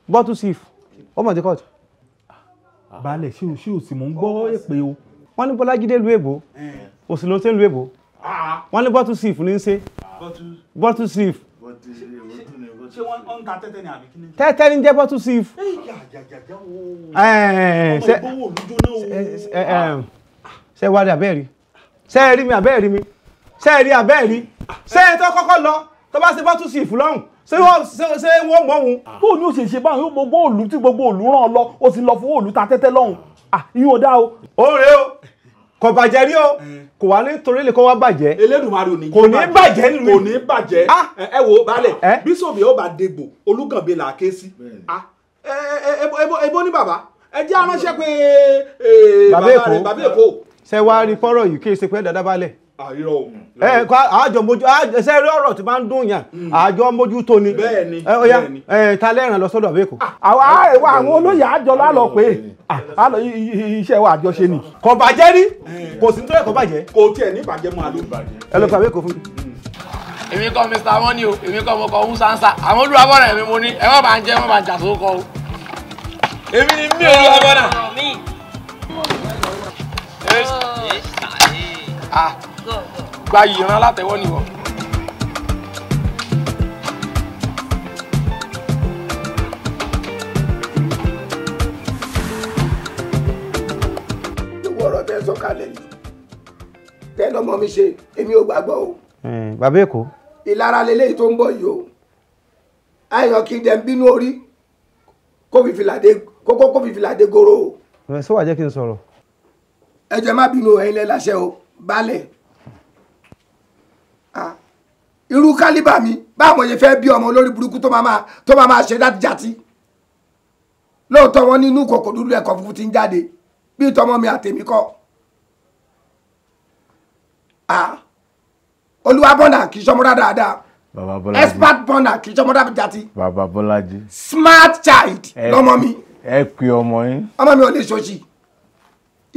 bottle sleeve ó mọ̀ tí kọ́ọ̀tù. balẹ̀ ṣé o ṣé o sì mò ń gbọ́ èpè o. wọ́n ní bọ́lájídé lu èbó eh. òsì ló ti ń lu èbó ah. wọ́n ní bottle sleeve ní í ṣe bottle sleeve ṣé wọ́n ń ta tẹ́tẹ́ ni àbí kí ni. tẹ́tẹ́ ní jẹ́ bottle sieve. ṣe wá rí abẹ́ẹ̀rí ṣe rí mi abẹ́ẹ̀rí mi ṣe rí abẹ́ẹ̀rí ṣe tó kọ́kọ́ lọ tó bá ṣe bottle sieve lọ́hùn ṣé wọ́n mọ̀ òun. bóò ní òṣèṣe báwọn yóò gbogbo òòlù tí gbogbo òòlù ràn lọ ó sì lọ fún òòlù ta tẹ́tẹ́ lọ́hùn. ìyóò dá o. ó rèé o kò bàjẹ́ rí o mm. kò wá ní torí lè kó wá bàjẹ́ Elédùmarè òní kò ní bàjẹ́ nínú kò ní bàjẹ́ ah! ẹ wò ó balẹ̀ eh? bísọ̀bì ó bá dèbò Olúkànbí là á ké sí ebo ah! ní bàbá ẹ jẹ́ aránṣẹ́ pé eh, bàbá Èkó ṣe wá rí fọ́rọ̀ yìí kí ẹ ṣe pé dáadáa balẹ̀ àyọ ẹ kọ àjọ mojú ẹsẹ rí ọ̀rọ̀ tí máa ń dùn yàn àjọ hmm. mojú tó ni ọyá ẹ ta lẹ́ràn lọ sọ́dọ̀ àbẹ́kọ. àwọn àìwá àwọn olóyè àjọ lálọ pé ah, iṣẹ́ wa àjọṣe ni. kò bàjẹ́ rí kò sí nítorí kò bàjẹ́. kò tiẹ̀ ní bàjẹ́ mọ́ àlọ́ bàjẹ́. ẹ lọ pé àbẹ́kọ fún mi. èmi kọ́ Mr Money o èmi kọ́ mo kọ́ ń sáńsà àwọn olúwa bọ́dà èmi mo ní ẹ wọ́n bá ń jẹ́ wọ́n bá ń jà sóko o
èmi ni mí olúwa bọ́dà. ah gba ìran látẹ̀wọ́ nìwọ.
ìwọ ọ̀rọ̀ tẹ́ sọ kalẹ̀ yìí tẹ́ lọ́mọ mi ṣe èmi ò gbàgbọ́ o. bàbá èkó. ìlara lélẹ́yìí tó ń bọ̀ yìí o àìyàn kì í jẹ́ ń bínú orí kó fi fìlàdé kókó kó fi fìlàdé goro o. ẹ sọ wà jẹ́ kí n sọ̀rọ̀. ẹ jẹ́ má bínú ẹ̀yin lẹ́ láṣẹ o baálẹ̀ Ah. irú kálíbà mi báwo ṣe fẹ́ bí ọmọ olórí burúkú tó máa tó máa ṣe láti jàtí lóòótọ́ wọn nínú kòkò dúdú ẹ̀kọ́ funfun ti ń jáde bíi tọmọ mi àtèmi kọ́ ah. olúwa bọ́nà kì í ṣọmọdá dáadáa expert bọ́nà kì í ṣọmọdá jàtí smart child lọ́mọ mi
ẹ pè ọmọ yín
ọmọ mi ò lè ṣòṣì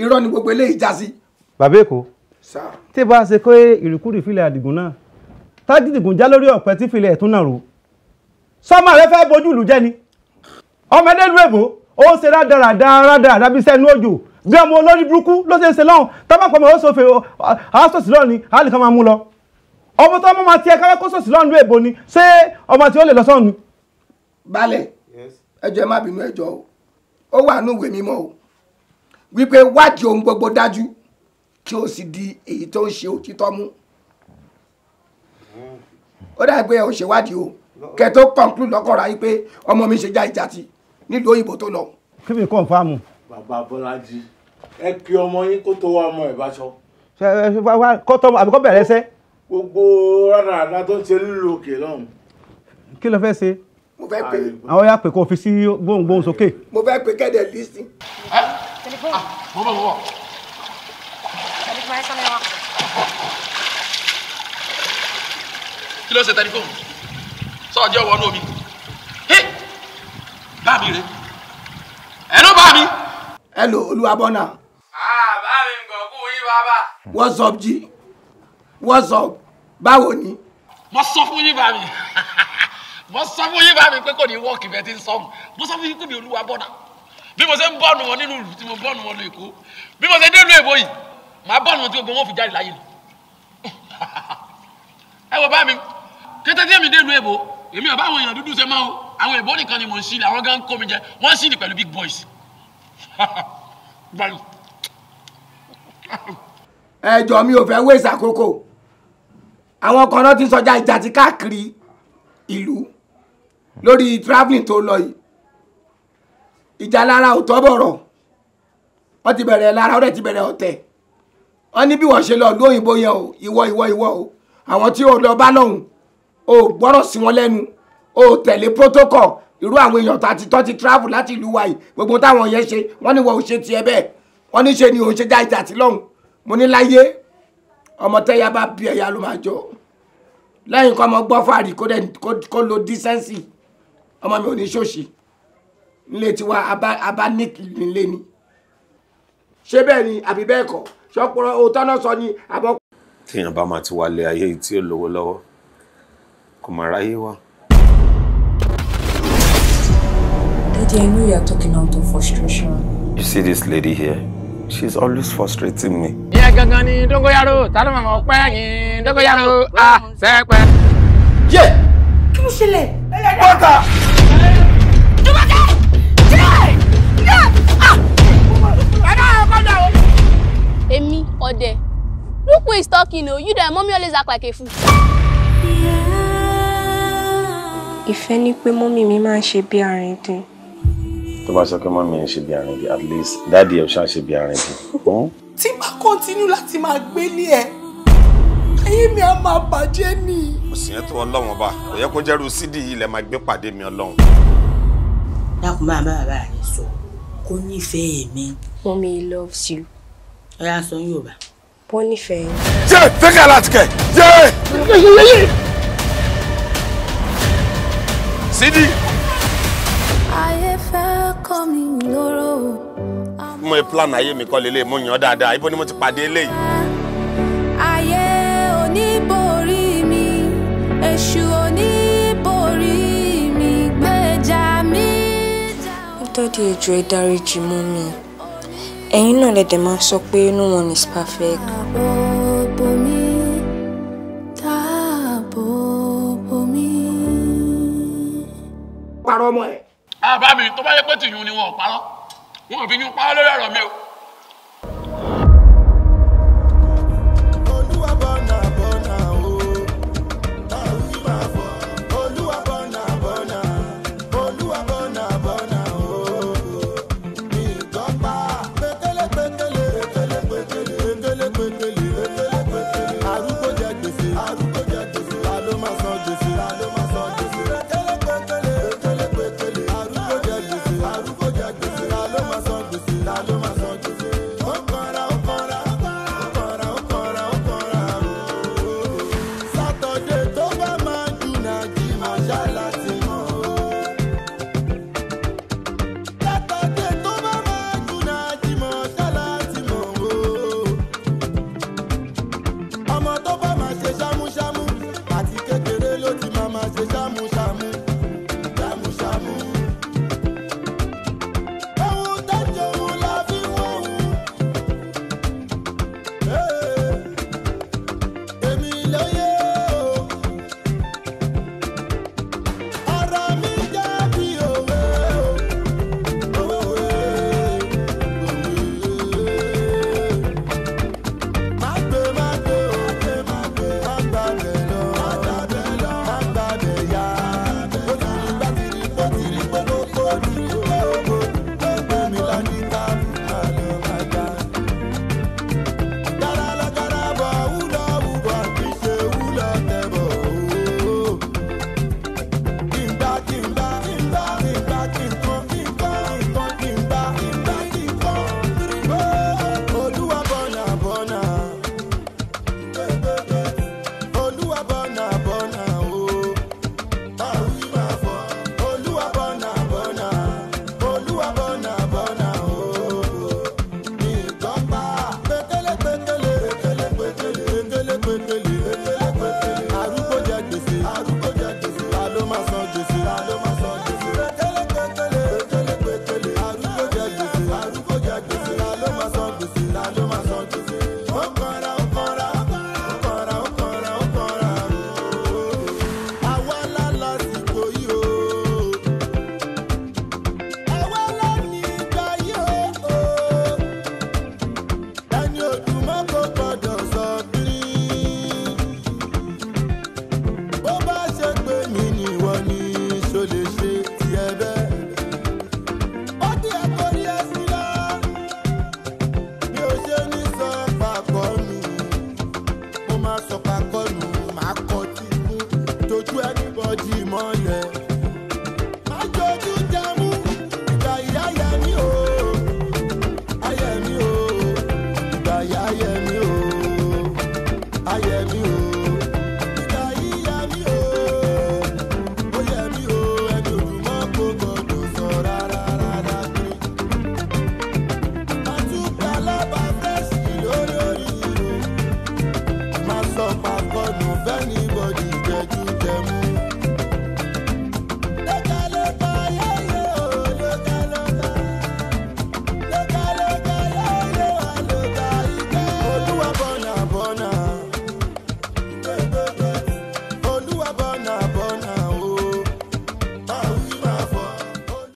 irọ́ ni gbogbo eléyìí já sí. bàbá èkó tí bá ṣe pé ìrìkúrì ìfilẹ̀ àdìgún náà tájídìgún já lórí ọ̀pẹ tí ìfilẹ̀ ẹ̀tún náà rò sọ́mọ rẹ fẹ́ bójú ìlú jẹ́ ni ọmọdé lu èbó ó ń ṣe rádaràdà rádaràdà bí sẹ́nu òjò bí ọmọ olórí burúkú ló ṣe ń ṣe lọ́hùn tọ́mọ̀ pọ̀ mọ́ ó sòfè àásòsì lọ́ọ̀ ni àá nìkan máa mú lọ ọmọ tó ọmọ máa tiẹ̀ káwé kó sòsì lọ́ọ̀ lu èbó ni ṣé ọmọ tí ó lè lọ sọ́ọ̀nù. balẹ̀ ẹjọ́ ẹ má bínú ẹjọ́ o ó wà nínú ìwé mímọ́ o wípé wádìí ohun gbogbo dájú kí o sì di èyí tó ń ṣe òtítọ́ mú ó dà pé ẹ ò ṣèwádìí o kẹ tó kọ̀ǹkúlù lọ́kọ̀ọ́ra yìí pé ọmọ mi ṣe já ìjà ti nílùú òyìnbó tó lọ. kí mi kàn fáàmù. bàbá
bọ́lájí ẹ kí ọmọ yín kó tó wá ọmọ ẹ̀ bá ṣọ.
ṣe ẹ wá kó tọ́ àbíkọ́ bẹ̀rẹ̀ ṣẹ́.
gbogbo rárá àdá tó ń ṣe nílùú òkè lọ́hùn.
kí ló fẹ́ ṣe. mo fẹ́ pè. àwọn yà pé kó fi sí gbohùngbohùn sókè. mo fẹ́ pè kẹ́dẹ̀ ẹ sọmi wa. kí ló ṣe tẹlifóònù sọ́ọ̀jẹ́ wọnú omi bá mi rè ẹnu bá mi. hello olúwabọ́nà. ah bá mi ń gọ̀ọ́kú yín bàbá. what's up G? what's up báwo ni. mo sọ fún yín bá mi mo sọ fún yín bá mi pé kò ní wọ́ọ̀kì bẹ́ẹ̀ ti ń sọ́ọ̀mù mo sọ fún yín pé mi olúwabọ́nà bí mo ṣe ń bọ́ọ̀nù wọn nínú ìlú tí mo bọ́ọ̀nù wọn lọ èkó bí mo ṣe dé ìlú èbó yìí màá bọ́ ọ̀nà tí gbogbo wọn fi jáde láyé ni ẹ wọ bá mi kété tí èmi dé ìlú èbó èmi ò bá àwọn èèyàn dúdú ṣe máa o àwọn èbó nìkan ni mò ń sílẹ̀ àwọn gan kó mi jẹ wọ́n sílẹ̀ pẹ̀lú big boys. ẹ jọ mi ò fẹ́ wé ìsàkókò àwọn kan náà ti sọjá ìjà ti káàkiri ìlú lórí travelling tó lọ yìí ìjà lára ò tọ́ bọ̀rọ̀ wọ́n ti bẹ̀rẹ̀ lára ó dẹ̀ ti bẹ̀rẹ̀ ọ̀tẹ̀ wọ́n ní bí wọ́n ṣe lọ ìlú òyìnbó yẹn o ìwọ ìwọ ìwọ o àwọn tí o lọ bá lọ́hùn o gbọ́rọ̀ sí wọn lẹ́nu o tẹ̀lé protocol irú àwọn èèyàn tá a ti ti travel láti ìlú wa yìí gbogbo táwọn yẹn ṣe wọ́n ní wọ́n ò ṣe tiẹ̀ bẹ́ẹ̀ wọ́n ní ṣe ni òun ṣe já ìjà sí lọ́hùn mo ní láyé ọmọ tẹ́yà bá bí ẹ̀yà ló máa jọ lẹ́yìn kọ́ ọmọ gbọ́ fàárì kó lo decency ọmọ mi ò ní ṣòṣì nílé tiwa abá nílé ni ṣé bẹ́ẹ̀ ni àbí bẹ́ẹ̀ kọ́ ṣọpọ̀rọ̀ òótọ́ náà sọ ni àbọ̀. téèyàn bá máa ti wálé ayé tí ò lówó lọ́wọ́ kò máa ráyé wá. Daddy, I know you are talking out of frustration. You see this lady here? She is always frustrating me. Ìyá gangan ni Dóngóyáró, ta ló máa pẹ́ yín Dóngóyáró, a ah, sẹ́pẹ́. Yé! Kí ló ṣẹlẹ̀? Bọ́tà! Èmi, ọdẹ. Look who is talking o. You that mommy always act like a fool.
Ìfẹ́ ní pé mommy mi máa ń ṣe bí arìndìn.
Tó bá sọ pé mọ́mì ń ṣe at least dáàdì ẹ̀ ṣáà ṣe bí arìndìn.
Tí continue kọ́ntínú láti máa gbélé ẹ̀, ayé mi á máa bàjẹ́ ni.
Kò sí yẹn tó ọlọ́run bá, kò yẹ kó jẹ́rú sídì yìí lẹ máa gbé pàdé mi ọlọ́run.
Dákun máa bá bàbá rẹ̀ sọ, kó nífẹ̀ẹ́ mi. Mommy loves you ẹ á sọ Yorùbá. wọ́n nífẹ̀ẹ́ yín.
yé fẹ́kẹ́ láti kẹ̀ yé. sídi. ayé fẹ́
kọ́ mi lóró. mo
ye plan ayé mi kọ́ lélẹ̀ mo yàn dáadáa ibo ni mo ti pàdé eléyìí.
ayé oníborí mi èṣù oníborí mi gbèjà mi. ó dádì ẹjọ́ ẹ dáríjì mọ́ mi
ẹ̀yin náà lẹ́dẹ̀ máa ń sọ pé no one is perfect. parọ́ mọ́ ẹ̀.
àbá mi tó bá yẹ pé tìyún ni wọn ò parọ́ wọn ò fi yún parọ́ lórí ọ̀rọ̀
mi o.